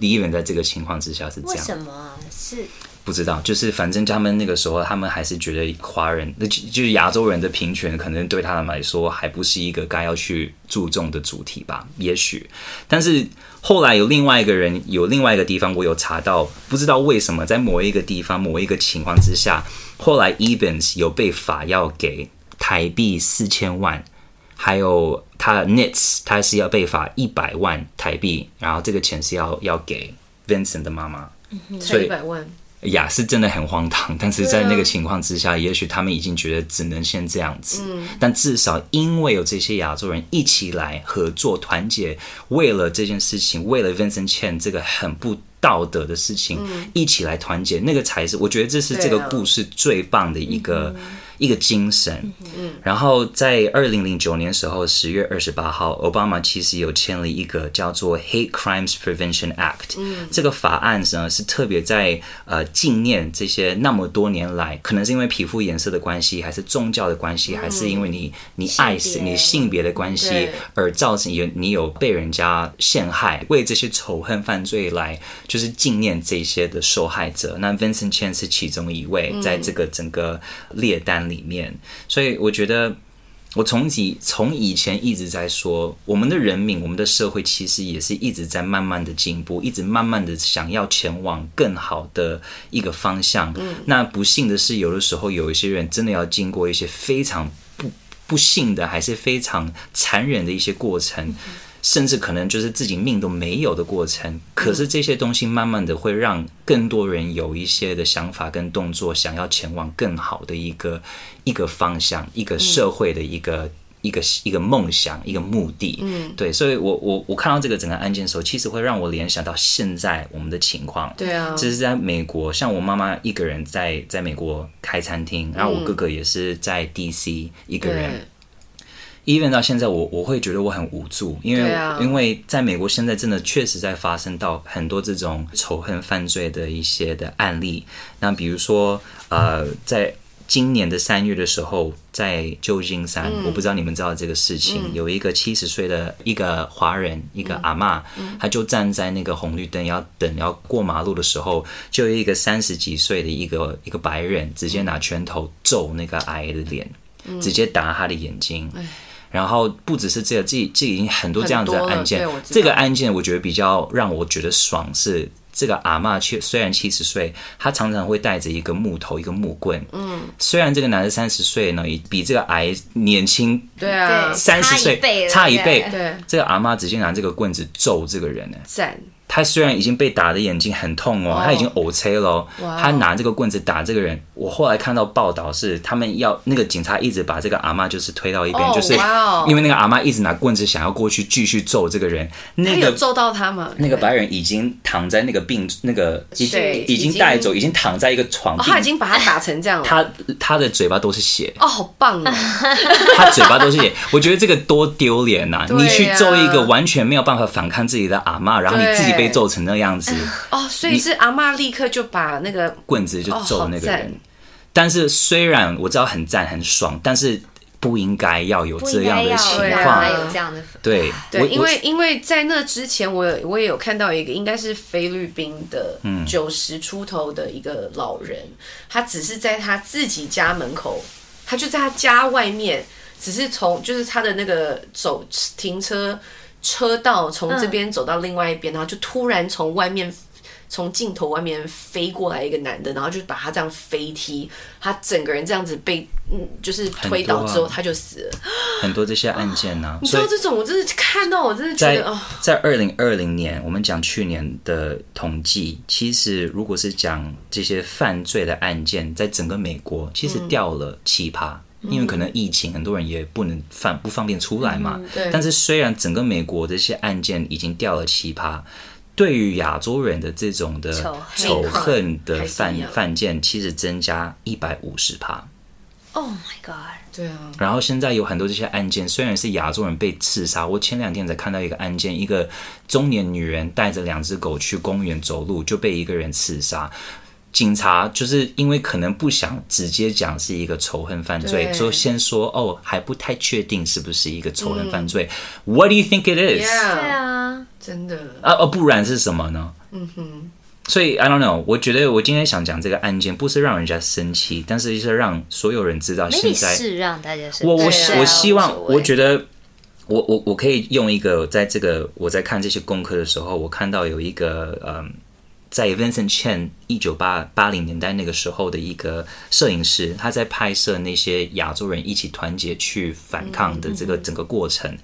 Ebens 在這個情況之下是這樣，為什麼是不知道？就是反正他們那個時候，他們還是覺得華人那就就是亞洲人的平權，可能對他們來說還不是一個該要去注重的主題吧。也許，但是後來有另外一個人，有另外一個地方，我有查到，不知道為什麼在某一個地方、某一個情況之下，後來 Ebens 有被罰要給台幣四千萬。還有他 Nits，他是要被罰一百萬台幣，然後這個錢是要要給 Vincent 的媽媽，嗯、哼所以一百萬，呀，是真的很荒唐。但是在那個情況之下，啊、也許他們已經覺得只能先這樣子。嗯、但至少因為有這些亞洲人一起來合作、團結，為了這件事情，為了 Vincent Chin，這個很不道德的事情，嗯、一起來團結，那個才是我覺得這是這個故事最棒的一個。一個精神，嗯、然後在二零零九年的時候十月二十八號，奧巴馬其實有簽了一個叫做《Hate Crimes Prevention Act》，嗯，這個法案呢，是特別在呃紀念這些那麼多年來，可能是因為皮膚顏色的關係，還是宗教的關係，嗯、還是因為你你愛死，性別你性別的關係對而造成你有你有被人家陷害，為這些仇恨犯罪來就是紀念這些的受害者。那 Vincent Chin 是其中一位，在這個整個列單，裡面，所以我覺得我幾，我從以從以前一直在說，我們的人民，我們的社會，其實也是一直在慢慢的進步，一直慢慢的想要前往更好的一個方向。嗯。那不幸的是，有的時候有一些人真的要經過一些非常不不幸的，還是非常殘忍的一些過程。嗯。甚至可能就是自己命都沒有的過程，可是這些東西慢慢的會讓更多人有一些的想法跟動作，想要前往更好的一個一個方向、一個社會的一個、嗯、一個一個、一個夢想、一個目的。嗯，對，所以我我我看到這個整個案件的時候，其實會讓我聯想到現在我們的情況。對啊，這是在美國，像我媽媽一個人在在美國開餐廳，然後我哥哥也是在 DC 一個人。嗯 Even 到現在我，我我會覺得我很無助，因為、啊、因為在美國現在真的確實在發生到很多這種仇恨犯罪的一些的案例。那比如說，呃，在今年的三月的時候，在舊金山，嗯、我不知道你們知道這個事情，嗯、有一個七十歲的一個華人一個阿嬤，他、嗯、就站在那個紅綠燈要等要過馬路的時候，就有一個三十幾歲的一個一個白人直接拿拳頭揍那個阿姨的臉，嗯、直接打他的眼睛。哎然後不只是這個，這這已經很多這樣子的案件。這個案件我覺得比較讓我覺得爽是，這個阿嬤七雖然七十歲，她常常會帶着一個木頭一個木棍。嗯，雖然這個男的三十歲呢，也比這個癌年輕。對啊，三十歲差一，差一倍，這個阿嬤直接拿這個棍子揍這個人呢。他雖然已經被打的眼睛很痛哦，他已經嘔血了。他拿這個棍子打這個人。我後來看到報道是，他們要那個警察一直把這個阿媽就是推到一邊，就是因為那個阿媽一直拿棍子想要過去繼續揍這個人。那個，你揍到他嗎？那個白人已經躺在那個病那個已經已經帶走，已經躺在一個床。他已經把他打成這樣了。他他的嘴巴都是血哦，好棒哦！他嘴巴都是血，我覺得這個多丟臉吶！你去揍一個完全沒有辦法反抗自己的阿媽，然後你自己。被揍成那樣子 哦，所以是阿嬤立刻就把那個棍子就揍那個人。哦、但是雖然我知道很讚很爽，但是不應該要有這樣的情況。有這樣的、啊、對對，因為因為在那之前我，我有我也有看到一個，應該是菲律賓的，嗯，九十出頭的一個老人，嗯、他只是在他自己家門口，他就在他家外面，只是從就是他的那個走停車。車道從這邊走到另外一邊，嗯、然後就突然從外面，從鏡頭外面飛過來一個男的，然後就把他這樣飛踢，他整個人這樣子被嗯，就是推倒之後、啊、他就死了。很多這些案件吶、啊，你知道這種，我真的看到以我真的覺得哦，在二零二零年，我們講去年的統計，其實如果是講這些犯罪的案件，在整個美國其實掉了七趴。嗯因為可能疫情，很多人也不能放不方便出來嘛。嗯、但是雖然整個美國這些案件已經掉了七趴，對於亞洲人的這種的仇恨的犯、嗯、犯案，其實增加一百五十趴。Oh my god！對啊。然後現在有很多這些案件，雖然是亞洲人被刺殺。我前兩天才看到一個案件，一個中年女人帶着兩隻狗去公園走路，就被一個人刺殺。警察就是因為可能不想直接講是一個仇恨犯罪，就對先說哦，還不太確定是不是一個仇恨犯罪。嗯、What do you think it is？對啊，真的啊、哦，不然是什麼呢？嗯哼。所以 I don't know。我覺得我今天想講這個案件，不是讓人家生氣，但是是讓所有人知道現在是讓大家生氣我。我我、啊、我希望，我覺得我我我可以用一個，在這個我在看這些功課的時候，我看到有一個嗯。在 Vincent Chin 一九八八零年代那個時候的一個攝影師，他在拍攝那些亞洲人一起團結去反抗的這個整個過程，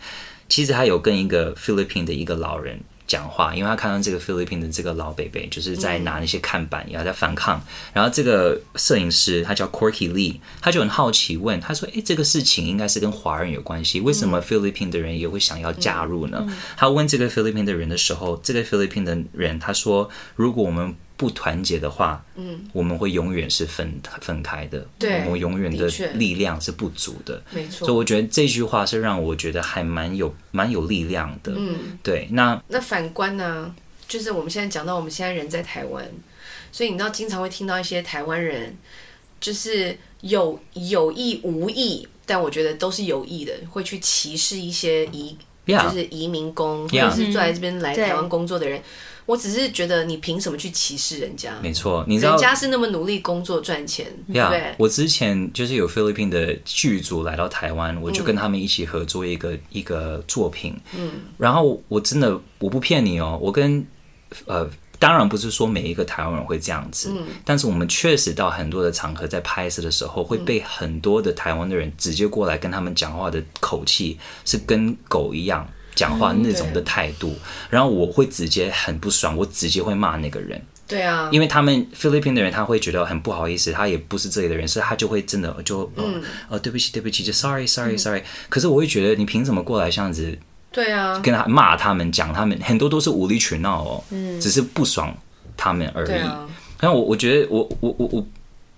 其實他有跟一個菲律賓的一個老人。講話，因為他看到這個菲律賓的這個老北北，就是在拿那些看板，然後在反抗。嗯、然後這個攝影師他叫 Corky Lee，他就很好奇問他說：“誒、欸，這個事情應該是跟華人有關係，為什麼菲律賓的人也會想要加入呢？”嗯、他問這個菲律賓的人的時候，這個菲律賓的人他說：“如果我們。”不團結的話，嗯，我們會永遠是分分開的。對，我們永遠的力量是不足的。沒錯錯，所以我覺得這句話是讓我覺得還蠻有蠻有力量的。嗯，對。那那反觀呢、啊，就是我們現在講到我們現在人在台灣，所以你知道經常會聽到一些台灣人，就是有有意無意，但我覺得都是有意的，會去歧視一些移 Yeah, 就是移民工就 yeah. 是坐在這邊來台灣工作的人。嗯我只是覺得，你憑什麼去歧視人家？沒錯，你知道人家是那麼努力工作賺錢。Yeah, 對吧？我之前就是有菲律賓的劇組來到台灣，嗯、我就跟他們一起合作一個一個作品。嗯，然後我真的，我不騙你哦，我跟呃，當然不是說每一個台灣人會這樣子，嗯、但是我們確實到很多的場合在拍攝的時候，會被很多的台灣的人直接過來跟他們講話的口氣是跟狗一樣。講話那種的態度，嗯、然後我會直接很不爽，我直接會罵那個人。對啊，因為他們菲律賓的人，他會覺得很不好意思，他也不是這裡的人，所以他就會真的就，呃、嗯哦，對不起，對不起，就 sorry，sorry，sorry sorry, sorry,、嗯。可是我會覺得，你憑什麼過來這樣子？對啊，跟他罵他們，講他們很多都是無理取鬧哦，嗯，只是不爽他們而已。啊、然後我我覺得我，我我我我。我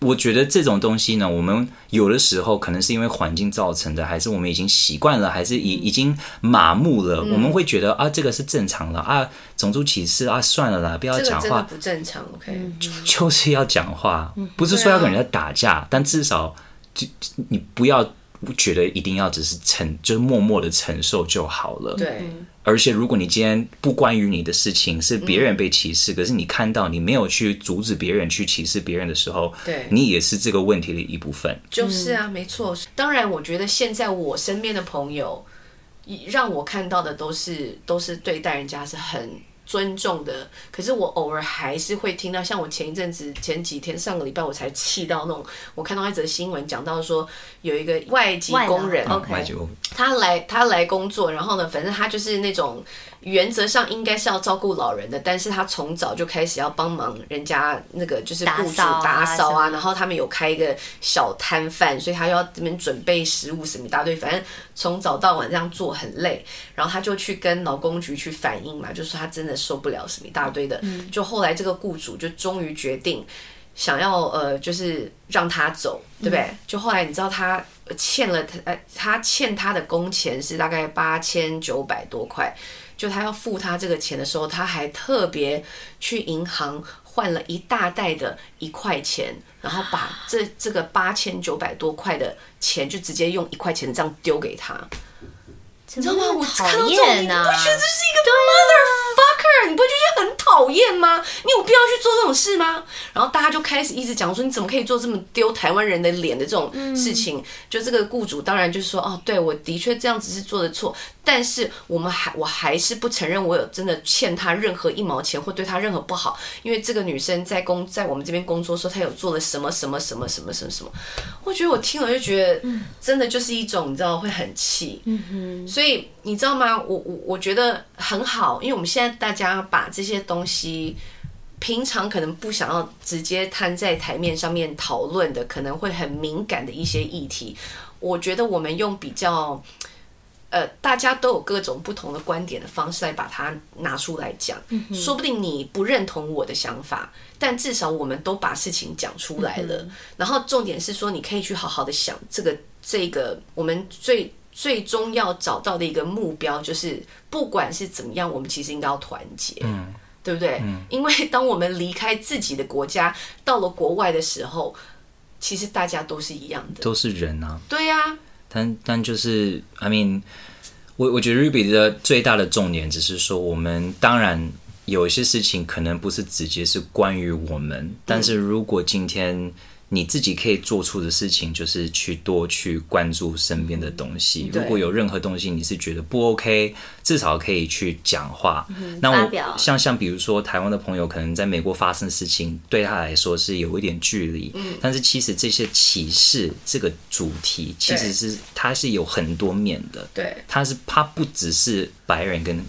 我覺得這種東西呢，我們有的時候可能是因為環境造成的，還是我們已經習慣了，還是已已經麻木了。嗯、我們會覺得啊，這個是正常的啊，種族歧視啊，算了啦，不要講話。不正常，OK，就，就是要講話，不是說要跟人家打架，嗯啊、但至少就你不要覺得一定要只是承，就是默默的承受就好了。對。而且，如果你今天不關於你的事情是別人被歧視，嗯，可是你看到你沒有去阻止別人去歧視別人的時候，對你也是這個問題的一部分。就是啊，沒錯。當然，我覺得現在我身邊的朋友，讓我看到的都是都是對待人家是很。尊重的，可是我偶爾還是會聽到，像我前一陣子、前幾天、上個禮拜，我才氣到那種。我看到一則新聞，講到說有一個外籍工人，外籍工人，他來他來工作，然後呢，反正他就是那種。原則上應該是要照顧老人的，但是他從早就開始要幫忙人家那個就是雇主打掃啊，啊然後他們有開一個小攤販，操所以他要這邊準備食物，什麼一大堆，反正從早到晚這樣做很累，然後他就去跟勞工局去反映嘛，就說他真的受不了什麼一大堆的，嗯嗯、就後來這個雇主就終於決定想要呃就是讓他走，對不對？嗯、就後來你知道他欠了他呃他欠他的工錢是大概八千九百多塊。就他要付他這個錢的時候，他還特別去銀行換了一大袋的一塊錢，然後把這這個八千九百多塊的錢就直接用一塊錢這樣丟給他，你知道嗎？我看到這種，你不覺得這是一個 motherfucker，你不覺得很討厭嗎？你有必要去做這種事嗎？然後大家就開始一直講說，你怎麼可以做這麼丟台灣人的臉的這種事情？就這個雇主當然就是說，哦，對，我的確這樣子是做的錯。但是我們還，我還是不承認我有真的欠他任何一毛錢，或對他任何不好。因為這個女生在工在我們這邊工作時，她有做了什麼什麼什麼什麼什麼什麼，我覺得我聽了就覺得，真的就是一種你知道會很氣。嗯哼。所以你知道嗎？我我我覺得很好，因為我們現在大家把這些東西，平常可能不想要直接攤在台面上面討論的，可能會很敏感的一些議題，我覺得我們用比較。呃，大家都有各種不同的觀點的方式來把它拿出來講，嗯哼。說不定你不認同我的想法，但至少我們都把事情講出來了。嗯哼。然後重點是說，你可以去好好的想這個這個，我們最最終要找到的一個目標就是，不管是怎麼樣，我們其實應該要團結，嗯、對不對？嗯、因為當我們離開自己的國家到了國外的時候，其實大家都是一樣的，都是人啊，對呀、啊。但但就是，I mean，我我覺得 Ruby 的最大的重點只是說，我們當然有一些事情可能不是直接是關於我們，嗯，但是如果今天，你自己可以做出的事情，就是去多去關注身邊的東西。如果有任何東西你是覺得不 OK，至少可以去講話。那我像像比如說台灣的朋友，可能在美國發生的事情，對他來說是有一點距離。嗯，但是其實這些歧視，這個主題，其實是它是有很多面的。對，它是它不只是白人跟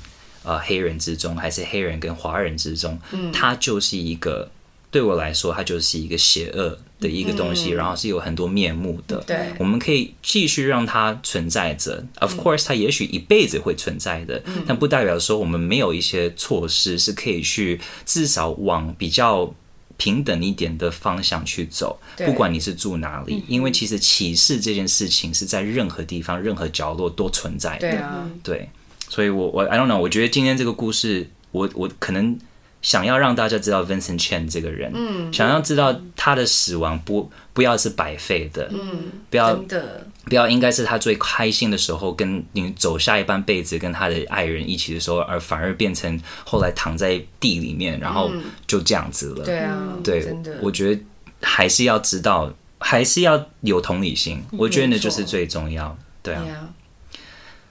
呃黑人之中，還是黑人跟華人之中，嗯，它就是一個對我來說，它就是一個邪惡。的一個東西，嗯、然後是有很多面目的。嗯、對，我們可以繼續讓它存在着。嗯、Of course，它也許一輩子會存在的，嗯、但不代表說我們沒有一些措施是可以去至少往比較平等一點的方向去走。對不管你是住哪裡，嗯、因為其實歧視這件事情是在任何地方、任何角落都存在的。對，啊、對，所以我，我我 I don't know，我覺得今天這個故事，我我可能。想要讓大家知道 Vincent Chin 這個人，嗯，想要知道他的死亡不不要是白費的，嗯，不要，真的不要，應該是他最開心的時候，跟你走下一半輩子，跟他的愛人一起的時候，而反而變成後來躺在地裡面，然後就這樣子了，嗯、對，對啊，對，真的我覺得還是要知道，還是要有同理心，沒錯，我覺得那就是最重要，對啊。Yeah.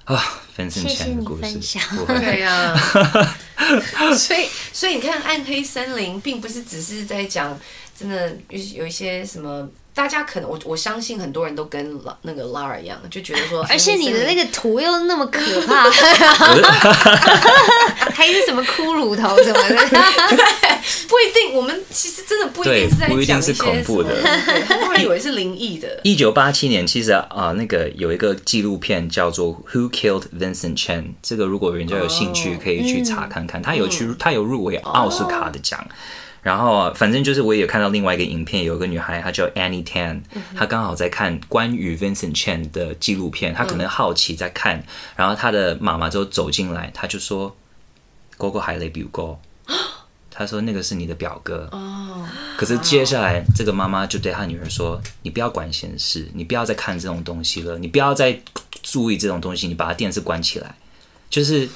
啊，Vincent Chin 的故事，謝謝你分享會對呀， 所以，所以你看，《暗黑森林》並不是只是在講，真的有有一些什麼。大家可能我我相信很多人都跟老那個 Lara 一樣，就覺得說，而且你的那個圖又那麼可怕，還是什麼骷髏頭什麼的，不一定。我們其實真的不一定是在講一些，不一定是恐怖的，他們以為是靈異的一。一九八七年，其實啊，那個有一個紀錄片叫做《Who Killed Vincent Chin》，這個如果人家有興趣可以去查看看，它、哦嗯、有去，他有入圍奧斯卡的獎。哦然後，反正就是我也有看到另外一個影片，有一個女孩，她叫 Annie Tan，、嗯、哼她剛好在看關於 Vincent Chin 的紀錄片，她可能好奇在看，嗯、然後她的媽媽就走進來，她就說：“哥哥還來比哥。”她說：“那個是你的表哥。”哦。可是接下來，oh. 這個媽媽就對她女兒說：“你不要管閒事，你不要再看這種東西了，你不要再注意這種東西，你把電視關起來。”就是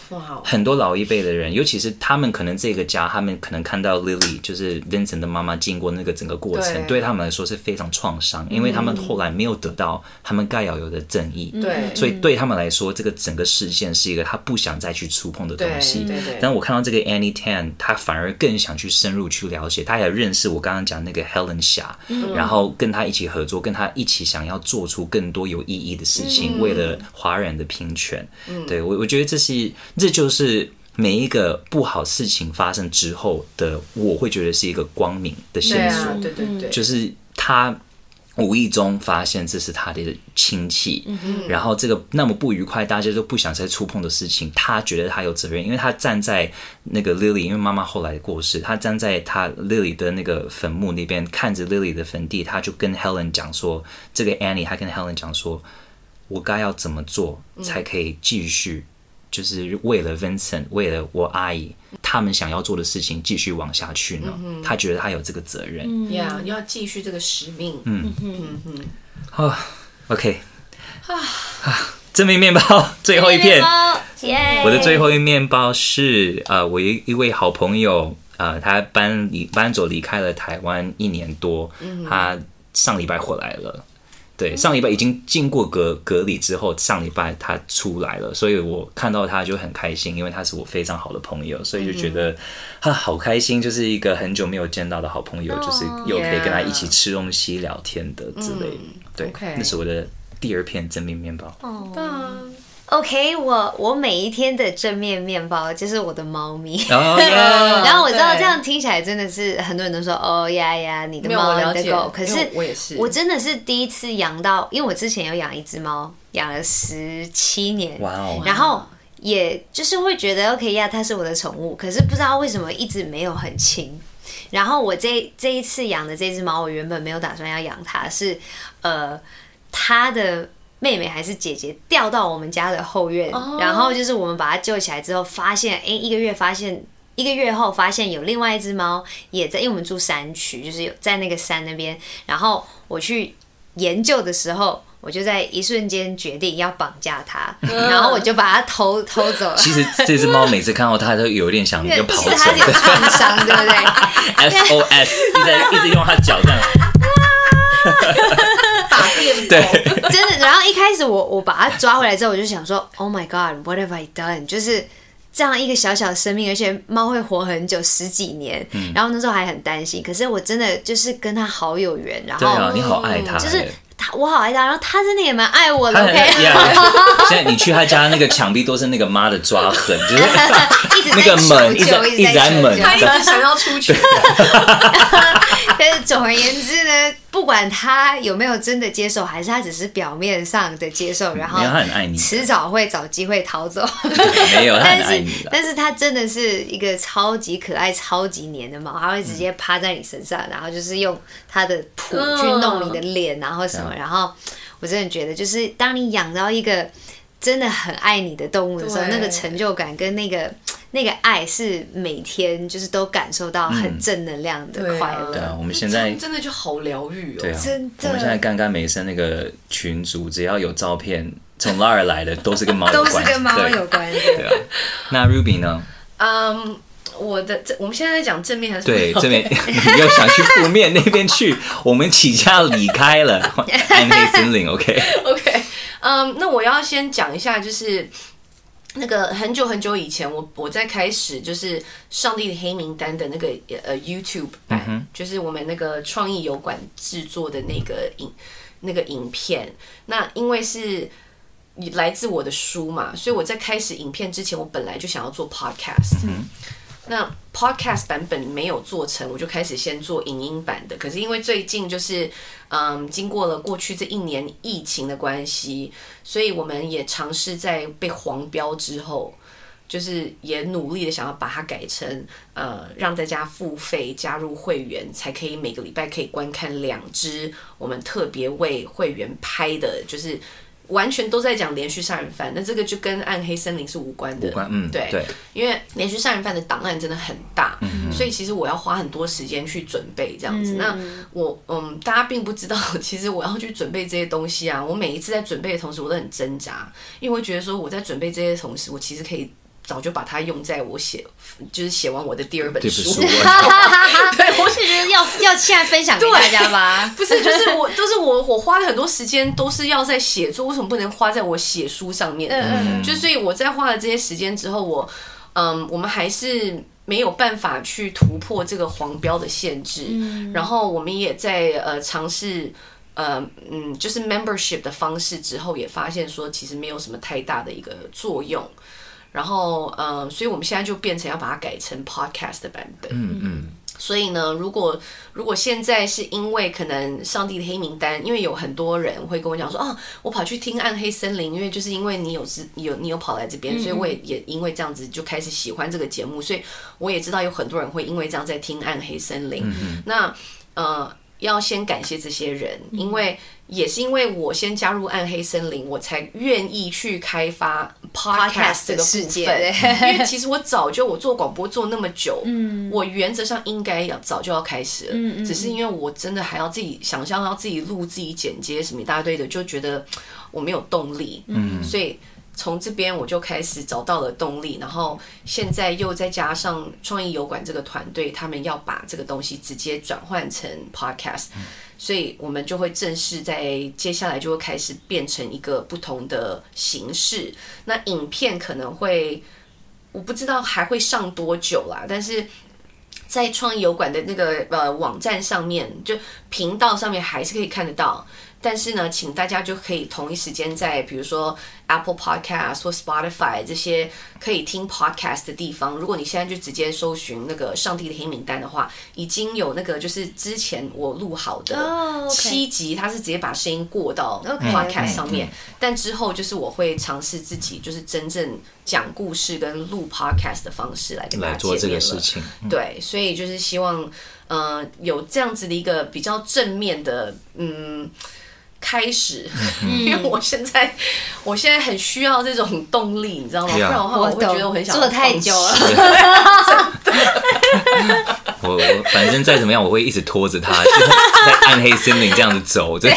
很多老一輩的人，尤其是他們可能這個家，他們可能看到 Lily 就是 Vincent 的媽媽經過那個整個過程，對，對他們來說是非常創傷，嗯、因為他們後來沒有得到他們該要有的正義，對，所以對他們來說，這個整個事件是一個他不想再去觸碰的東西。對，對，對，對。但我看到這個 Annie Tan，他反而更想去深入去了解，他也認識我剛剛講那個 Helen 霞，嗯、然後跟他一起合作，跟他一起想要做出更多有意義的事情，嗯、為了華人的平權。嗯，對我我覺得這是。是，這就是每一個不好事情發生之後的，我會覺得是一個光明的線索。啊，對對對，就是他無意中發現這是他的親戚，嗯、哼然後這個那麼不愉快，大家都不想再觸碰的事情，他覺得他有責任，因為他站在那個 Lily，因為媽媽後來過世，他站在他 Lily 的那個墳墓那邊，看着 Lily 的墳地，他就跟 Helen 講說：“這個 Annie，他跟 Helen 講說，我該要怎麼做才可以繼續、嗯。”就是為了 Vincent，為了我阿姨，他們想要做的事情繼續往下去呢。嗯、哼他覺得他有這個責任，呀、嗯，yeah, 要繼續這個使命。嗯，好、嗯哼 oh,，OK，啊啊，正面麵包最後一片，yeah. 我的最後一麵包是呃，我一一位好朋友，呃，他搬離搬走離開了台灣一年多，嗯、哼他上禮拜回來了。對，上禮拜已經經過隔、嗯、隔離之後，上禮拜他出來了，所以我看到他就很開心，因為他是我非常好的朋友，所以就覺得他好開心，就是一個很久沒有見到的好朋友，嗯、就是又可以跟他一起吃東西、聊天的之類的。嗯、對，Okay 那是我的第二片真命麵包。哦。OK，我我每一天的正面麵包就是我的貓咪，哦、 然後我知道這樣聽起來真的是很多人都說哦呀呀，對 oh, yeah, yeah, 你的貓有，你的狗，可是我也是，我真的是第一次養到，因為我之前有養一隻貓，養了十七年，wow, wow. 然後也就是會覺得 OK 呀，它是我的寵物，可是不知道為什麼一直沒有很親。然後我這這一次養的這隻貓，我原本沒有打算要養它，是呃它的。妹妹還是姐姐掉到我們家的後院，哦、然後就是我們把它救起來之後，發現哎，一個月發現一個月後發現有另外一隻貓也在，因為我們住山區，就是有在那個山那邊。然後我去研究的時候，我就在一瞬間決定要綁架它，哦、然後我就把它偷偷走了。其實這隻貓每次看到它都有點想就跑走，它自己的創傷 對不對？SOS， 一直一直用它腳這樣。 把對真的。然後一開始我我把它抓回來之後，我就想說，Oh my God，what have I done？就是這樣一個小小的生命，而且貓會活很久，十幾年。然後那時候還很擔心，可是我真的就是跟他好有緣。然後對、啊、你好愛他，嗯、就是他我好愛他，然後他真的也蠻愛我的。很 OK？現在你去他家那個牆壁都是那個媽的抓痕，就是門 一直那個門，一直一直門，他一直想要出去。對 但是總而言之呢，不管他有沒有真的接受，還是他只是表面上的接受，然後很愛你，遲早會找機會逃走。沒有，他很愛你啦， 但是但是它真的是一個超級可愛、超級黏的貓，它會直接趴在你身上，嗯、然後就是用它的爪去弄你的臉，嗯、然後什麼。然後我真的覺得，就是當你養到一個真的很愛你的動物的時候，對那個成就感跟那個。那個愛是每天就是都感受到很正能量的快樂。對啊，我們現在真的就好療癒哦。真的，我們現在剛剛沒刪那個群組，只要有照片從那兒來的都是跟貓，都是跟貓有關係。對啊，那 Ruby 呢？嗯，我的，我們現在在講正面還是對正面？你又想去負面那邊去，我們起家離開了暗黑森林。OK OK，嗯，那我要先講一下就是。那個很久很久以前，我我在開始就是《上帝的黑名單》的那個 YouTube 版，就是我們那個創意油管製作的那個影那個影片。那因為是來自我的書嘛，所以我在開始影片之前，我本來就想要做 Podcast。嗯哼。那 Podcast 版本沒有做成，我就開始先做影音版的。可是因為最近就是，嗯，經過了過去這一年疫情的關係，所以我們也嘗試在被黃標之後，就是也努力的想要把它改成，呃、嗯，讓大家付費加入會員，才可以每個禮拜可以觀看兩支我們特別為會員拍的，就是。完全都在講連續殺人犯，那這個就跟暗黑森林是無關的。無關，嗯，對，對，因為連續殺人犯的檔案真的很大，嗯哼。所以其實我要花很多時間去準備這樣子。嗯。那我，嗯，大家並不知道，其實我要去準備這些東西啊。我每一次在準備的同時，我都很掙扎，因為我覺得說我在準備這些同時，我其實可以。早就把它用在我寫，就是寫完我的第二本書。 對，我是覺得要要現在分享給大家吧。不是，就是我，就是我，我花了很多時間都是要在寫作， 為什麼不能花在我寫書上面？嗯嗯。就所以我在花了這些時間之後我，我嗯，我們還是沒有辦法去突破這個黃標的限制。嗯，嗯。然後我們也在呃嘗試呃嗯，就是 membership 的方式之後，也發現說其實沒有什麼太大的一個作用。然後，嗯，呃，所以我們現在就變成要把它改成 Podcast 版本。嗯嗯。所以呢，如果如果現在是因為可能上帝的黑名單，因為有很多人會跟我講說，啊，我跑去聽暗黑森林，因為就是因為你有是有你有跑來這邊，所以我也也因為這樣子就開始喜歡這個節目，所以我也知道有很多人會因為這樣在聽暗黑森林。嗯嗯。那，呃。要先感謝這些人，因為也是因為我先加入暗黑森林，我才願意去開發 podcast 這個世界。嗯、因為其實我早就我做廣播做那麼久，嗯、我原則上應該要早就要開始了，嗯嗯只是因為我真的還要自己想象要自己錄自己剪接什麼一大堆的，就覺得我沒有動力，嗯、所以。從這邊我就開始找到了動力，然後現在又再加上創意油管這個團隊，他們要把這個東西直接轉換成 podcast、嗯、所以我們就會正式在接下來就會開始變成一個不同的形式。那影片可能會我不知道還會上多久啦，但是在創意油管的那個呃網站上面，就頻道上面還是可以看得到。但是呢，請大家就可以同一時間在比如說 Apple Podcast 或 Spotify 這些可以聽 Podcast 的地方，如果你現在就直接搜尋那個“上帝的黑名單”的話，已經有那個就是之前我錄好的七集，oh, okay. 它是直接把聲音過到 Podcast 上面。Okay, okay, okay. 但之後就是我會嘗試自己就是真正講故事跟錄 Podcast 的方式來跟大家來做這個事情。嗯、對，所以就是希望，嗯、呃，有這樣子的一個比較正面的，嗯。開始，嗯、哼因為我現在，我現在很需要這種動力，你知道嗎？不然的話，我會覺得我很想做太久了。 的 我反正再怎麼樣，我會一直拖着他，就在暗黑森林這樣子走，對。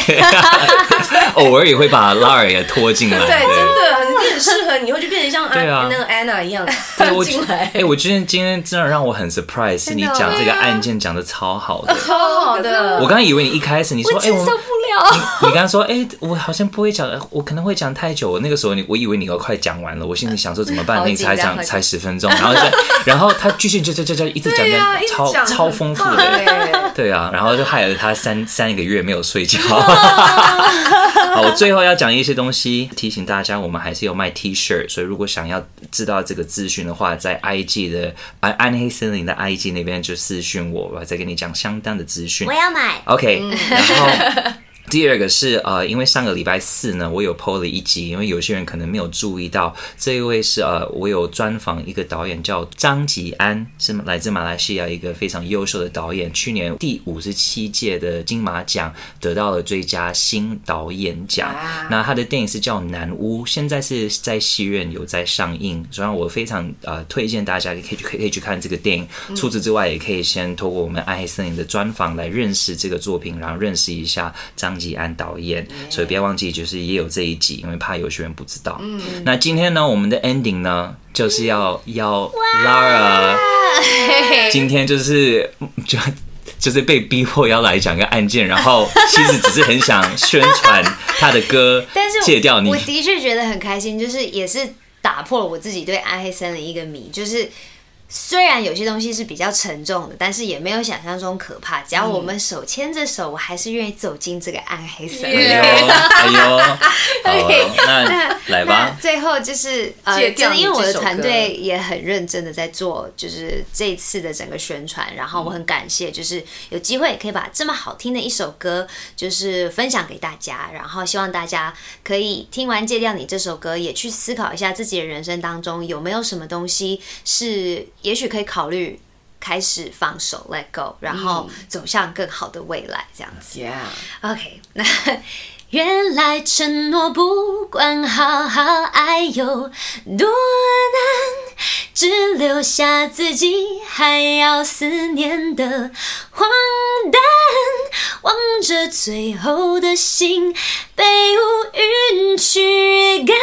偶爾也會把 Lara 也拖進來。對，真的很適合你，會就變成像那個 Anna 一樣拖進來。哎，我今天今天真的讓我很 surprise，你講這個案件講的超好的，超好的。我剛以為你一開始你說，哎，我受不了。你你剛剛說，哎，我好像不會講，我可能會講太久。我那個時候，你我以為你都快講完了，我心裡想說怎麼辦？你才講才十分鐘，然後再，然後他繼續就就就就一直講講超。超豐富的，對啊，然後就害了他三三個月沒有睡覺。 好，我最後要講一些東西，提醒大家，我們還是有賣 T 恤，所以如果想要知道這個資訊的話，在 IG 的暗黑森林的 IG 那邊就私訊我，我再給你講相當的資訊。我要買。OK，然後。第二個是呃，因為上個禮拜四呢，我有 Po 了一集，因為有些人可能沒有注意到，這一位是呃，我有專訪一個導演叫張吉安，是來自馬來西亞一個非常優秀的導演，去年第五十七屆的金馬獎得到了最佳新導演獎，啊、那他的電影是叫《南巫》，現在是在戲院有在上映，所以我非常呃推薦大家可以去可以去看這個電影，除此之外，也可以先透過我們暗黑森林的專訪來認識這個作品，然後認識一下張。安導演，所以不要忘記，就是也有這一集，因為怕有些人不知道。嗯、那今天呢，我們的 ending 呢，就是要要 Lara 今天就是就就是被逼迫要來講個案件，然後其實只是很想宣傳他的歌，但是戒掉你，我，我的確覺得很開心，就是也是打破了我自己對暗黑森林一個謎，就是。雖然有些東西是比較沉重的，但是也沒有想象中可怕。只要我們手牽着手，嗯、我還是願意走進這個暗黑森林。哎呦、哎，哎、哎、呦！來吧。最後就是呃，就是、因為我的團隊也很認真的在做，就是這一次的整個宣傳。然後我很感謝，就是有機會可以把這麼好聽的一首歌，就是分享給大家。然後希望大家可以聽完《戒掉你》這首歌，也去思考一下自己的人生當中有沒有什麼東西是。也許可以考慮開始放手，let go，然後走向更好的未來，這樣子。o k 那。原來承諾不管好好愛有多難，只留下自己還要思念的荒誕。望着最後的心被烏雲驅趕，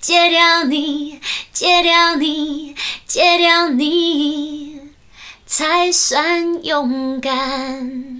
戒掉你，戒掉你，戒掉你，才算勇敢。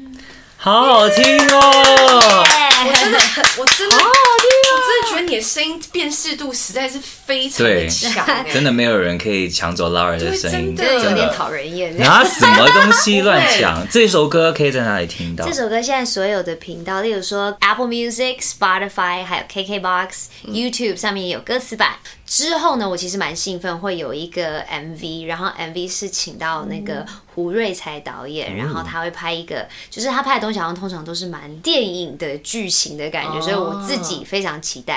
好好聽哦，耶 我真的，我真的好好聽。覺得你的聲音辨識度實在是非常的強，真的沒有人可以搶走 Lara 的聲音，真的有點討人厭。拿什麼東西亂搶？這首歌可以在哪裡聽到？這首歌現在所有的頻道，例如說 Apple Music、Spotify 還有 KKBox、YouTube 上面也有歌詞版。之後呢，我其實蠻興奮會有一個 MV，然後 MV 是請到那個胡瑞才導演，然後他會拍一個，就是他拍的東西好像通常都是蠻電影的劇情的感覺，所以我自己非常期待。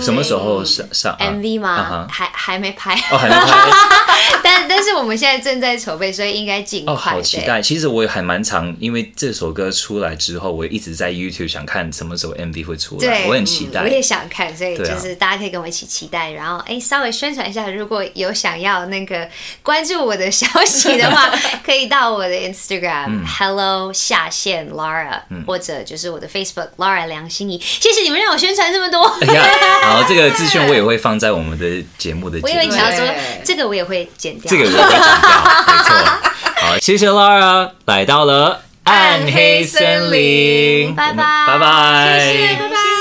什麼時候上上 MV 嗎？還還沒拍。但但是我們現在正在籌備，所以應該盡快。好期待。其實我也還蠻常，因為這首歌出來之後，我一直在 YouTube 想看什麼時候 MV 會出來。我很期待，我也想看。所以就是大家可以跟我一起期待。然後哎，稍微宣傳一下，如果有想要那個關注我的消息的話，可以到我的 Instagram Hello 下線 Lara，u 或者就是我的 Facebook Lara u 梁心頤。謝謝你們讓我宣傳這麼多。好，yeah, 這個資訊我也會放在我們的節目的節目我。對我因說這個我也會剪掉，這個我也會剪掉，沒錯。好，謝謝 Lara。來到了暗黑森林，森林拜拜，拜拜，謝謝，拜拜。謝謝。